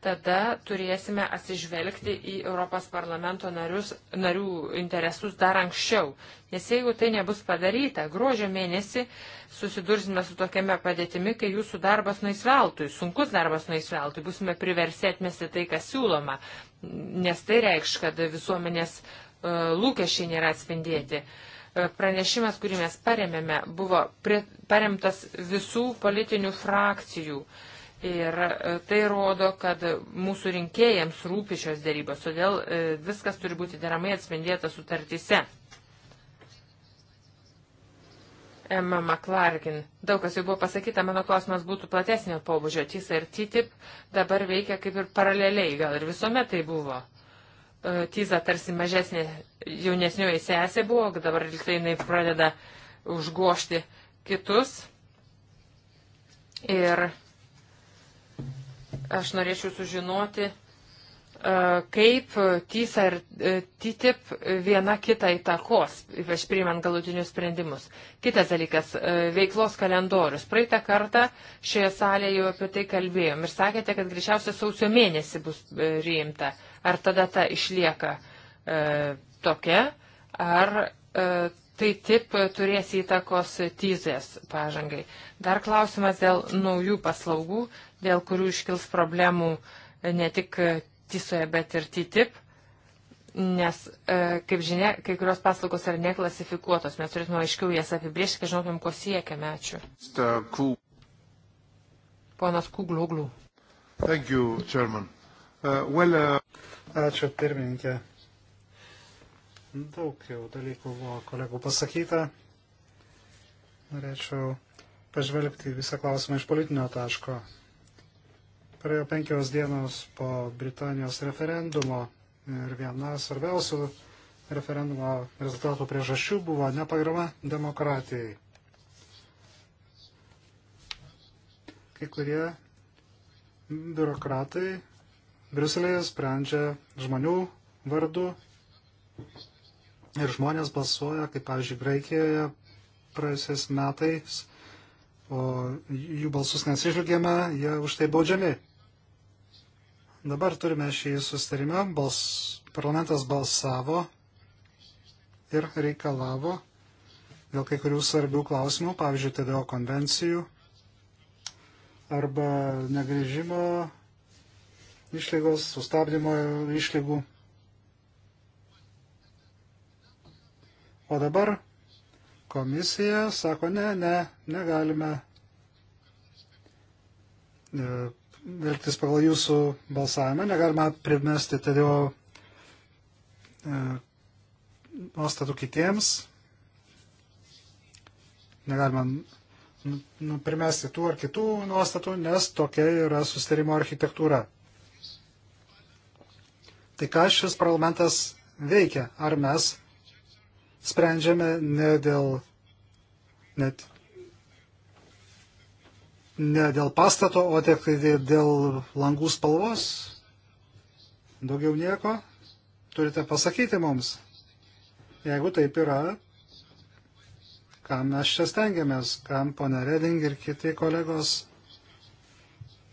tada turėsime atsižvelgti į Europos parlamento narius, narių interesus dar anksčiau. Nes jeigu tai nebus padaryta, gruodžio mėnesį susidursime su tokiame padėtimi, kai jūsų darbas naisveltui, sunkus darbas naisveltui, busime priversi atmesti tai, kas siūloma. Nes tai reikš, kad visuomenės E, lūkesčiai nėra atspindėti. E, pranešimas, kurį mes paremėme, buvo paremtas visų politinių frakcijų. Ir e, tai rodo, kad mūsų rinkėjams rūpi šios dėrybos, todėl viskas turi būti deramai atspindėta sutartyse. Emma McClarkin. Daug kas jau buvo pasakyta, mano klausimas būtų platesnio pobūdžio. TISA ir TTIP dabar veikia kaip ir paraleliai, gal ir visuomet tai buvo. E, tyza tarsi mažesnė jaunesnioji sesė buvo, dabar liktai jinai pradeda užgošti kitus. Ir aš norėčiau sužinoti, e, kaip TISA e, ir TTIP viena kitą įtakos, ypač priimant galutinius sprendimus. Kitas dalykas - veiklos kalendorius. Praeitą kartą šioje salėje jau apie tai kalbėjom ir sakėte, kad greičiausiai sausio mėnesį bus priimta. E, Ar tada ta išlieka e, tokia, ar e, tai taip turės įtakos tyzės pažangai. Dar klausimas dėl naujų paslaugų, dėl kurių iškils problemų e, ne tik tysoje, bet ir TTIP. Nes, e, kaip žinia, kai kurios paslaugos yra neklasifikuotos. Mes turėtume aiškiau jas apibriežti, kad žinotumėm, ko siekiame. Ačiū. Ponas Kugluglų. Thank you, Chairman. Uh, well, uh... Ačiū pirmininkė. Daug jau dalykų buvo kolegų pasakyta. Norėčiau pažvelgti visą klausimą iš politinio taško. Praėjo penkios dienos po Britanijos referendumo ir viena svarbiausių referendumo rezultatų priežasčių buvo nepagrama demokratijai. Kai kurie biurokratai Briuselėje sprendžia žmonių vardu ir žmonės balsuoja, kaip pavyzdžiui, Graikijoje praėjusiais metais, o jų balsus nesižvelgėme, jie už tai baudžiami. Dabar turime šį sustarimą, bals, parlamentas balsavo ir reikalavo dėl kai kurių svarbių klausimų, pavyzdžiui, TDO konvencijų arba negrįžimo išlygos, sustabdymo išlygų. O dabar komisija sako, ne, ne, negalime e, elgtis pagal jūsų balsavimą, negalime primesti TDO e, nuostatų kitiems, negalime nu, primesti tų ar kitų nuostatų, nes tokia yra susitarimo architektūra. Tai ką šis parlamentas veikia? Ar mes sprendžiame ne dėl, net, ne dėl pastato, o tik dėl langų spalvos? Daugiau nieko turite pasakyti mums. Jeigu taip yra, kam mes čia stengiamės, kam ponė Reding ir kiti kolegos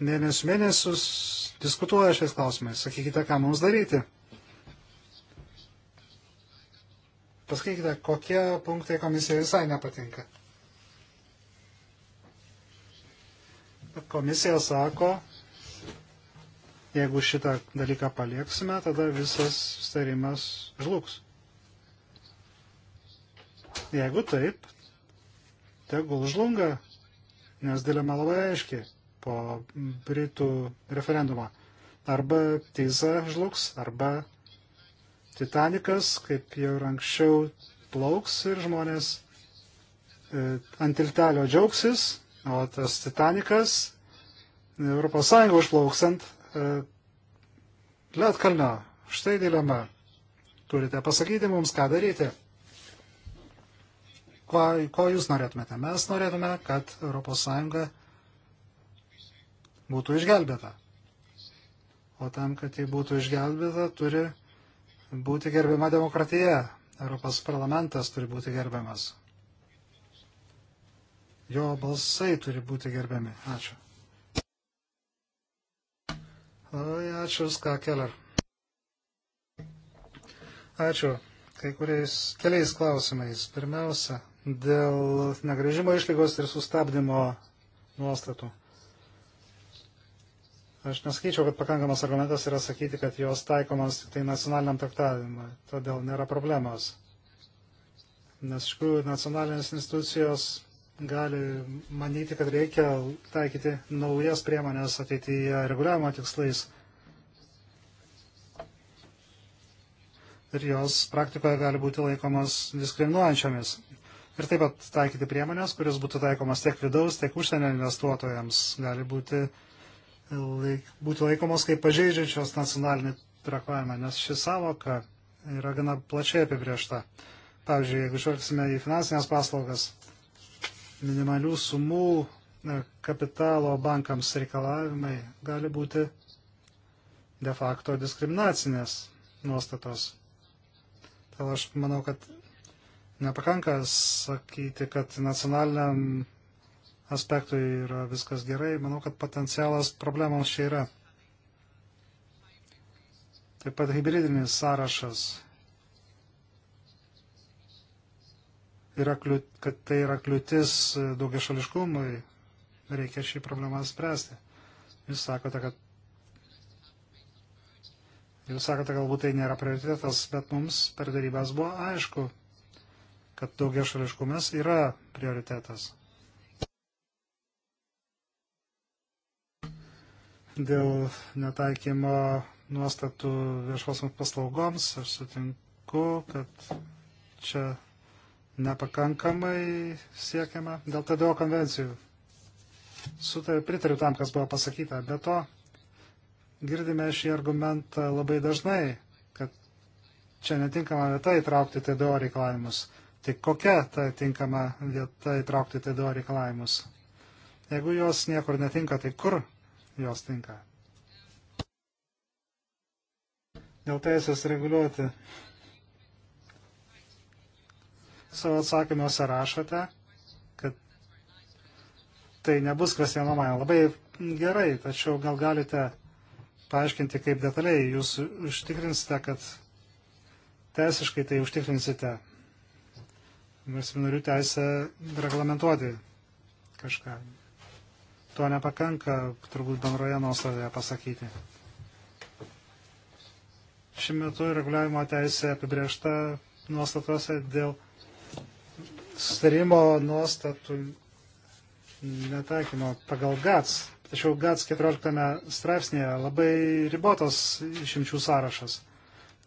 mėnesius mėnesius diskutuoja šiais klausimais. Sakykite, ką mums daryti. Pasakykite, kokie punktai komisija visai nepatinka. Komisija sako, jeigu šitą dalyką palieksime, tada visas starimas žlugs. Jeigu taip, tegul žlunga, nes dilema labai aiškiai po Britų referendumo. Arba Tiza žlugs, arba Titanikas, kaip jau ir anksčiau, plauks ir žmonės e, ant tiltelio džiaugsis, o tas Titanikas Europos Sąjungą užplauksant e, Lietkalnio. Štai dilema. Turite pasakyti mums, ką daryti. Ko, ko jūs norėtumėte? Mes norėtume, kad ES būtų išgelbėta. O tam, kad ji būtų išgelbėta, turi būti gerbiama demokratija. Europos parlamentas turi būti gerbiamas. Jo balsai turi būti gerbiami. Ačiū. Labai ačiū, Ska Keller. Ačiū. Kai kuriais keliais klausimais. Pirmiausia, dėl negražimo išlygos ir sustabdymo nuostatų. Aš nesakyčiau, kad pakankamas argumentas yra sakyti, kad jos taikomos tik tai nacionaliniam traktavimui. Todėl nėra problemos. Nes iš tikrųjų nacionalinės institucijos gali manyti, kad reikia taikyti naujas priemonės ateityje reguliavimo tikslais. ir jos praktikoje gali būti laikomos diskriminuojančiomis. Ir taip pat taikyti priemonės, kuris būtų taikomas tiek vidaus, tiek užsienio investuotojams, gali būti laik, būtų laikomos kaip pažeidžiančios nacionalinį trakojimą, nes ši savoka yra gana plačiai apibriešta. Pavyzdžiui, jeigu žvelgsime į finansinės paslaugas, minimalių sumų e, kapitalo bankams reikalavimai gali būti de facto diskriminacinės nuostatos. Todėl aš manau, kad nepakanka sakyti, kad nacionaliniam aspektui yra viskas gerai. Manau, kad potencialas problemams čia yra. Taip pat hybridinis sąrašas. Yra kliūt, kad tai yra kliūtis daugiašališkumui, reikia šį problemą spręsti. Jūs sakote, kad Jūs sakote, galbūt tai nėra prioritetas, bet mums per darybęs buvo aišku, kad daugia šališkumas yra prioritetas. dėl netaikymo nuostatų viešosioms paslaugoms. Aš sutinku, kad čia nepakankamai siekiama dėl TDO konvencijų. Sutai pritariu tam, kas buvo pasakyta. Be to, girdime šį argumentą labai dažnai, kad čia netinkama vieta įtraukti TDO reikalavimus. Tik kokia ta tinkama vieta įtraukti TDO reikalavimus? Jeigu jos niekur netinka, tai kur jos tinka. Dėl teisės reguliuoti savo atsakymuose rašote, kad tai nebus kvestionuojama. Labai gerai, tačiau gal galite paaiškinti, kaip detaliai jūs užtikrinsite, kad teisiškai tai užtikrinsite valstybinarių teisę reglamentuoti kažką to nepakanka, turbūt bendroje nuosavėje pasakyti. Šiuo metu reguliavimo teisė apibriešta nuostatose dėl sustarimo nuostatų netaikymo pagal GATS. Tačiau GATS 14 straipsnėje labai ribotos išimčių sąrašas.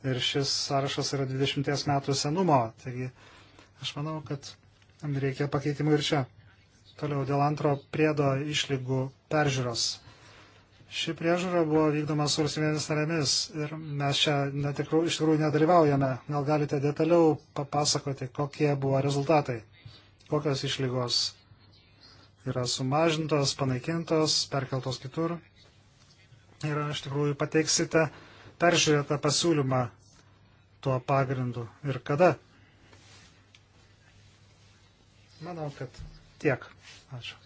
Ir šis sąrašas yra 20 metų senumo. Taigi aš manau, kad reikia pakeitimų ir čia. Toliau dėl antro priedo išlygų peržiūros. Ši priežiūra buvo vykdoma su valstybėmis narėmis ir mes čia netikrų, iš tikrųjų nedalyvaujame. Gal galite detaliau papasakoti, kokie buvo rezultatai, kokios išlygos yra sumažintos, panaikintos, perkeltos kitur. Ir iš tikrųjų pateiksite peržiūrėtą pasiūlymą tuo pagrindu ir kada. Manau, kad Tiek. Ačiū.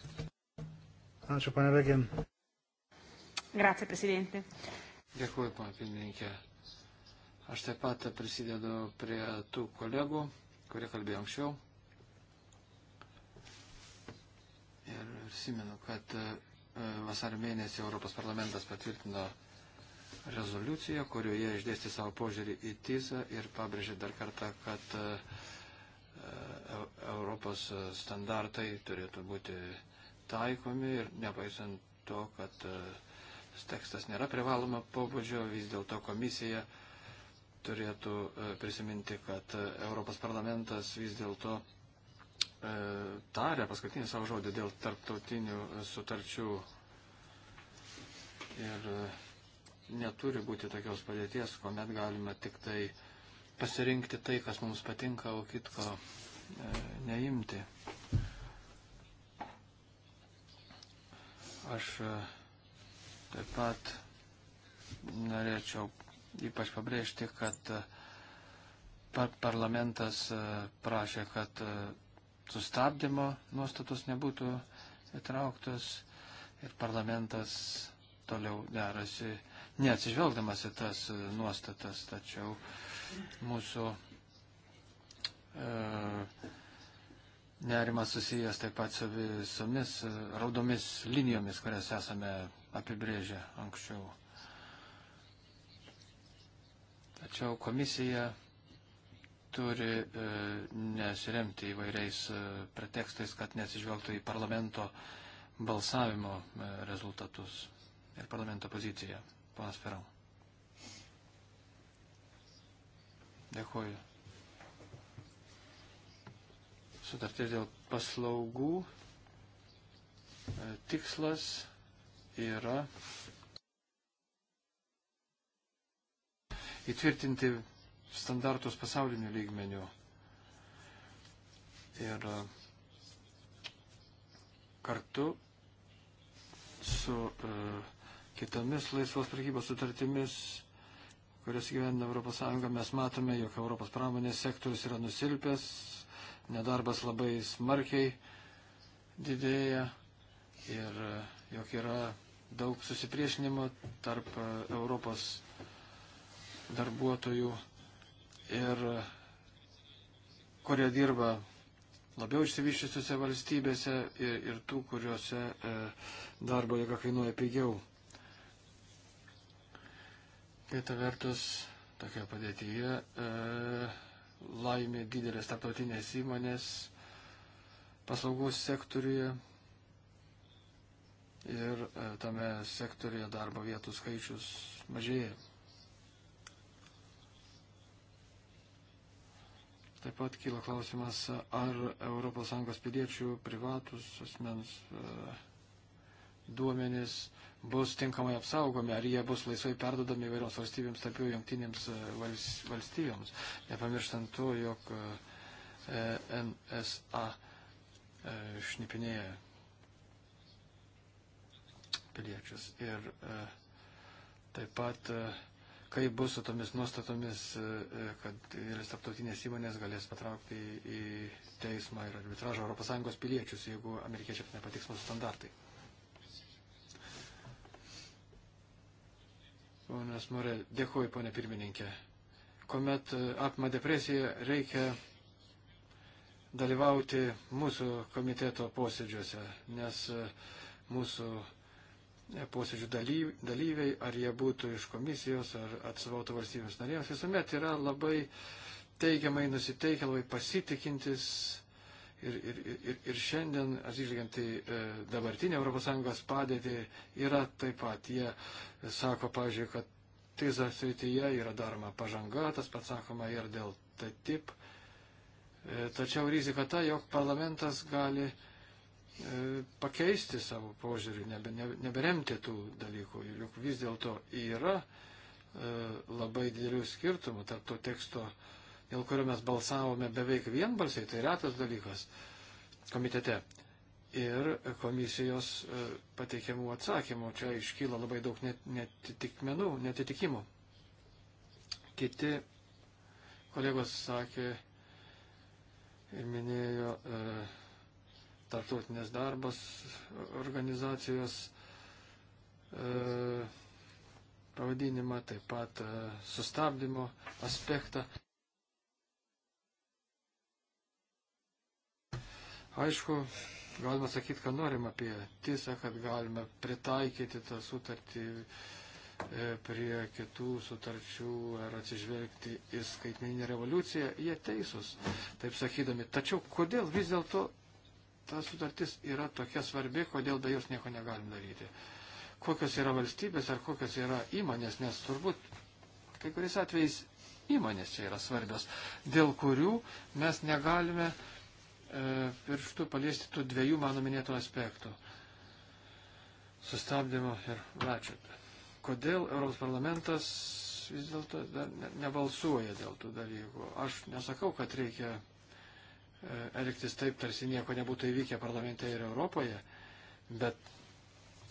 Ačiū, pane Vegin. Grazie, prezidentė. Dėkuoju, pane pirmininkė. Aš taip pat prisidedu prie tų kolegų, kurie kalbėjo anksčiau. Ir prisimenu, kad e, vasario mėnesį Europos parlamentas patvirtino rezoliuciją, kurioje išdėsti savo požiūrį į TISą ir pabrėžė dar kartą, kad uh, E, Europos standartai turėtų būti taikomi ir nepaisant to, kad e, tekstas nėra privaloma pobūdžio, vis dėlto komisija turėtų e, prisiminti, kad Europos parlamentas vis dėlto tarė paskutinį savo žodį dėl tarptautinių sutarčių ir neturi būti tokios padėties, kuomet galime tik tai pasirinkti tai, kas mums patinka, o kitko E, neimti. Aš e, taip pat norėčiau ypač pabrėžti, kad e, par parlamentas prašė, kad sustabdymo nuostatos nebūtų įtrauktos ir parlamentas toliau derasi, neatsižvelgdamas į tas nuostatas, tačiau mūsų E, nerimas susijęs taip pat su visomis e, raudomis linijomis, kurias esame apibrėžę anksčiau. Tačiau komisija turi e, nesiremti įvairiais e, pretekstais, kad nesižvelgtų į parlamento balsavimo e, rezultatus ir parlamento poziciją. Panas Ferau. Dėkuoju sutartis dėl paslaugų e, tikslas yra įtvirtinti standartus pasaulinių lygmenių. Ir e, kartu su uh, kitomis laisvos prekybos sutartimis, kurias gyvena ES, mes matome, jog Europos pramonės sektorius yra nusilpęs, nedarbas labai smarkiai didėja ir e, jog yra daug susipriešinimo tarp e, Europos darbuotojų ir e, kurie dirba labiau išsivyščiusiuose valstybėse ir, ir tų, kuriuose e, darbo jėga kainuoja pigiau. Kita vertus, tokia padėtyje e, laimė didelės tarptautinės įmonės paslaugų sektoriuje ir e, tame sektoriuje darbo vietų skaičius mažėja. Taip pat kyla klausimas, ar ES piliečių privatus asmens e, duomenys bus tinkamai apsaugomi, ar jie bus laisvai perdodami įvairioms valstybėms, tarp jų jungtinėms e, valstybėms. Nepamirštant to, jog e, NSA e, šnipinėja piliečius. Ir taip pat, kai bus su tomis nuostatomis, kad didelis tarptautinės įmonės galės patraukti į teismą ir arbitražą ES piliečius, jeigu amerikiečiams nepatiks mūsų standartai. Ponas Morė, dėkuoju, ponė pirmininkė. Komet e, apima depresiją, reikia dalyvauti mūsų komiteto posėdžiuose, nes e, mūsų e, posėdžių dalyviai, ar jie būtų iš komisijos, ar atsivautų valstybės narėms, visuomet yra labai teigiamai nusiteikę, labai pasitikintis ir, ir, ir, ir šiandien, atsižvelgiant į e, dabartinę ES padėtį, yra taip pat. Jie sako, pavyzdžiui, kad TISA srityje yra daroma pažanga, tas pats sakoma ir dėl TTIP. E, tačiau rizika ta, jog parlamentas gali e, pakeisti savo požiūrį, nebe, neberemti tų dalykų. Juk vis dėlto yra labai didelių skirtumų tarp to teksto dėl kurio mes balsavome beveik vienbalsiai, tai retas dalykas komitete. Ir komisijos e, pateikiamų atsakymų. Čia iškyla labai daug netitikmenų, netitikimų. Kiti kolegos sakė ir minėjo e, tarptautinės darbas organizacijos e, pavadinimą, taip pat e, sustabdymo aspektą. Aišku, galima sakyti, kad norim apie tiesą, kad galime pritaikyti tą sutartį e, prie kitų sutarčių ar atsižvelgti į skaitmeninę revoliuciją, jie teisūs, taip sakydami. Tačiau kodėl vis dėlto ta sutartis yra tokia svarbi, kodėl be jos nieko negalim daryti? Kokios yra valstybės ar kokios yra įmonės, nes turbūt kai kuriais atvejais įmonės čia yra svarbios, dėl kurių mes negalime uh, E, pirštų paliesti tų dviejų mano minėtų aspektų - sustabdymo ir ratchet. Kodėl Europos parlamentas vis dėlto ne, nebalsuoja dėl tų dalykų? Aš nesakau, kad reikia e, elgtis taip, tarsi nieko nebūtų įvykę parlamente ir Europoje, bet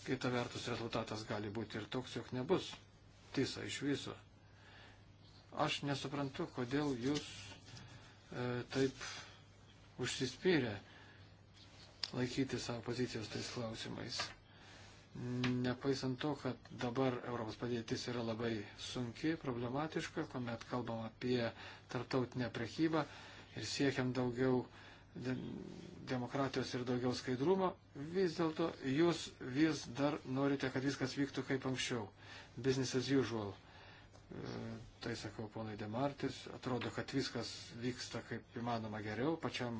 kita vertus rezultatas gali būti ir toks, jog nebus tisa iš viso. Aš nesuprantu, kodėl jūs e, taip užsispyrę laikyti savo pozicijos tais klausimais. Nepaisant to, kad dabar Europos padėtis yra labai sunki, problematiška, kuomet kalbam apie tarptautinę prekybą ir siekiam daugiau demokratijos ir daugiau skaidrumo, vis dėlto jūs vis dar norite, kad viskas vyktų kaip anksčiau. Business as usual. Tai sakau ponai Demartis, atrodo, kad viskas vyksta kaip įmanoma geriau, pačiam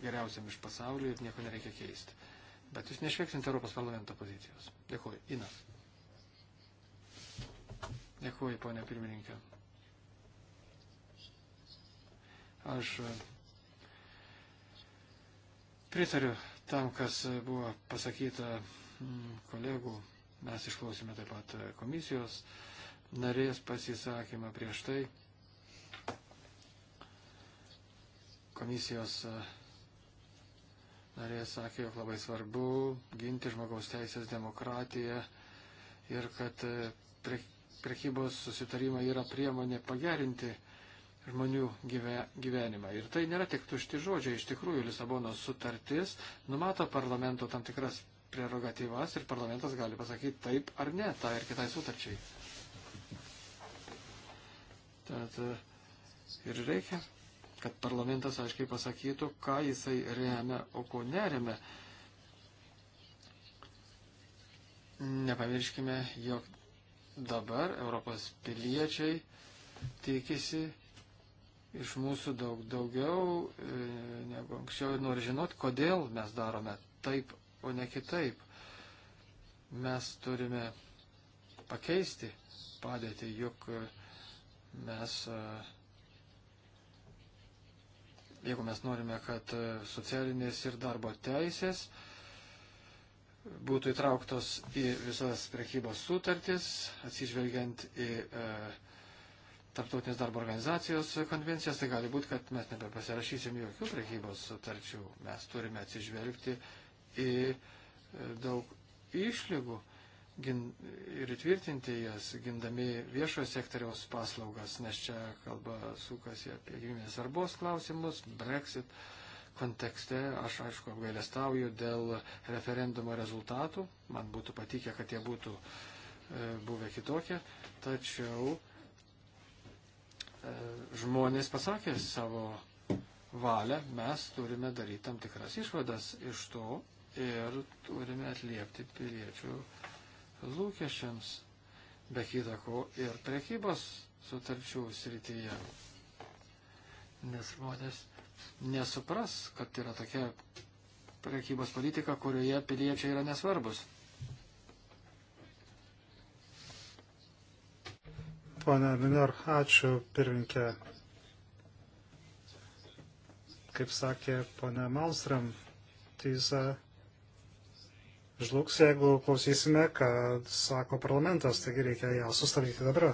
geriausiam iš pasaulio ir nieko nereikia keisti. Bet jūs nešveksint Europos parlamento pozicijos. Dėkuoju. Inas. Dėkuoju, ponia pirmininkė. Aš e, pritariu tam, kas buvo pasakyta kolegų. Mes išklausime taip pat komisijos. Uh, narės pasisakymą prieš tai. Komisijos e, narės sakė, jog labai svarbu ginti žmogaus teisės demokratiją ir kad e, prie, prekybos susitarimai yra priemonė pagerinti žmonių gyve, gyvenimą. Ir tai nėra tik tušti žodžiai. Iš tikrųjų, Lisabonos sutartis numato parlamento tam tikras prerogatyvas ir parlamentas gali pasakyti taip ar ne tą tai ir kitai sutarčiai. Tad e, ir reikia, kad parlamentas aiškiai pasakytų, ką jisai remia, o ko neremia. Nepamirškime, jog dabar Europos piliečiai tikisi iš mūsų daug daugiau e, negu anksčiau ir nori žinoti, kodėl mes darome taip, o ne kitaip. Mes turime pakeisti padėtį, juk uh, mes, e, jeigu mes norime, kad e, socialinės ir darbo teisės būtų įtrauktos į visas prekybos sutartis, atsižvelgiant į e, Tarptautinės darbo organizacijos konvencijas, tai gali būti, kad mes nebepasirašysim jokių prekybos sutarčių. Mes turime atsižvelgti į e, daug išlygų ir įtvirtinti jas, gindami viešojo sektoriaus paslaugas, nes čia kalba sukasi apie gyvybės svarbos klausimus, Brexit kontekste aš aišku apgailestauju dėl referendumo rezultatų, man būtų patikę, kad jie būtų e, buvę kitokie, tačiau e, žmonės pasakė savo valią, mes turime daryti tam tikras išvadas iš to ir turime atliepti piliečių lūkesčiams, be kitako ir prekybos sutarčių srityje. Nes žmonės nesupras, kad yra tokia prekybos politika, kurioje piliečiai yra nesvarbus. Pone Minor, ačiū pirminkė. Kaip sakė pone Malstram, teisa žlugs, jeigu klausysime, ką sako parlamentas, taigi reikia ją sustabdyti dabar.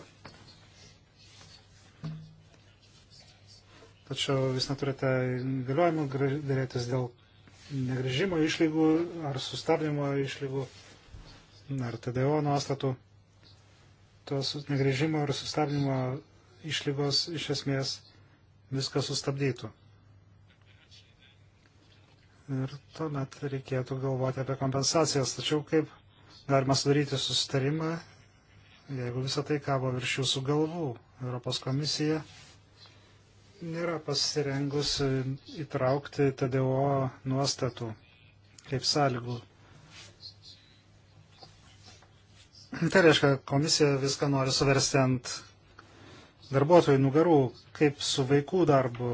Tačiau vis neturite galiojimų dėrėtis dėl negrįžimo išlygų ar sustabdymo išlygų ar TDO nuostatų. Tos negrįžimo ir sustabdymo išlygos iš esmės viską sustabdytų ir tuomet reikėtų galvoti apie kompensacijas. Tačiau kaip galima sudaryti susitarimą, jeigu visą tai kabo virš jūsų galvų. Europos komisija nėra pasirengusi įtraukti TDO nuostatų kaip sąlygų. Tai reiškia, komisija viską nori suversti ant darbuotojų nugarų, kaip su vaikų darbu,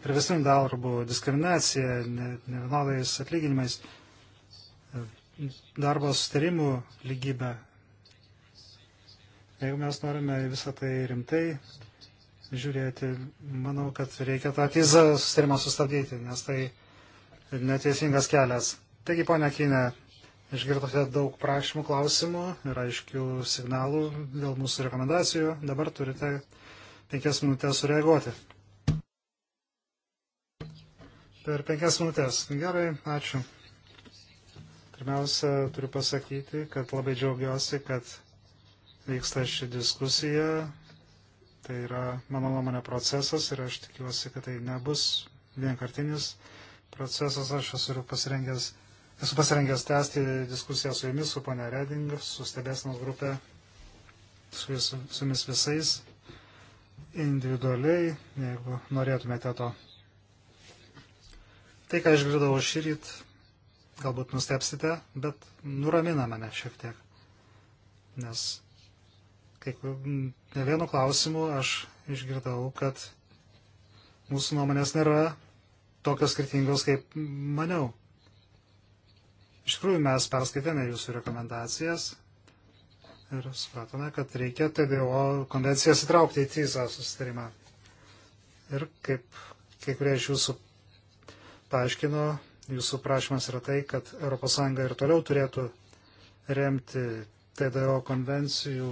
priverstiniu darbu, diskriminacija, nevienodais ne atlyginimais, darbo sustarimų lygybę. Jeigu mes norime visą tai rimtai žiūrėti, manau, kad reikia tą tizą sustarimą sustabdyti, nes tai neteisingas kelias. Taigi, ponia Kinė, Išgirdote daug prašymų, klausimų ir aiškių signalų dėl mūsų rekomendacijų. Dabar turite penkias minutės sureaguoti per penkias minutės. Gerai, ačiū. Pirmiausia, turiu pasakyti, kad labai džiaugiuosi, kad vyksta ši diskusija. Tai yra, mano nuomonė, procesas ir aš tikiuosi, kad tai nebus vienkartinis procesas. Aš esu pasirengęs, esu pasirengęs tęsti diskusiją su jumis, su ponia Reding, su stebėsinos grupė, su, vis, su jumis visais individualiai, jeigu norėtumėte to. Tai, ką išgirdau šį rytą, galbūt nustepsite, bet nuramina mane šiek tiek. Nes kai ne vienu klausimu aš išgirdau, kad mūsų nuomonės nėra tokios skirtingos, kaip maniau. Iš tikrųjų, mes perskaitėme jūsų rekomendacijas ir supratome, kad reikia TDO konvencijas įtraukti į TISA susitarimą. Ir kaip kai kurie iš jūsų paaiškino, jūsų prašymas yra tai, kad ES ir toliau turėtų remti TDO konvencijų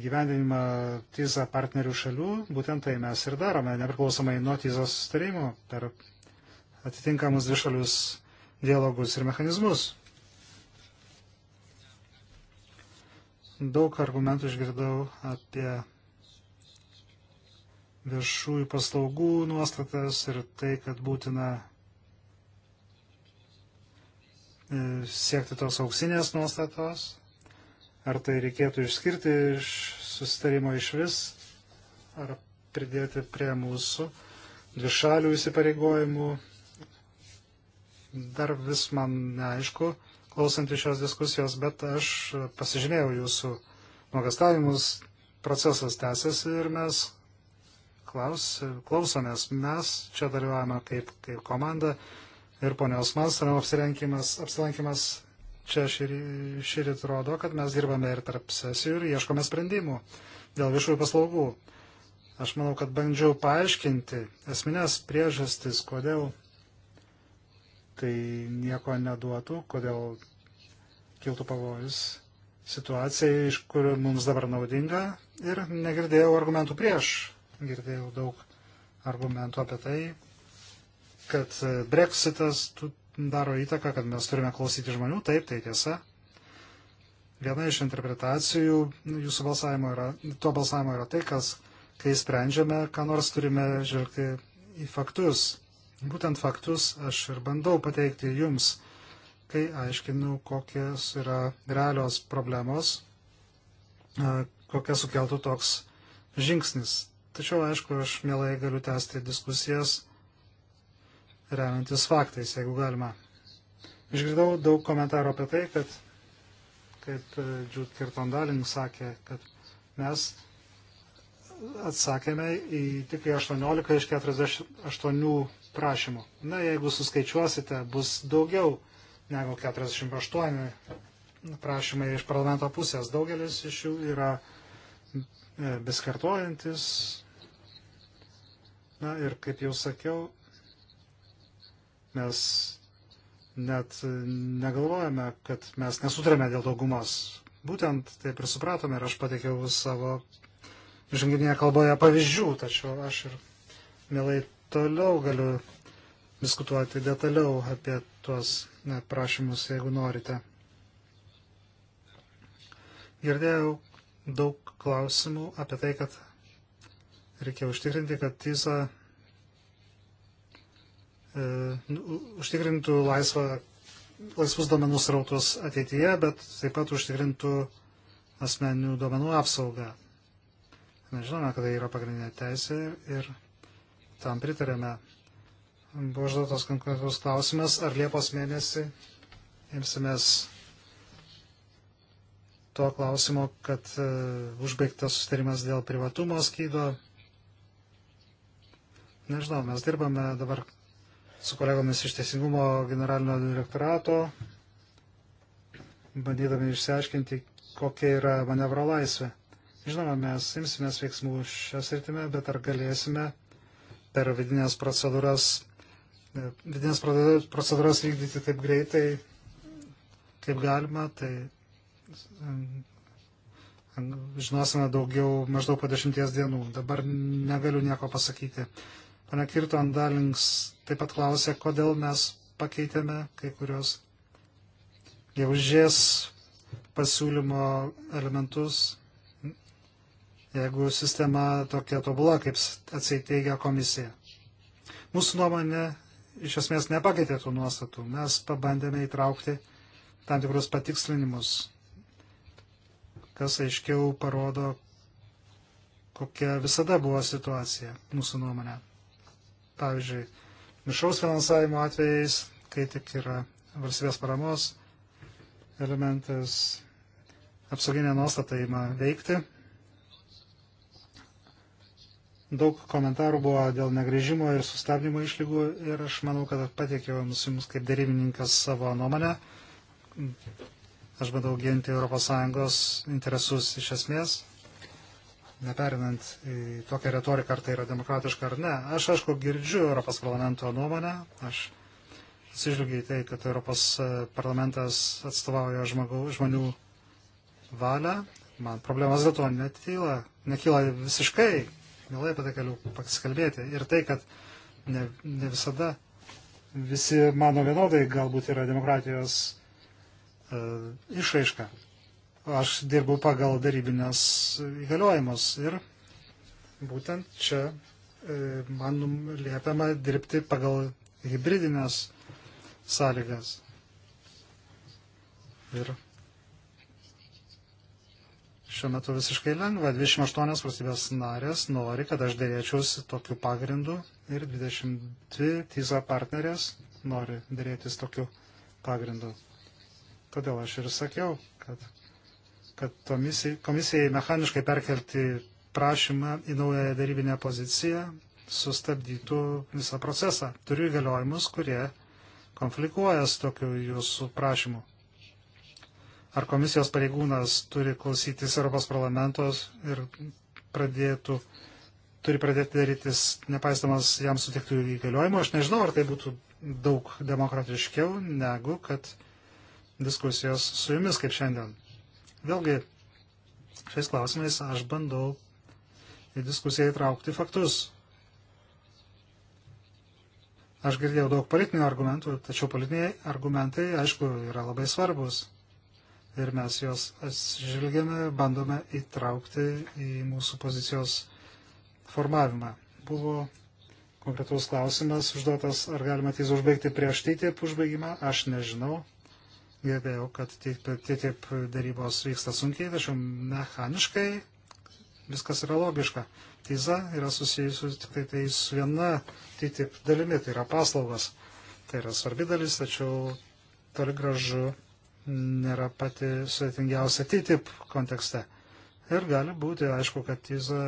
įgyvendinimą TISA partnerių šalių. Būtent tai mes ir darome, nepriklausomai nuo TISA sustarimo per atitinkamus dvišalius dialogus ir mechanizmus. Daug argumentų išgirdau apie viešųjų paslaugų nuostatas ir tai, kad būtina e, siekti tos auksinės nuostatos. Ar tai reikėtų išskirti iš susitarimo iš vis, ar pridėti prie mūsų dvišalių įsipareigojimų. Dar vis man neaišku, klausant iš šios diskusijos, bet aš pasižymėjau jūsų nuogastavimus, procesas tęsiasi ir mes klaus, klausomės. Mes čia dalyvavome kaip, kaip komanda ir ponios Malstrom apsilankimas, apsilankimas čia šįryt rodo, kad mes dirbame ir tarp sesijų ir ieškome sprendimų dėl viešųjų paslaugų. Aš manau, kad bandžiau paaiškinti esminės priežastis, kodėl tai nieko neduotų, kodėl kiltų pavojus situacijai, iš kur mums dabar naudinga ir negirdėjau argumentų prieš girdėjau daug argumentų apie tai, kad breksitas daro įtaką, kad mes turime klausyti žmonių. Taip, tai tiesa. Viena iš interpretacijų jūsų balsavimo yra, to balsavimo yra tai, kas, kai sprendžiame, ką nors turime žvelgti į faktus. Būtent faktus aš ir bandau pateikti jums, kai aiškinu, kokios yra realios problemos, kokią sukeltų toks žingsnis. Tačiau, aišku, aš mielai galiu tęsti diskusijas remiantis faktais, jeigu galima. Išgirdau daug komentarų apie tai, kad, kaip e, Džut Kirtondalin sakė, kad mes atsakėme į tik 18 iš 48 prašymų. Na, jeigu suskaičiuosite, bus daugiau negu 48 prašymai iš parlamento pusės. Daugelis iš jų yra E, beskartojantis. Na ir kaip jau sakiau, mes net negalvojame, kad mes nesutarėme dėl daugumos. Būtent taip ir supratome ir aš pateikiau savo žanginėje kalboje pavyzdžių, tačiau aš ir mielai toliau galiu diskutuoti detaliau apie tuos prašymus, jeigu norite. Girdėjau, daug klausimų apie tai, kad reikia užtikrinti, kad TISA e, nu, užtikrintų laisvą, laisvus domenų srautus ateityje, bet taip pat užtikrintų asmeninių domenų apsaugą. Mes žinome, kad tai yra pagrindinė teisė ir tam pritarėme. Buvo užduotas konkretus klausimas, ar Liepos mėnesį imsimės to klausimo, kad e, užbaigtas sustarimas dėl privatumo skydo. Nežinau, mes dirbame dabar su kolegomis iš Teisingumo generalinio direktorato, bandydami išsiaiškinti, kokia yra manevro laisvė. Žinoma, mes imsimės veiksmų šios rytime, bet ar galėsime per vidinės procedūras, e, vidinės procedūras vykdyti taip greitai, kaip galima, tai žinosime daugiau maždaug po dešimties dienų. Dabar negaliu nieko pasakyti. Pane Kirton Dalings taip pat klausė, kodėl mes pakeitėme kai kurios gegužės pasiūlymo elementus, jeigu sistema tokia tobula, kaip atsiteigia komisija. Mūsų nuomonė iš esmės nepakeitė tų nuostatų. Mes pabandėme įtraukti tam tikrus patikslinimus kas aiškiau parodo, kokia visada buvo situacija, mūsų nuomonė. Pavyzdžiui, mišaus finansavimo atvejais, kai tik yra valstybės paramos elementas, apsauginė nuostata įma veikti. Daug komentarų buvo dėl negrįžimo ir sustabdymo išlygų ir aš manau, kad patiekiau jums kaip darybininkas savo nuomonę. Aš bandau ginti ES interesus iš esmės, neperinant į tokią retoriką, ar tai yra demokratiška ar ne. Aš, aišku, girdžiu Europos parlamento nuomonę, aš atsižvelgiu į tai, kad Europos e, parlamentas atstovauja žmogų, žmonių valią. Man problemas dėl to netyla, nekyla visiškai, mielai apie tai galiu pasikalbėti. Ir tai, kad ne, ne visada visi mano vienodai galbūt yra demokratijos E, išraišką. Aš dirbu pagal darybinės įgaliojimus ir būtent čia e, man liepiama dirbti pagal hybridinės sąlygas. Ir šiuo metu visiškai lengva. 28 valstybės narės nori, kad aš dėrėčiausi tokiu pagrindu ir 22 TISA partnerės nori dėrėtis tokiu pagrindu. Todėl aš ir sakiau, kad, kad komisijai, komisijai mechaniškai perkelti prašymą į naują darybinę poziciją sustabdytų visą procesą. Turiu įgaliojimus, kurie konflikuoja su tokiu jūsų prašymu. Ar komisijos pareigūnas turi klausytis Europos parlamentos ir pradėtų, turi pradėti darytis, nepaistamas jam sutiktų įgaliojimų. Aš nežinau, ar tai būtų daug demokratiškiau, negu kad diskusijos su jumis kaip šiandien. Vėlgi, šiais klausimais aš bandau į diskusiją įtraukti faktus. Aš girdėjau daug politinių argumentų, tačiau politiniai argumentai, aišku, yra labai svarbus. Ir mes juos atsižvelgiame, bandome įtraukti į mūsų pozicijos formavimą. Buvo konkretus klausimas užduotas, ar galima tai užbaigti prieš TTIP tai, užbaigimą, aš nežinau. Girdėjau, kad TTIP tai, tai darybos vyksta sunkiai, tačiau mechaniškai viskas yra logiška. Teiza yra susijusi tik tai, tai su viena TTIP dalimi, tai yra paslaugos. Tai yra svarbi dalis, tačiau toli gražu nėra pati sudėtingiausia TTIP kontekste. Ir gali būti, aišku, kad teiza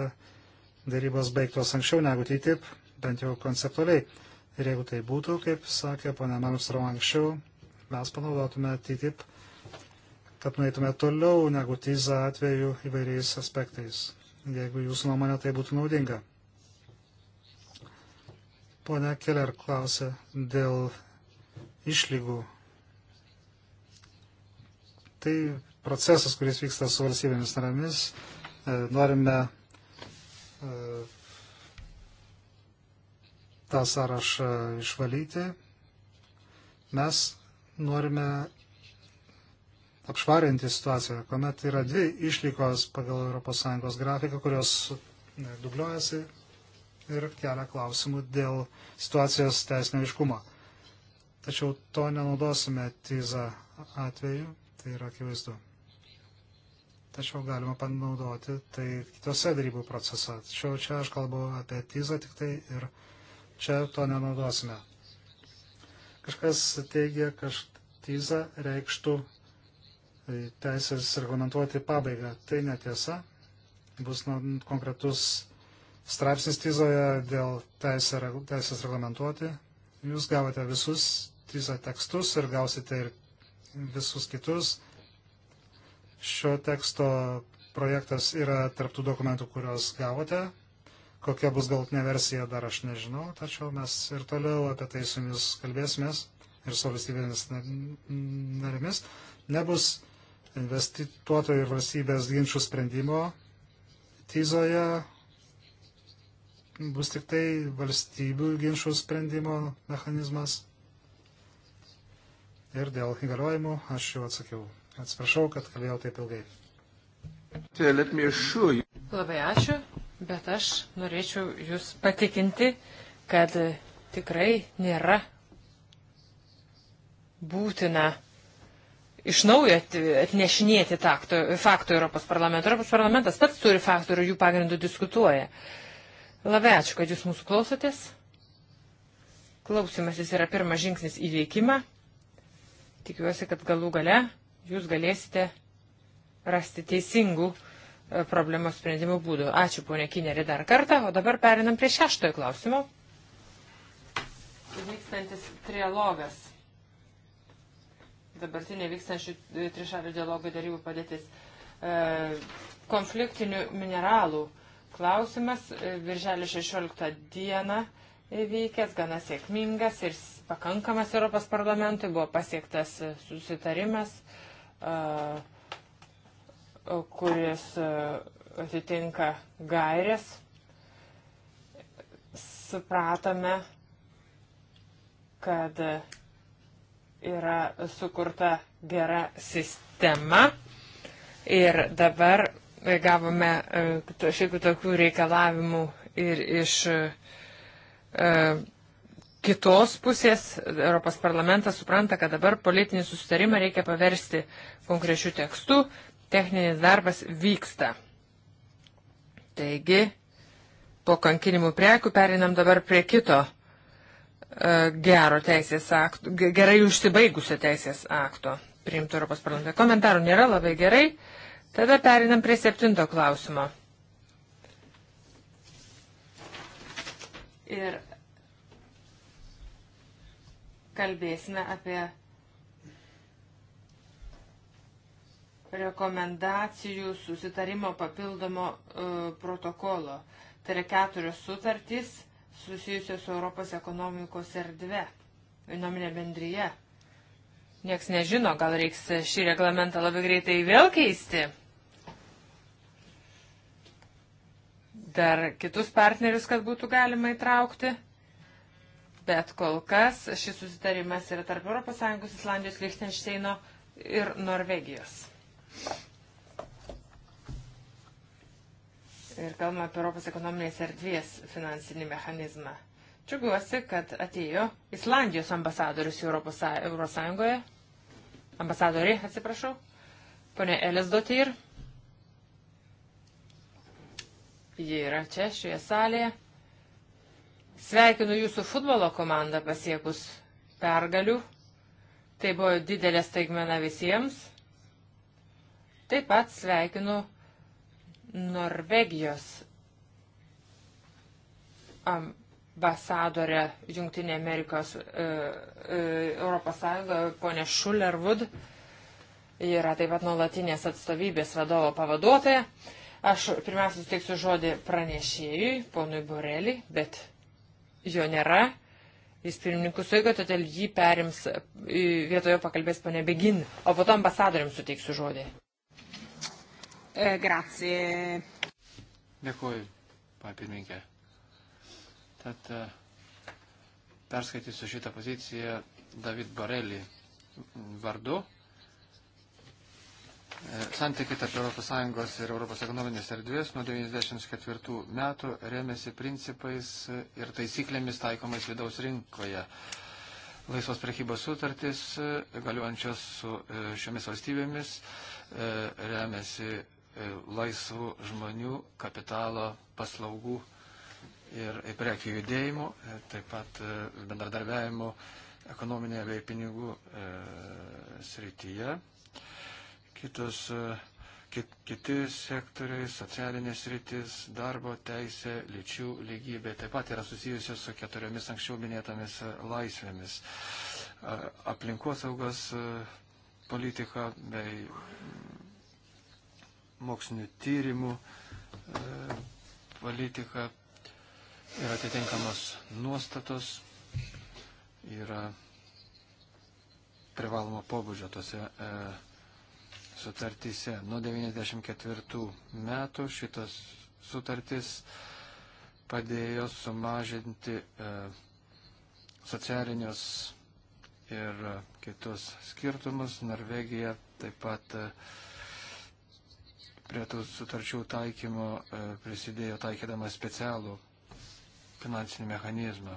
darybos baigtos anksčiau negu TTIP, bent jau konceptualiai. Ir jeigu tai būtų, kaip sakė ponia Malmstrom anksčiau, mes panaudotume TTIP, kad nueitume toliau negu TISA atveju įvairiais aspektais, jeigu jūsų nuomonė tai būtų naudinga. Pone Keller klausė dėl išlygų. Tai procesas, kuris vyksta su valstybėmis naramis. E, norime e, tą sąrašą išvalyti. Mes norime apšvarinti situaciją, kuomet yra dvi išlygos pagal ES grafiką, kurios dubliuojasi ir kelia klausimų dėl situacijos teisinio iškumo. Tačiau to nenaudosime TIZA atveju, tai yra akivaizdu. Tačiau galima panaudoti tai kitose darybų procese. Tačiau čia aš kalbu apie TIZA tik tai ir čia to nenaudosime. Kažkas teigia, kad tyza reikštų e, teisės reglamentuoti pabaigą. Tai netiesa. Bus nu, konkretus straipsnis tyzoje dėl teisė, teisės reglamentuoti. Jūs gavote visus tyza tekstus ir gausite ir visus kitus. Šio teksto projektas yra tarptų dokumentų, kuriuos gavote. Kokia bus galtinė versija, dar aš nežinau, tačiau mes ir toliau apie tai su jumis kalbėsimės ir su valstybėmis narėmis. Nebus investituotojų ir valstybės ginčių sprendimo tyzoje, bus tik tai valstybių ginčių sprendimo mechanizmas. Ir dėl įgaliojimų aš jau atsakiau. Atsiprašau, kad kalbėjau taip ilgai. Labai ačiū. Bet aš norėčiau Jūs patikinti, kad tikrai nėra būtina iš naujo atnešinėti takto, faktų Europos parlamento. Europos parlamentas pats turi faktų ir jų pagrindų diskutuoja. Labai ačiū, kad Jūs mūsų klausotės. Klausimasis yra pirmas žingsnis į veikimą. Tikiuosi, kad galų gale Jūs galėsite rasti teisingų problemos sprendimo būdų. Ačiū, ponė Kinerį, dar kartą, o dabar perinam prie šeštojo klausimo. Vykstantis trialogas. Dabartinė vykstančių e, trišalių dialogų darybų padėtis. E, konfliktinių mineralų klausimas virželio e, 16 dieną įvykęs, gana sėkmingas ir pakankamas Europos parlamentui, buvo pasiektas susitarimas. Uh, kuris e, atitinka gairės, supratome, kad yra sukurta gera sistema ir dabar gavome e, šiek tiek tokių reikalavimų ir iš e, kitos pusės Europos parlamentas supranta, kad dabar politinį susitarimą reikia paversti konkrečių tekstų, Techninis darbas vyksta. Taigi, po kankinimų prekių perinam dabar prie kito e, gero teisės akto, gerai užsibaigusio teisės akto priimtų Europos parlamente. Komentarų nėra labai gerai. Tada perinam prie septinto klausimo. Ir kalbėsime apie rekomendacijų susitarimo papildomo e, protokolo. Tai yra keturios sutartys susijusios su Europos ekonomikos erdve, nominė bendryje. Niekas nežino, gal reiks šį reglamentą labai greitai vėl keisti. Dar kitus partnerius, kad būtų galima įtraukti. Bet kol kas šis susitarimas yra tarp ES, Islandijos, Liechtensteino ir Norvegijos. Ir kalbame apie Europos ekonominės erdvės finansinį mechanizmą. Čiuguosi, kad atėjo Islandijos ambasadorius Europos Sąjungoje. Ambasadoriai, atsiprašau. Pone Elis Dotir. Ji yra čia, šioje salėje. Sveikinu jūsų futbolo komandą pasiekus pergalių. Tai buvo didelė staigmena visiems. Taip pat sveikinu Norvegijos ambasadorę Junktinė Amerikos e, e, Europos Sąjunga, ponė Šulervud. Ji yra taip pat nuolatinės atstovybės vadovo pavaduotoja. Aš pirmiausia suteiksiu žodį pranešėjui, ponui Borelį, bet jo nėra. Jis pirmininkų suigo, todėl jį perims vietoje pakalbės ponė Begin, o po to ambasadoriams suteiksiu žodį. E, grazie. Dėkuoju, papirminkė. Tad e, perskaitysiu šitą poziciją David Barelį vardu. E, santykiai tarp ES ir ES ekonominės erdvės nuo 1994 metų remiasi principais ir taisyklėmis taikomais vidaus rinkoje. Laisvos prekybos sutartys, e, galiuojančios su šiomis valstybėmis, remiasi E, laisvų žmonių, kapitalo, paslaugų ir prekių judėjimo, e, taip pat e, bendradarbiavimo ekonominėje bei pinigų e, srityje. Kitos, kit, kiti sektoriai, socialinės sritis, darbo teisė, lyčių lygybė taip pat yra susijusios su keturiomis anksčiau minėtomis laisvėmis. Aplinkosaugos politika bei mokslinių tyrimų e, politika ir atitinkamos nuostatos yra privalomo pobūdžio tose e, sutartyse. Nuo 1994 metų šitas sutartis padėjo sumažinti e, socialinius ir kitus skirtumus. Norvegija taip pat e, prie tų sutarčių taikymo e, prisidėjo taikydama specialų finansinį mechanizmą.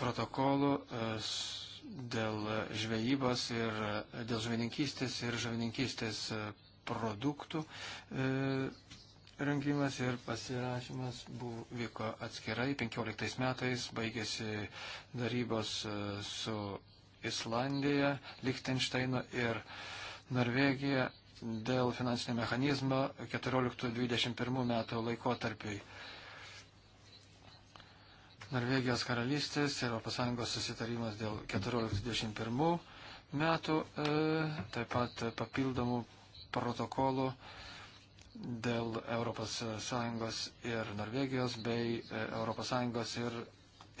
Protokolų e, dėl žvejybos ir e, dėl žvejininkystės ir žvejininkystės produktų rengimas ir pasirašymas buvo, vyko atskirai. 15 metais baigėsi darybos su Islandija, Lichtensteino ir Norvegija dėl finansinio mechanizmo 14-21 metų laikotarpiai. Norvegijos karalystės ir ES susitarimas dėl 14-21 metų, e, taip pat papildomų protokolų dėl ES ir Norvegijos bei ES ir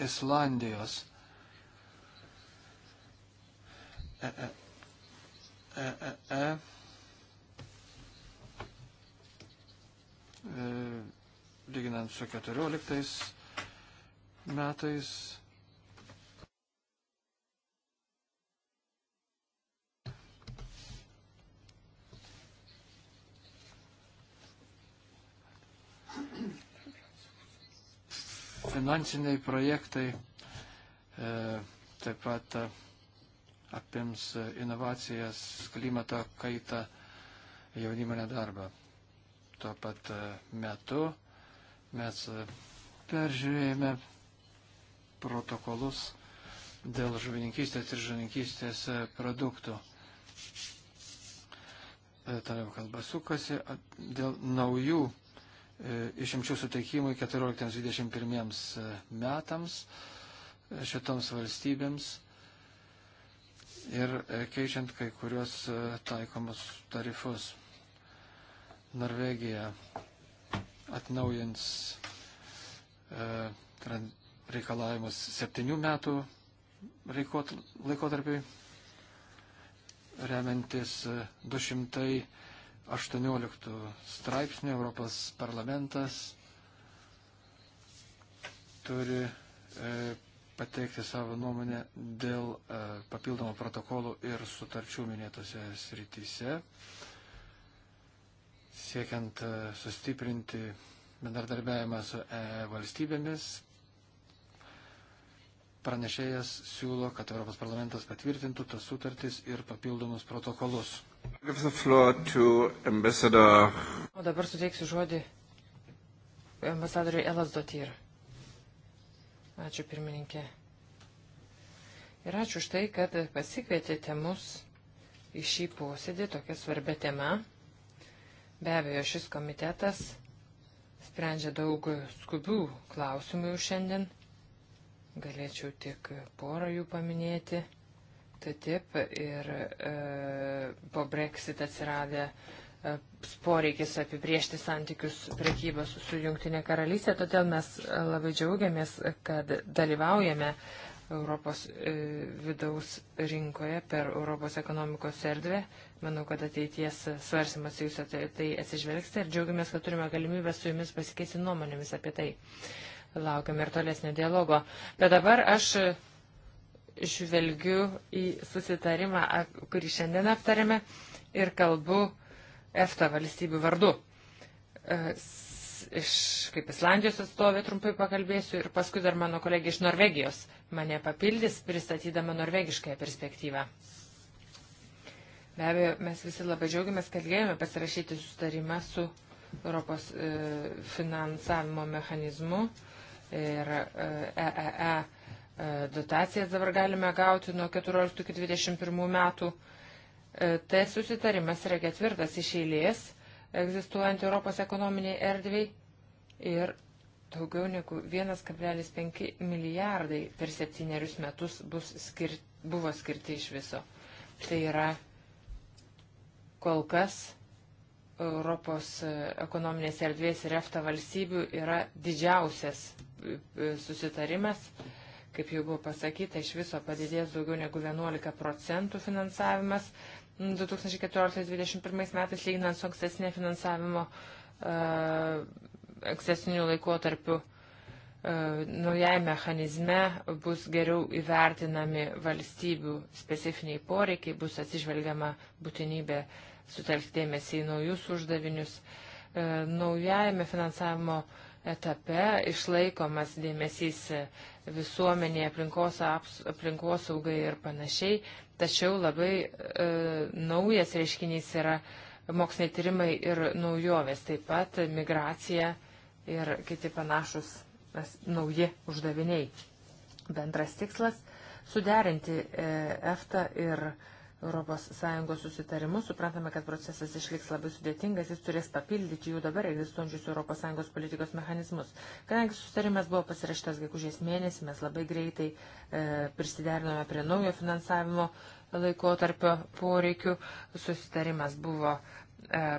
Islandijos. EEE e, e, e, lyginant su 14 metais. Finansiniai projektai e, taip pat e, apims inovacijas, klimato kaitą, jaunimo nedarbą. Tuo pat e, metu mes e, peržiūrėjome protokolus dėl žuvininkystės ir žuvininkystės e, produktų. Toliau kalba sukasi dėl naujų išimčių suteikimui 14-21 metams šitoms valstybėms ir e, keičiant kai kuriuos e, taikomus tarifus. Norvegija atnaujins e, reikalavimus septynių metų laikotarpiui, remiantis 218 straipsnių Europos parlamentas turi pateikti savo nuomonę dėl e, papildomų protokolų ir sutarčių minėtose srityse, siekiant e, sustiprinti bendradarbiavimą su EE valstybėmis. Pranešėjas siūlo, kad Europos parlamentas patvirtintų tas sutartis ir papildomus protokolus. O dabar suteiksiu žodį ambasadoriui Elas Dotyr. Ačiū pirmininkė. Ir ačiū už tai, kad pasikvietėte mus į šį posėdį tokia svarbia tema. Be abejo, šis komitetas sprendžia daug skubių klausimų jau šiandien. Galėčiau tik porą jų paminėti. Tai taip ir e, po Brexit atsiradę E, poreikis apibriežti santykius prekybos su Junktinė karalystė, todėl mes e, labai džiaugiamės, kad dalyvaujame Europos e, vidaus rinkoje per Europos ekonomikos erdvę. Manau, kad ateities svarsimas jūs tai, tai atsižvelgsite ir džiaugiamės, kad turime galimybę su jumis pasikeisti nuomonėmis apie tai. Laukiam ir tolesnio dialogo. Bet dabar aš žvelgiu į susitarimą, kurį šiandien aptarėme ir kalbu EFTA valstybių vardu. E, iš, kaip Islandijos atstovė trumpai pakalbėsiu ir paskui dar mano kolegė iš Norvegijos mane papildys, pristatydama norvegiškąją perspektyvą. Be abejo, mes visi labai džiaugiamės, kad galėjome pasirašyti sustarimą su Europos e, finansavimo mechanizmu ir EEE e e, e, e, dotacijas dabar galime gauti nuo 14 iki 21 metų. E, E, tai susitarimas yra ketvirtas iš eilės egzistuojant Europos ekonominiai erdviai ir daugiau negu 1,5 milijardai per septynerius metus bus skir buvo skirti iš viso. Tai yra kol kas Europos e, ekonominės erdvės ir EFTA valstybių yra didžiausias e, susitarimas kaip jau buvo pasakyta, iš viso padidės daugiau negu 11 procentų finansavimas, 2014-2021 metais lyginant su ankstesnė finansavimo e, ankstesnių laikotarpių e, naujai mechanizme bus geriau įvertinami valstybių specifiniai poreikiai, bus atsižvelgiama būtinybė sutelkti dėmesį į naujus uždavinius. E, naujajame finansavimo uh, etape išlaikomas dėmesys visuomenėje aplinkos, aps, aplinkos saugai ir panašiai, tačiau labai e, naujas reiškinys yra moksliniai tyrimai ir naujovės, taip pat migracija ir kiti panašus nauji uždaviniai. Bendras tikslas - suderinti e, EFTA ir e, ES susitarimus. Suprantame, kad procesas išliks labai sudėtingas, jis turės papildyti jų dabar egzistuojančius ES politikos mechanizmus. Kadangi susitarimas buvo pasirašytas gegužės mėnesį, mes labai greitai e, prisiderinome prie naujo finansavimo laikotarpio poreikių. Susitarimas buvo e,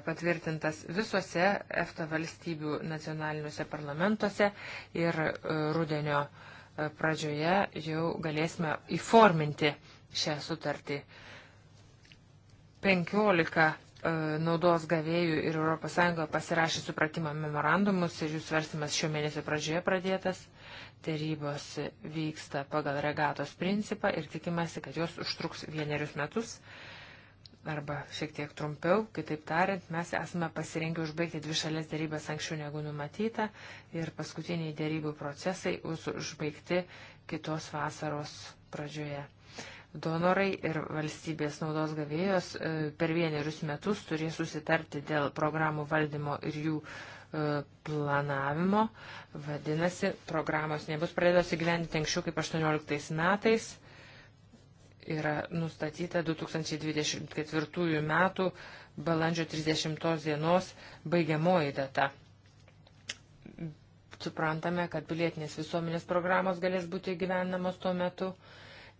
patvirtintas visuose EFTA valstybių nacionaliniuose parlamentuose ir e, rudenio e, pradžioje jau galėsime įforminti šią sutartį. 15 e, naudos gavėjų ir ES pasirašė supratimo memorandumus ir jų svarstymas šio mėnesio pradžioje pradėtas. Tarybos vyksta pagal regatos principą ir tikimasi, kad jos užtruks vienerius metus arba šiek tiek trumpiau. Kitaip tariant, mes esame pasirengę užbaigti dvi šalės darybas anksčiau negu numatyta ir paskutiniai darybų procesai bus užbaigti kitos vasaros pradžioje. Donorai ir valstybės naudos gavėjos e, per vienerius metus turės susitarti dėl programų valdymo ir jų e, planavimo. Vadinasi, programos nebus pradėtos įgyvendinti anksčiau kaip 18 metais. Yra nustatyta 2024 metų balandžio 30 dienos baigiamoji data. Suprantame, kad pilietinės visuomenės programos galės būti gyvenamos tuo metu. Uh,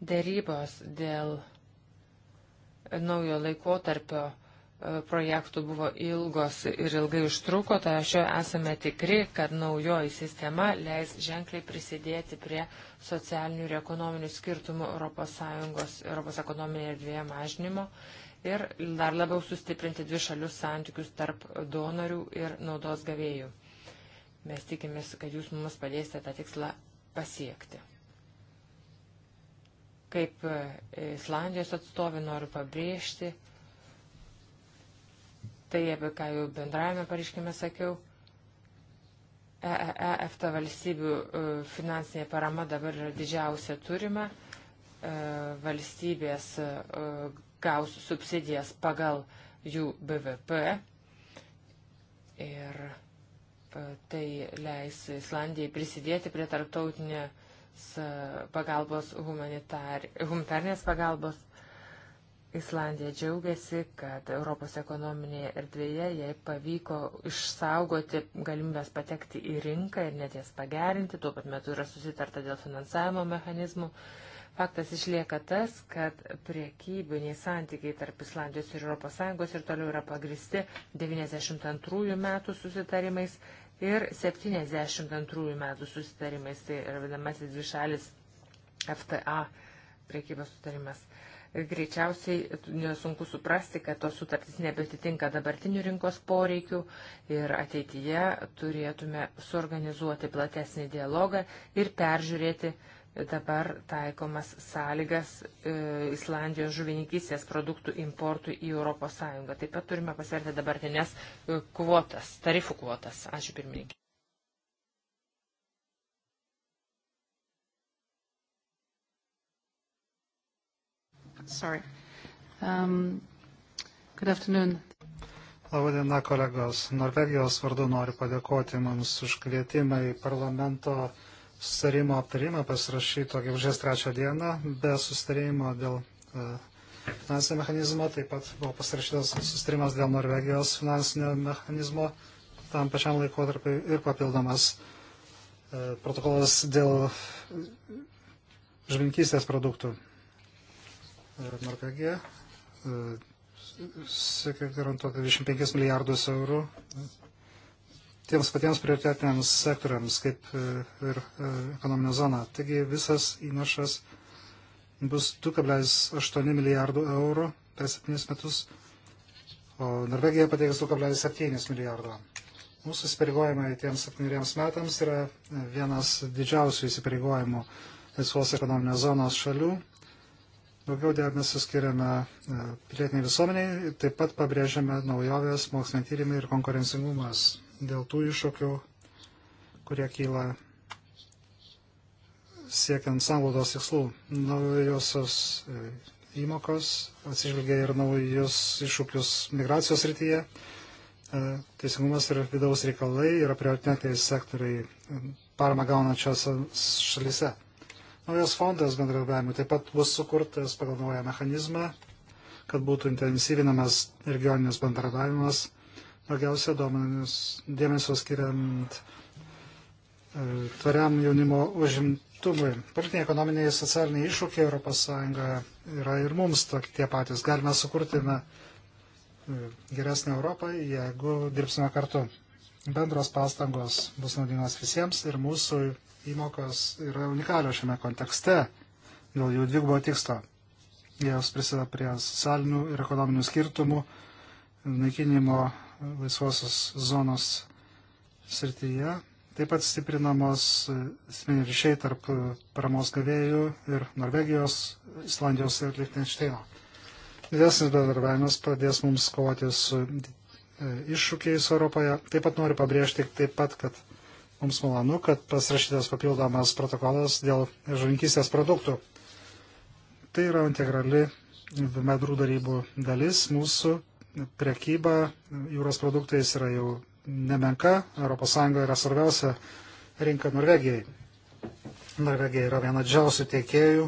Dėrybos dėl naujo laikotarpio e, projektų buvo ilgos ir ilgai užtruko, tai aš jau esame tikri, kad naujoji sistema leis ženkliai prisidėti prie socialinių ir ekonominių skirtumų ES, ES ekonominėje erdvėje mažinimo ir dar labiau sustiprinti dvišalius santykius tarp donorių ir naudos gavėjų. Mes tikimės, kad jūs mums padėsite tą tikslą pasiekti. Kaip e, Islandijos atstovė noriu pabrėžti, tai apie ką jau bendravime pareiškime sakiau, EEFT e, valstybių e, finansinė parama dabar yra didžiausia turima. Valstybės gaus subsidijas pagal jų BVP ir tai leis Islandijai prisidėti prie tarptautinio E, pagalbos humanitar, humanitarnės pagalbos. Islandija džiaugiasi, kad Europos ekonominėje erdvėje jai pavyko išsaugoti galimybės patekti į rinką ir net jas pagerinti, tuo pat metu yra susitarta dėl finansavimo mechanizmų. Faktas išlieka tas, kad priekybiniai santykiai tarp Islandijos ir ES ir toliau yra pagristi 92 metų susitarimais ir 72 metų susitarimais, tai yra vadamasis dvišalis FTA priekybos sutarimas. Ir greičiausiai nesunku nu, suprasti, kad tos sutartys nebetitinka dabartinių rinkos poreikių ir ateityje turėtume suorganizuoti platesnį dialogą ir peržiūrėti dabar taikomas sąlygas e, Islandijos žuvininkystės produktų importui į ES. Taip pat turime pasverti dabartinės e, kvotas, tarifų kvotas. Ačiū pirmininkė. Sorry. Um, good afternoon. Labadiena, kolegos. Norvegijos vardu noriu padėkoti mums už kvietimą į parlamento uh, sustarimo aptarimą pasirašyto gegužės trečią dieną, be sustarimo dėl e, finansinio mechanizmo, taip pat buvo pasirašytas sustarimas dėl Norvegijos finansinio mechanizmo tam pačiam laikotarpiu ir papildomas e, protokolas dėl žvinkystės produktų. E, Norvegija siekia garantuoti 25 milijardus eurų tiems patiems prioritetiniams sektoriams, kaip e, ir e, ekonominė zona. Taigi visas įnašas bus 2,8 milijardų eurų per 7 metus, o Norvegija pateiks 2,7 milijardo. Mūsų įsipareigojimai tiems 7 metams yra vienas didžiausių įsipareigojimų laisvos ekonominės zonos šalių. Daugiau dėmesio skiriame e, pilietiniai visuomeniai, taip pat pabrėžiame naujovės, moksliniai tyrimai ir konkurencingumas dėl tų iššūkių, kurie kyla siekiant sąnaudos tikslų. Naujosios e, įmokos atsižvelgia ir naujus iššūkius migracijos rytyje. E, teisingumas ir vidaus reikalai yra prioritetiniai sektoriai e, parama gaunančios šalyse. Naujas fondas bendradarbiavimui taip pat bus sukurtas pagal naują mechanizmą, kad būtų intensyvinamas regioninis bendradarbiavimas daugiausia dėmesio skiriant e, tvariam jaunimo užimtumui. Politiniai, ekonominiai ir socialiniai iššūkiai ES yra ir mums tie patys. Galime sukurti e, geresnę Europą, jeigu dirbsime kartu. Bendros pastangos bus naudingos visiems ir mūsų įmokos yra unikalios šiame kontekste dėl jų dvigubo tikslo. Jos prisideda prie socialinių ir ekonominių skirtumų naikinimo laisvosios zonos srityje. Taip pat stiprinamos e, ryšiai tarp e, paramos gavėjų ir Norvegijos, Islandijos ir Liechtensteino. Didesnis bendradarbiavimas padės mums kovoti su e, iššūkiais Europoje. Taip pat noriu pabrėžti taip pat, kad mums malonu, kad pasirašytas papildomas protokolas dėl žuvinkystės produktų. Tai yra integrali bendrų darybų dalis mūsų prekyba jūros produktais yra jau nemenka. ES yra svarbiausia rinka Norvegijai. Norvegija yra viena didžiausių tiekėjų.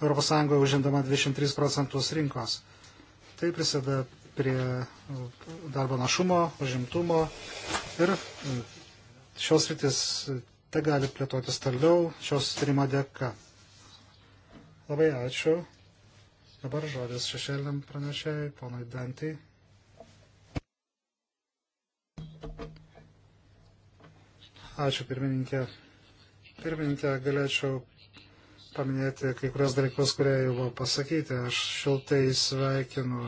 ES užimdama 23 procentus rinkos. Tai prisideda prie darbo našumo, užimtumo ir e, šios rytis te gali plėtotis toliau šios sutarimo dėka. Labai ačiū. Dabar žodis šešėliam pranešėjai, ponui Dantį. Ačiū pirmininkė. Pirmininkė, galėčiau paminėti kai kurios dalykus, kurie jau buvo pasakyti. Aš šiltai sveikinu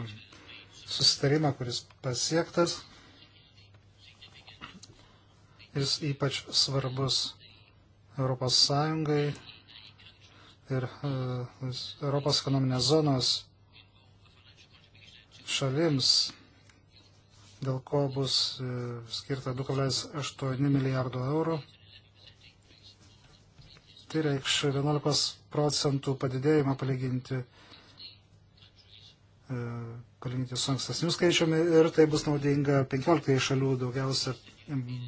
susitarimą, kuris pasiektas. Jis ypač svarbus Europos Sąjungai ir uh, Europos ekonominės zonos šalims dėl ko bus e, skirta 2,8 milijardo eurų. Tai reikš 11 procentų padidėjimą palyginti, e, palyginti su ankstesniu skaičiumi ir tai bus naudinga 15 šalių, daugiausia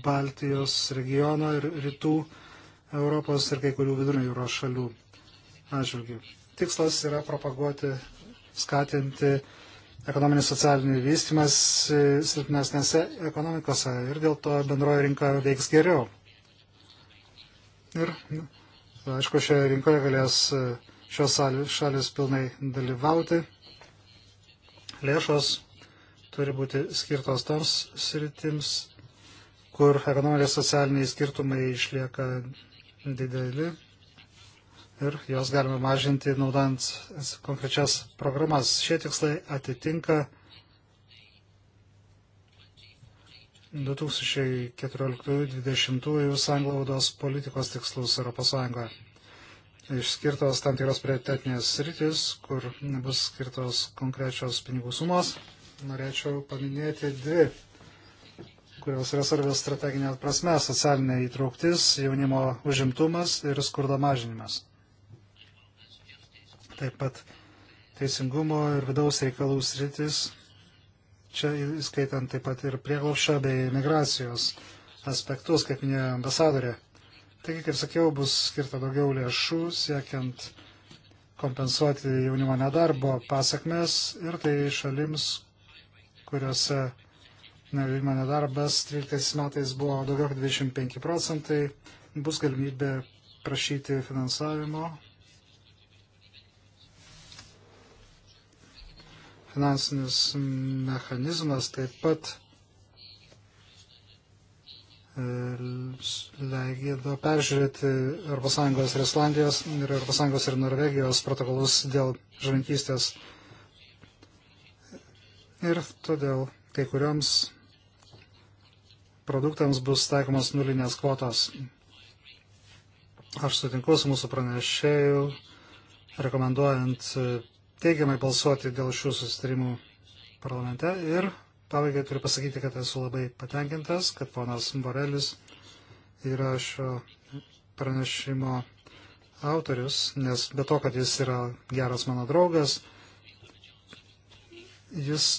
Baltijos regiono ir rytų Europos ir kai kurių vidurinio jūros šalių atžvilgių. Tikslas yra propaguoti, skatinti ekonominis socialinis vystimas e, silpnesnėse ekonomikose ir dėl to bendroji rinka veiks geriau. Ir, nu, aišku, šioje rinkoje galės e, šios šalis pilnai dalyvauti. Lėšos turi būti skirtos toms sritims, kur ekonominiai socialiniai skirtumai išlieka dideli ir jos galime mažinti naudant konkrečias programas. Šie tikslai atitinka 2014-2020 sanglaudos politikos tikslus ES. Išskirtos tam tikros prioritetinės sritis, kur bus skirtos konkrečios pinigų sumos. Norėčiau paminėti dvi kurios yra svarbios strateginė prasme - socialinė įtrauktis, jaunimo užimtumas ir skurdo mažinimas taip pat teisingumo ir vidaus reikalų sritis, čia įskaitant taip pat ir prieglaušą bei migracijos aspektus, kaip minėjo ambasadorė. Taigi, kaip sakiau, bus skirta daugiau lėšų siekiant kompensuoti jaunimo nedarbo pasakmes ir tai šalims, kuriuose jaunimo nedarbas 13 metais buvo daugiau kaip 25 procentai, bus galimybė prašyti finansavimo finansinis mechanizmas taip pat e, leido peržiūrėti ES ir Islandijos ir ES ir Norvegijos protokolus dėl žavinkystės. Ir todėl kai kurioms produktams bus taikomas nulinės kvotos. Aš sutinku su mūsų pranešėjų, rekomenduojant teigiamai balsuoti dėl šių susitarimų parlamente. Ir pabaigai turiu pasakyti, kad esu labai patenkintas, kad ponas Borelis yra šio pranešimo autorius, nes be to, kad jis yra geras mano draugas, jis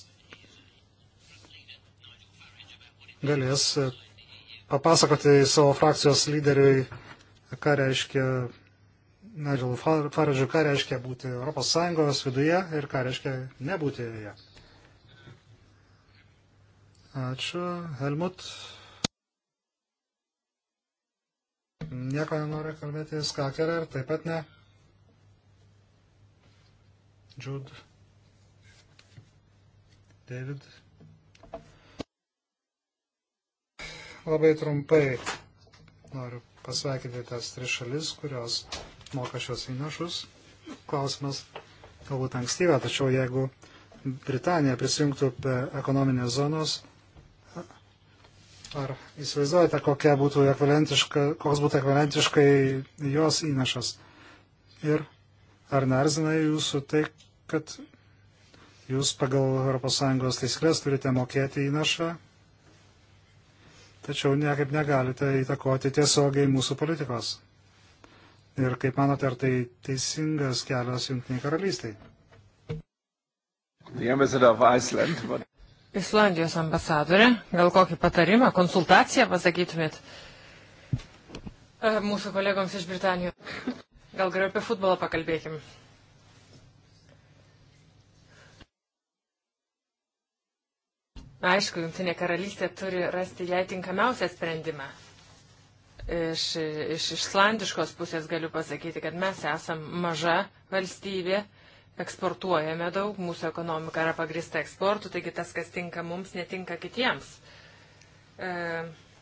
galės papasakoti savo frakcijos lyderiui, ką reiškia Nigel Faradžiu, ką reiškia būti ES viduje ir ką reiškia nebūti joje. Ačiū, Helmut. Nieko nenori kalbėti, Skakerer taip pat ne. Jude. David. Labai trumpai noriu pasveikinti tas tris šalis, kurios moka šios įnašus. Klausimas galbūt ankstyva, tačiau jeigu Britanija prisijungtų prie ekonominės zonos, ar įsivaizduojate, kokia būtų koks būtų ekvivalentiškai jos įnašas? Ir ar nerzina jūsų tai, kad jūs pagal ES taisyklės turite mokėti įnašą, tačiau niekaip negalite įtakoti tiesiogiai mūsų politikos? Ir kaip manote, ar tai teisingas kelias Junktiniai karalystiai? But... Islandijos ambasadorė, gal kokį patarimą, konsultaciją pasakytumėt e, mūsų kolegoms iš Britanijos. Gal geriau apie futbolą pakalbėkim. Aišku, Junktinė karalystė turi rasti jai tinkamiausią sprendimą iš, iš islandiškos pusės galiu pasakyti, kad mes esam maža valstybė, eksportuojame daug, mūsų ekonomika yra pagrista eksportu, taigi tas, kas tinka mums, netinka kitiems. E,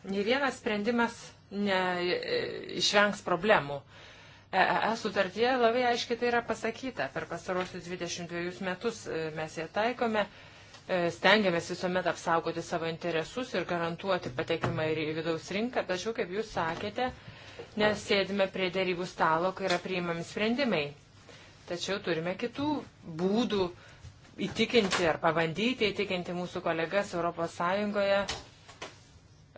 Nė vienas sprendimas neišvengs e, problemų. EES e sutartyje labai aiškiai tai yra pasakyta. Per pastarosius 22 metus e, mes ją taikome E, stengiamės visuomet apsaugoti savo interesus ir garantuoti patekimą ir į vidaus rinką, tačiau, kaip jūs sakėte, nesėdime prie dėrybų stalo, kai yra priimami sprendimai. Tačiau turime kitų būdų įtikinti ar pabandyti įtikinti mūsų kolegas ES e,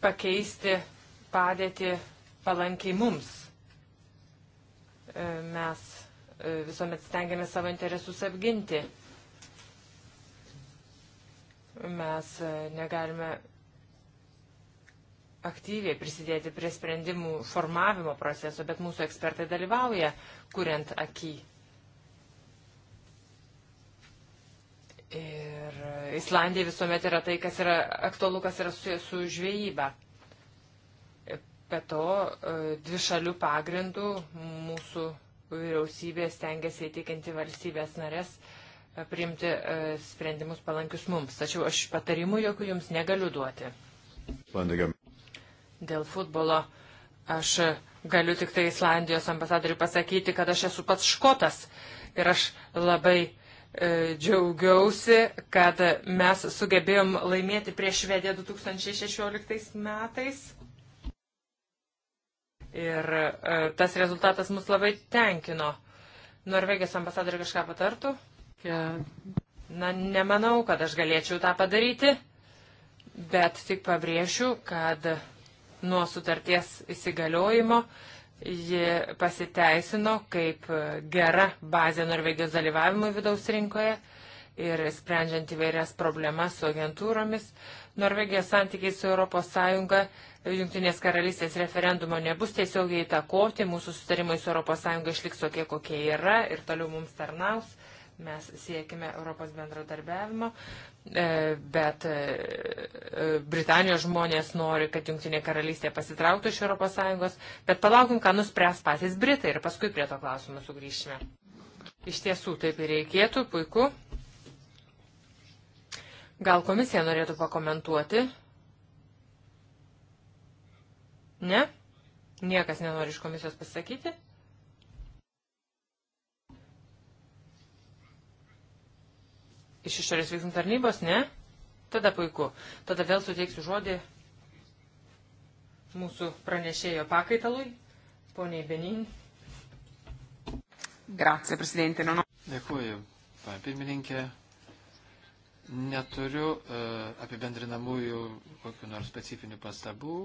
pakeisti padėtį palankiai mums. E, mes e, visuomet stengiamės savo interesus apginti. Mes e, negalime aktyviai prisidėti prie sprendimų formavimo proceso, bet mūsų ekspertai dalyvauja, kuriant akį. Ir Islandija visuomet yra tai, kas yra aktualu, kas yra su, su žvejyba. Be to, e, dvi šalių pagrindų mūsų vyriausybės tengiasi įtikinti valstybės narės priimti e, sprendimus palankius mums. Tačiau aš patarimų jokių jums negaliu duoti. Landigiam. Dėl futbolo aš galiu tik tai Islandijos ambasadoriui pasakyti, kad aš esu pats škotas ir aš labai e, džiaugiausi, kad mes sugebėjom laimėti prieš Švediją 2016 metais. Ir e, tas rezultatas mus labai tenkino. Norvegijos ambasadoriui kažką patartų? Na, nemanau, kad aš galėčiau tą padaryti, bet tik pabrėšiu, kad nuo sutarties įsigaliojimo ji pasiteisino kaip gera bazė Norvegijos dalyvavimui vidaus rinkoje ir sprendžiant įvairias problemas su agentūromis. Norvegijos santykiai su ES Junktinės karalystės referendumo nebus tiesiogiai įtakoti, mūsų sustarimai su ES išliks tokie, kokie yra ir toliau mums tarnaus. Mes siekime Europos bendradarbiavimo, e, bet e, e, Britanijos žmonės nori, kad Junktinė karalystė pasitrauktų iš ES, bet palaukim, ką nuspręs patys Britai ir paskui prie to klausimo sugrįšime. Iš tiesų taip ir reikėtų, puiku. Gal komisija norėtų pakomentuoti? Ne? Niekas nenori iš komisijos pasakyti? iš išorės veiksmų tarnybos, ne? Tada puiku. Tada vėl suteiksiu žodį mūsų pranešėjo pakaitalui, poniai Benin. Grazie, prezidentė. Non... Dėkuoju, pane pirmininkė. Neturiu uh, apibendrinamųjų kokiu nors specifinių pastabų.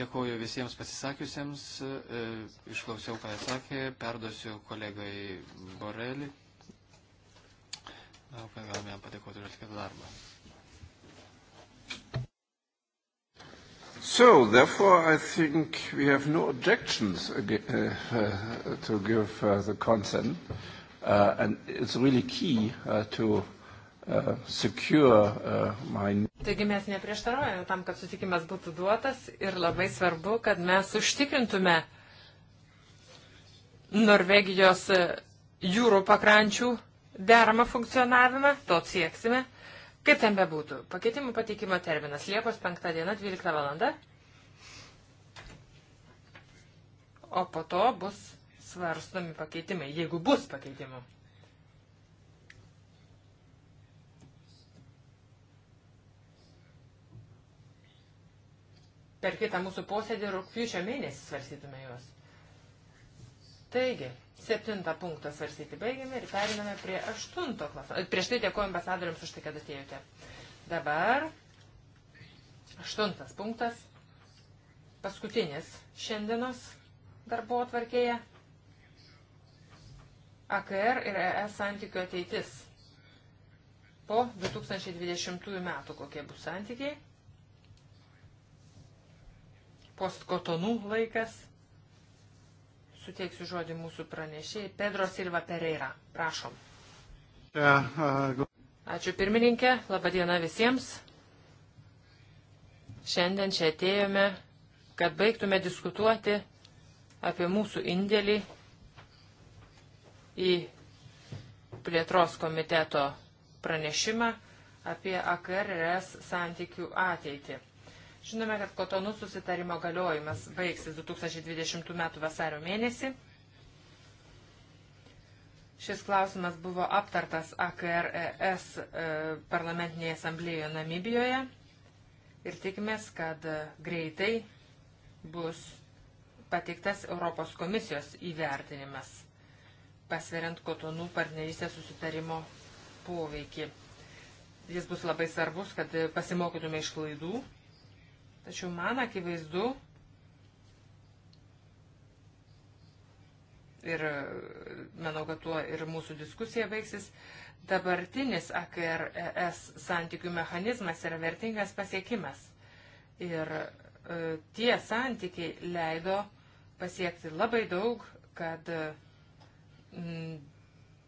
Dėkuoju visiems pasisakiusiems. Uh, išklausiau, ką jis sakė. Perdosiu kolegai Borelį. Manau, kad galime jam padėkoti už atliktą darbą. So, therefore, I think we have no objections uh, uh, to give uh, the consent. Uh, and it's really key uh, to uh, secure uh, my. Taigi mes neprieštaraujame tam, kad sutikimas būtų duotas ir labai svarbu, kad mes užtikrintume Norvegijos e, jūrų pakrančių deramą funkcionavimą, to sieksime. Kaip ten bebūtų, pakeitimų pateikimo terminas Liepos 5 diena 12 valanda, o po to bus svarstomi pakeitimai, jeigu bus pakeitimų. Per kitą mūsų posėdį rūpjūčio mėnesį svarstytume juos. Taigi, Septintą punktą svarstyti baigėme ir periname prie aštunto klausimo. E, prieš tai dėkuoju ambasadoriams už tai, kad atėjote. Dabar aštuntas punktas, paskutinis šiandienos darbo atvarkėje. AKR ir ES santykių ateitis. Po 2020 metų kokie bus santykiai. Postkotonų laikas suteiksiu žodį mūsų pranešėjai. Pedro Silva Pereira, prašom. Ačiū pirmininkė, labadiena visiems. Šiandien čia atėjome, kad baigtume diskutuoti apie mūsų indėlį į plėtros komiteto pranešimą apie AKRS santykių ateitį. Žinome, kad kotonų susitarimo galiojimas baigsis 2020 m. vasario mėnesį. Šis klausimas buvo aptartas AKRES e, parlamentinėje asamblėjoje Namibijoje ir tikimės, kad e, greitai bus pateiktas Europos komisijos įvertinimas, pasveriant kotonų partnerystės susitarimo poveikį. Jis bus labai svarbus, kad e, pasimokytume iš klaidų Tačiau man akivaizdu ir e, manau, kad tuo ir mūsų diskusija baigsis, dabartinis AKRS e santykių mechanizmas yra vertingas pasiekimas. Ir e, tie santykiai leido pasiekti labai daug, kad e, m,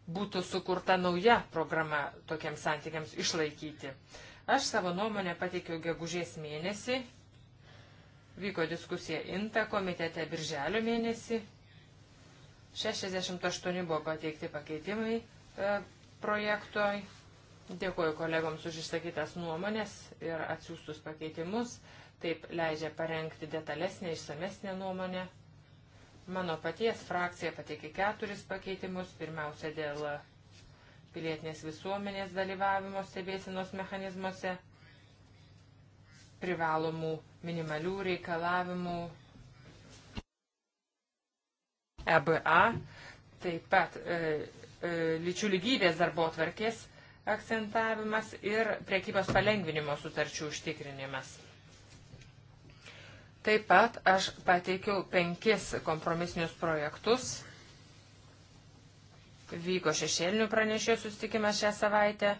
būtų sukurta nauja programa tokiems santykiams išlaikyti. Aš savo nuomonę pateikiau gegužės mėnesį Vyko diskusija INTA komitete birželio mėnesį. 68 buvo pateikti pakeitimai e, projektoj. Dėkuoju kolegoms už išsakytas nuomonės ir atsiųstus pakeitimus. Taip leidžia parengti detalesnę, išsamesnę nuomonę. Mano paties frakcija pateikė keturis pakeitimus. Pirmiausia, dėl pilietinės visuomenės dalyvavimo stebėsinos mechanizmuose, privalomų minimalių reikalavimų EBA, taip pat e, e, lyčių lygybės darbo tvarkės akcentavimas ir priekybos palengvinimo sutarčių užtikrinimas. Taip pat aš pateikiau penkis kompromisinius projektus. Vyko šešėlinių pranešėjų susitikimas šią savaitę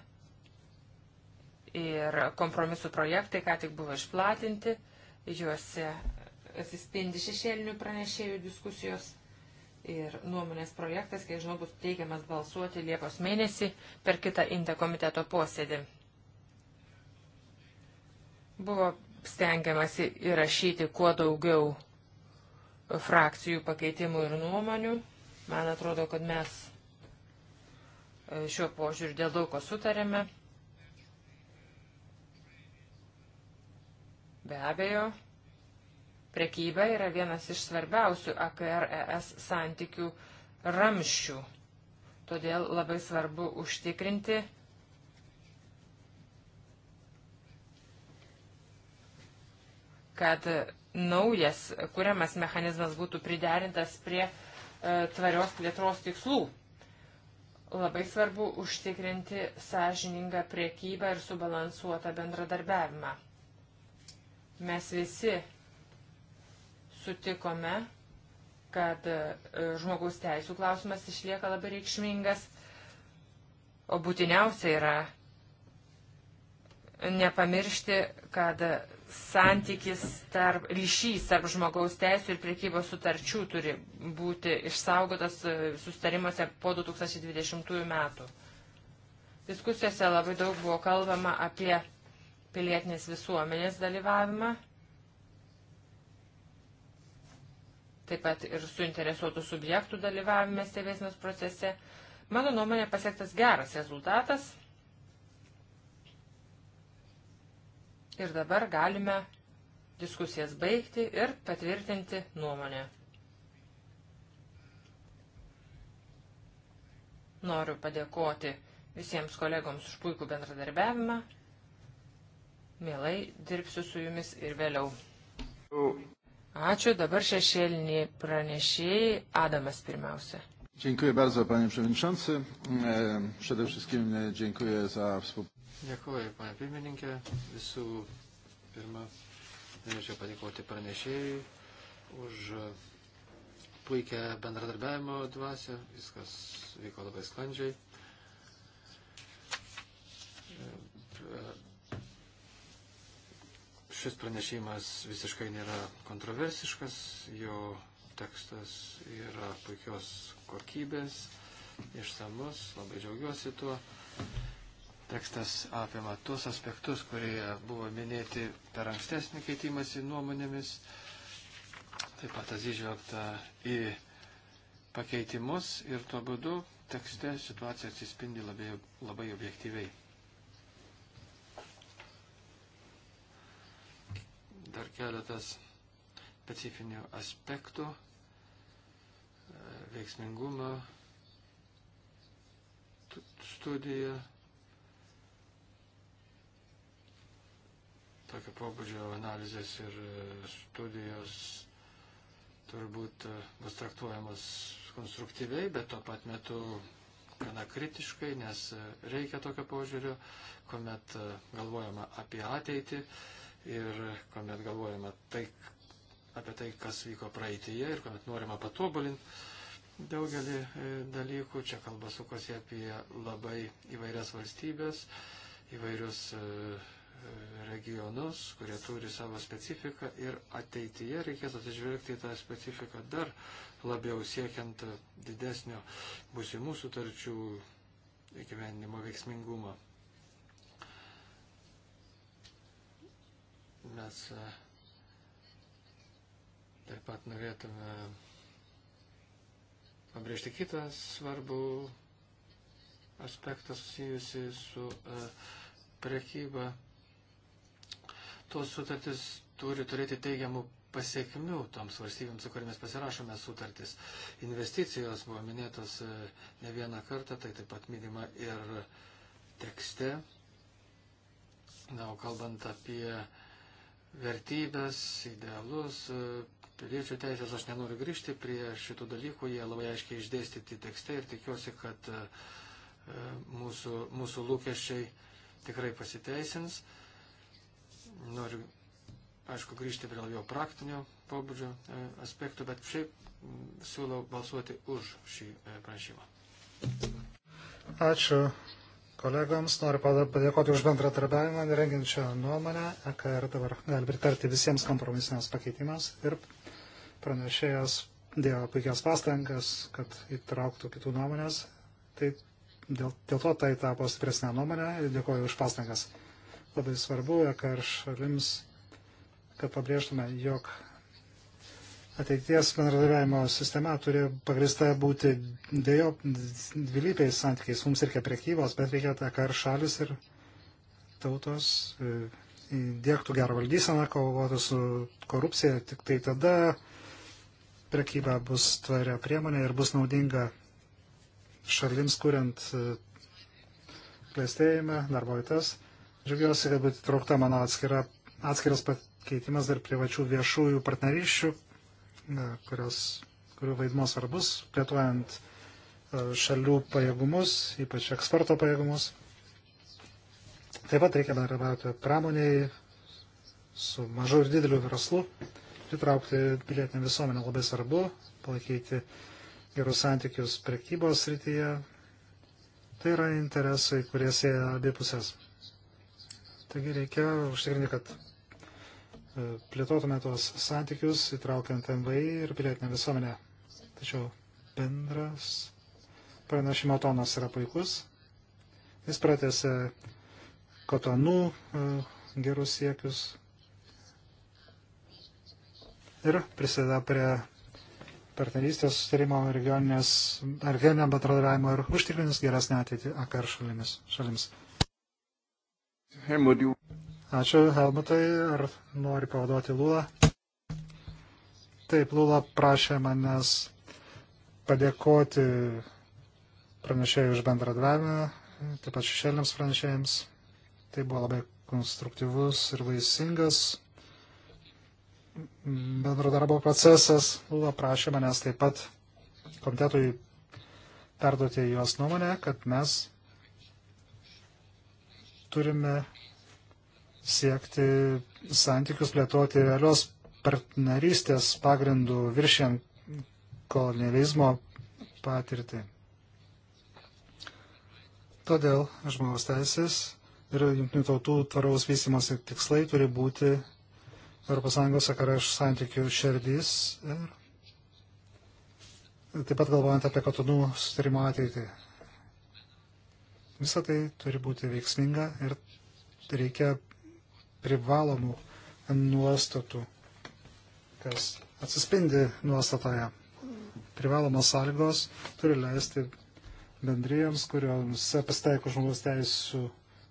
ir kompromisų projektai ką tik buvo išplatinti juose atsispindi šešėlinių pranešėjų diskusijos ir nuomonės projektas, kai žinau, bus teigiamas balsuoti Liepos mėnesį per kitą Inte komiteto posėdį. Buvo stengiamasi įrašyti kuo daugiau frakcijų pakeitimų ir nuomonių. Man atrodo, kad mes e, šiuo požiūriu dėl daug ko sutarėme. Be abejo, prekyba yra vienas iš svarbiausių AKR-ES santykių ramščių. Todėl labai svarbu užtikrinti, kad naujas kuriamas mechanizmas būtų priderintas prie e, tvarios plėtros tikslų. Labai svarbu užtikrinti sąžiningą priekybą ir subalansuotą bendradarbiavimą. Mes visi sutikome, kad e, žmogaus teisų klausimas išlieka labai reikšmingas, o būtiniausia yra nepamiršti, kad santykis tarp, ryšys tarp žmogaus teisų ir priekybos sutarčių turi būti išsaugotas e, sustarimuose po 2020 metų. Diskusijose labai daug buvo kalbama apie pilietinės visuomenės dalyvavimą, taip pat ir suinteresuotų subjektų dalyvavime stebėsinos procese. Mano nuomonė pasiektas geras rezultatas ir dabar galime diskusijas baigti ir patvirtinti nuomonę. Noriu padėkoti visiems kolegoms už puikų bendradarbiavimą. Mielai dirbsiu su jumis ir vėliau. Ačiū, dabar šešėlinį pranešėjai Adamas pirmiausia. Dziękuję bardzo, panie przewodniczący. E, przede wszystkim e, dziękuję za współpracę. Dziękuję, panie pirmininkė. Visų pirma, norėčiau padėkoti pranešėjai už puikią bendradarbiavimo dvasę. Viskas vyko labai sklandžiai. E, Šis pranešimas visiškai nėra kontroversiškas, jo tekstas yra puikios kokybės, išsamus, labai džiaugiuosi tuo. Tekstas apima tuos aspektus, kurie buvo minėti per ankstesnį keitimąsi nuomonėmis. Taip pat atsižvelgta į pakeitimus ir tuo būdu tekste situacija atsispindi labai, labai objektyviai. dar keletas specifinių aspektų veiksmingumo studija, tokio pobūdžio analizės ir e, studijos turbūt e, bus traktuojamos konstruktyviai, bet tuo pat metu gana kritiškai, nes e, reikia tokio požiūrio, kuomet galvojama apie ateitį, ir kuomet galvojama tai, apie tai, kas vyko praeitėje ir kuomet norima patobulinti daugelį e, dalykų, čia kalba sukosi apie labai įvairias valstybės, įvairius e, e, regionus, kurie turi savo specifiką ir ateityje reikės atsižvelgti į tą specifiką dar labiau siekiant didesnio būsimų sutarčių įgyvendinimo veiksmingumo. Mes e, taip pat norėtume pabrėžti kitą svarbų aspektą susijusi su e, prekyba. Tos sutartys turi turėti teigiamų pasiekmių toms valstybėms, su kuriamis pasirašome sutartis. Investicijos buvo minėtos e, ne vieną kartą, tai taip pat minima ir tekste. Na, o kalbant apie vertybės, idealus, e, piliečių teisės. Aš nenoriu grįžti prie šitų dalykų, jie labai aiškiai išdėstyti tekste ir tikiuosi, kad e, e, mūsų, mūsų lūkesčiai tikrai pasiteisins. Noriu, aišku, grįžti prie jo praktinio pobūdžio aspektų, bet šiaip siūlau balsuoti už šį pranešimą. Ačiū kolegoms. Noriu padėkoti už bendratarbiavimą, rengiant šią nuomonę. EKR er dabar gali pritarti visiems kompromisiniams pakeitimams ir pranešėjas dėjo puikias pastangas, kad įtrauktų kitų nuomonės. Tai dėl, dėl to tai tapo stipresnė nuomonė ir dėkoju už pastangas. Labai svarbu, EKR er šalims, kad pabrėžtume, jog ateities bendradarbiavimo sistema turi pagrista būti dėjo dvilypiais santykiais. Mums reikia prekybos, bet reikia tą, ką ir šalis ir tautos e, dėktų gerą valdyseną, kovotų su korupcija. Tik tai tada prekyba bus tvaria priemonė ir bus naudinga šalims, kuriant e, klėstėjimą, darbo vietas. Džiaugiuosi, kad būtų traukta mano atskira, atskiras pakeitimas dar privačių viešųjų partnerysčių E, kurios, kurių vaidmo svarbus, plėtojant e, šalių pajėgumus, ypač eksporto pajėgumus. Taip pat reikia bendradarbiauti pramoniai su mažu ir dideliu verslu, pritraukti pilietinę visuomenę labai svarbu, palaikyti gerus santykius prekybos srityje. Tai yra interesai, kurie sieja abipusės. Taigi reikia užtikrinti, kad plėtotume tos santykius, įtraukiant MVI ir pilietinę visuomenę. Tačiau bendras pranešimo tonas yra puikus. Jis pratėse kotonų e, gerus siekius ir prisideda prie partnerystės sustarimo regioninės, regioninio bendradarbiavimo ir užtikrins geresnę ateitį AKR šalimis. šalims. Helmut, Ačiū, Helmutai. Ar nori pavaduoti Lūlą? Taip, Lūla prašė manęs padėkoti pranešėjai už bendradavimą, taip pat šešėliams pranešėjams. Tai buvo labai konstruktyvus ir vaisingas bendro darbo procesas. Lūla prašė manęs taip pat komitetui perduoti jos nuomonę, kad mes turime siekti santykius plėtoti realios partnerystės pagrindų viršiant kolonializmo patirtį. Todėl žmogaus teisės ir jungtinių tautų tvaraus vystimosi tikslai turi būti ES akaraš santykių šerdys ir taip pat galvojant apie katonų sustarimo ateitį. Visą tai turi būti veiksminga ir reikia privalomų nuostatų, kas atsispindi nuostatoje. Privalomos sąlygos turi leisti bendrijoms, kurioms pasitaiko žmogaus teisų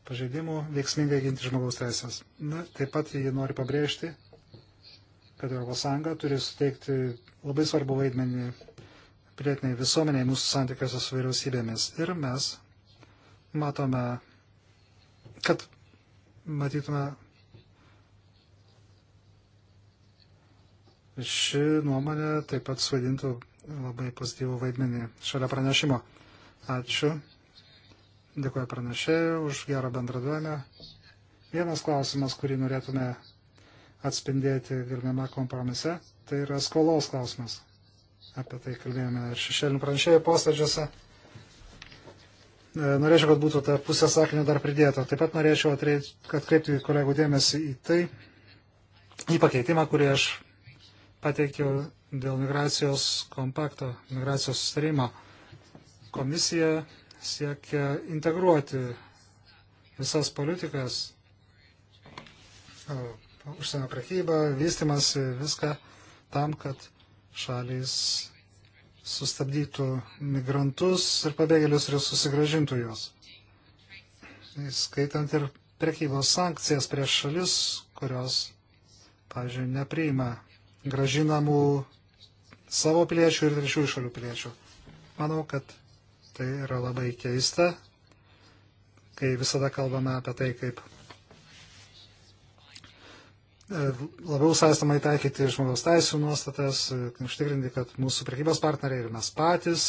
pažeidimų, veiksmingai ginti žmogaus teisės. Na, taip pat jį nori pabrėžti, kad ES turi suteikti labai svarbu vaidmenį pilietiniai visuomeniai mūsų santykiuose su vyriausybėmis. Ir mes matome, kad matytume ši nuomonė taip pat suvaidintų labai pozityvų vaidmenį šalia pranešimo. Ačiū. Dėkuoju pranešėjui už gerą bendradavimą. Vienas klausimas, kurį norėtume atspindėti gerbiamą kompromise, tai yra skolos klausimas. Apie tai kalbėjome ir šešėlinių pranešėjų posėdžiuose. E, norėčiau, kad būtų ta pusė sakinio dar pridėta. Taip pat norėčiau atkreipti kolegų dėmesį į tai, į pakeitimą, kurį aš pateikiau dėl migracijos kompakto, migracijos sustarimo. Komisija siekia integruoti visas politikas, užsienio prekybą, vystimas, viską tam, kad šalys sustabdytų migrantus ir pabėgėlius ir susigražintų juos. Skaitant ir prekybos sankcijas prieš šalis, kurios, pavyzdžiui, nepriima gražinamų savo piliečių ir trečiųjų šalių piliečių. Manau, kad tai yra labai keista, kai visada kalbame apie tai, kaip e, labiau sąstamai taikyti žmogaus teisų nuostatas, e, užtikrinti, kad mūsų prekybos partneriai ir mes patys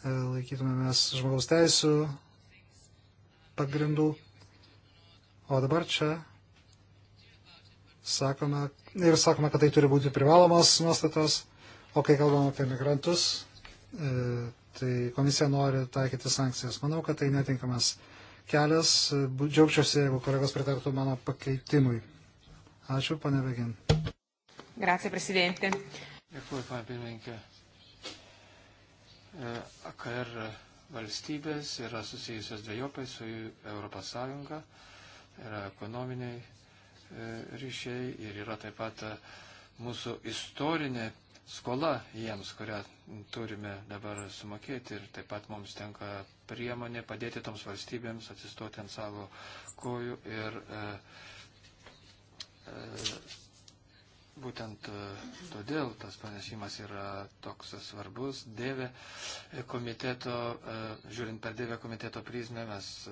e, laikytumėmės žmogaus teisų pagrindų. O dabar čia sakome, ir sakome, kad tai turi būti privalomos nuostatos, o kai kalbame apie migrantus, e, tai komisija nori taikyti sankcijas. Manau, kad tai netinkamas kelias. E, džiaugčiausi, jeigu kolegos pritartų mano pakeitimui. Ačiū, pane Begin. Grazie, prezidente. Dėkuoju, pane pirmininkė. E, AKR valstybės yra susijusios dviejopai su ES, yra ekonominiai E, ryšiai ir yra taip pat e, mūsų istorinė skola jiems, kurią turime dabar sumokėti ir taip pat mums tenka priemonė padėti toms valstybėms atsistoti ant savo kojų ir e, e, būtent e, todėl tas pranešimas yra toks svarbus. Dėvė komiteto, e, žiūrint per dėvę komiteto prizmę, mes e,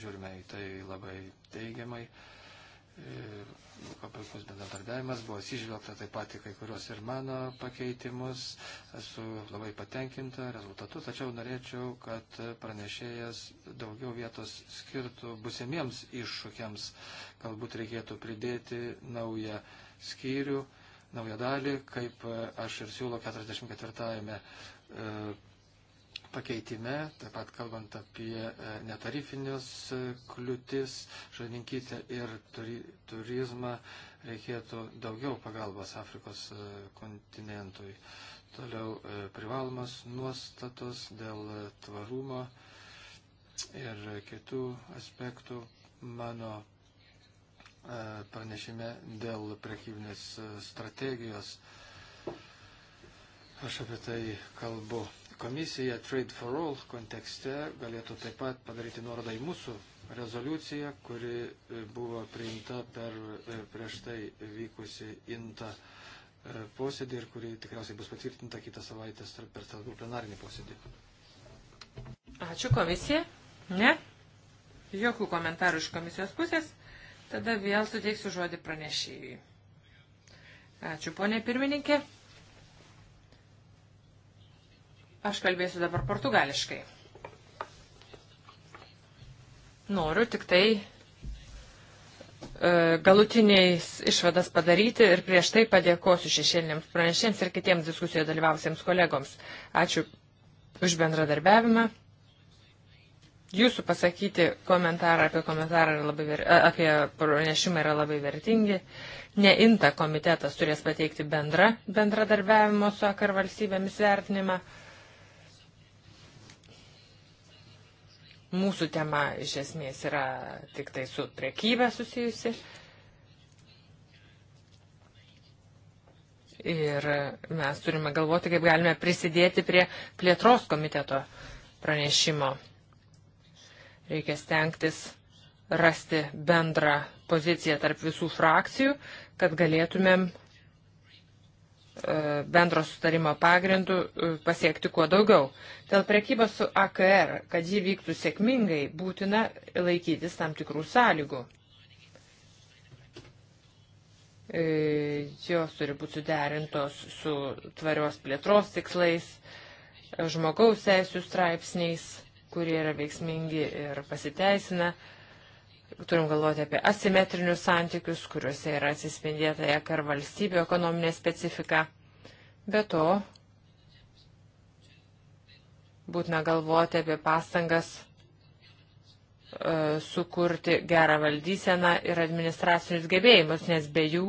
žiūrime į tai labai teigiamai. E, vyko nu, puikus bendradarbiavimas, buvo atsižvelgta taip pat į kai kurios ir mano pakeitimus, esu labai patenkinta rezultatu, tačiau norėčiau, kad pranešėjas daugiau vietos skirtų busimiems iššūkiams, galbūt reikėtų pridėti naują skyrių, naują dalį, kaip aš ir siūlo 44-ame pakeitime, taip pat kalbant apie e, netarifinius e, kliūtis, žadinkite ir turi, turizmą, reikėtų daugiau pagalbos Afrikos e, kontinentui. Toliau privalomas nuostatos dėl tvarumo ir kitų aspektų mano pranešime dėl prekybinės strategijos. Aš apie tai kalbu komisija Trade for All kontekste galėtų taip pat padaryti nuorodą į mūsų rezoliuciją, kuri e, buvo priimta per e, prieš tai vykusi INTA e, posėdį ir kuri tikriausiai bus patvirtinta kitą savaitę per Strasbūrų plenarinį posėdį. Ačiū komisija. Ne? Jokių komentarų iš komisijos pusės. Tada vėl suteiksiu žodį pranešėjui. Ačiū, ponė pirmininkė. Aš kalbėsiu dabar portugališkai. Noriu tik tai e, galutiniais išvadas padaryti ir prieš tai padėkosiu šešėliniams pranešėms ir kitiems diskusijoje dalyvausiems kolegoms. Ačiū už bendradarbiavimą. Jūsų pasakyti komentarą apie komentarą yra labai ver... apie pranešimą yra labai vertingi. Neinta komitetas turės pateikti bendrą bendradarbiavimo su akar valstybėmis vertinimą. Mūsų tema iš esmės yra tik tai su priekybė susijusi. Ir mes turime galvoti, kaip galime prisidėti prie plėtros komiteto pranešimo. Reikia stengtis rasti bendrą poziciją tarp visų frakcijų, kad galėtumėm E, bendro sustarimo pagrindų e, pasiekti kuo daugiau. Dėl prekybos su AKR, kad ji vyktų sėkmingai, būtina laikytis tam tikrų sąlygų. E, jos turi būti suderintos su tvarios plėtros tikslais, žmogaus teisų straipsniais, kurie yra veiksmingi ir pasiteisina. Turim galvoti apie asimetrinius santykius, kuriuose yra atsispindėta EK ir valstybių ekonominė specifika. Be to, būtina galvoti apie pastangas e, sukurti gerą valdyseną ir administracinius gebėjimus, nes be jų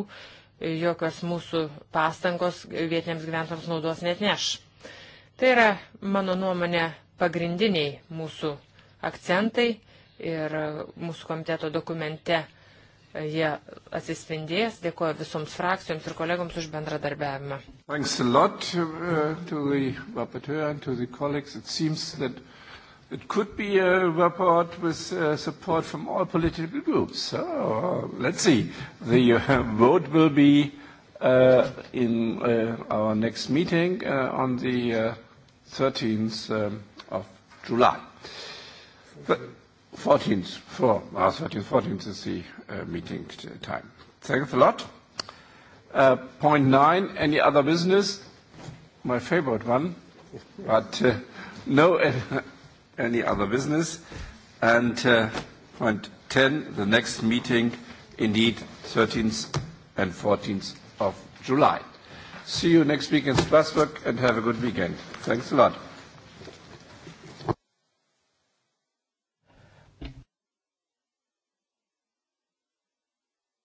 jokios mūsų pastangos vietiniams gyventams naudos net neš. Tai yra, mano nuomonė, pagrindiniai mūsų akcentai ir mūsų komiteto dokumente jie atsispindės. Dėkuoju visoms frakcijoms ir kolegoms už bendradarbiavimą. Uh, it could be a report with uh, support from all political groups. So uh, let's see. The uh, vote will be uh, in uh, our next meeting uh, on the uh, 13th um, of July. But 14th, 4, ah, 13th, 14th is the uh, meeting time. Thanks a lot. Uh, point nine, any other business? My favorite one, but uh, no any other business. And uh, point 10, the next meeting, indeed, 13th and 14th of July. See you next week in Strasbourg and have a good weekend. Thanks a lot.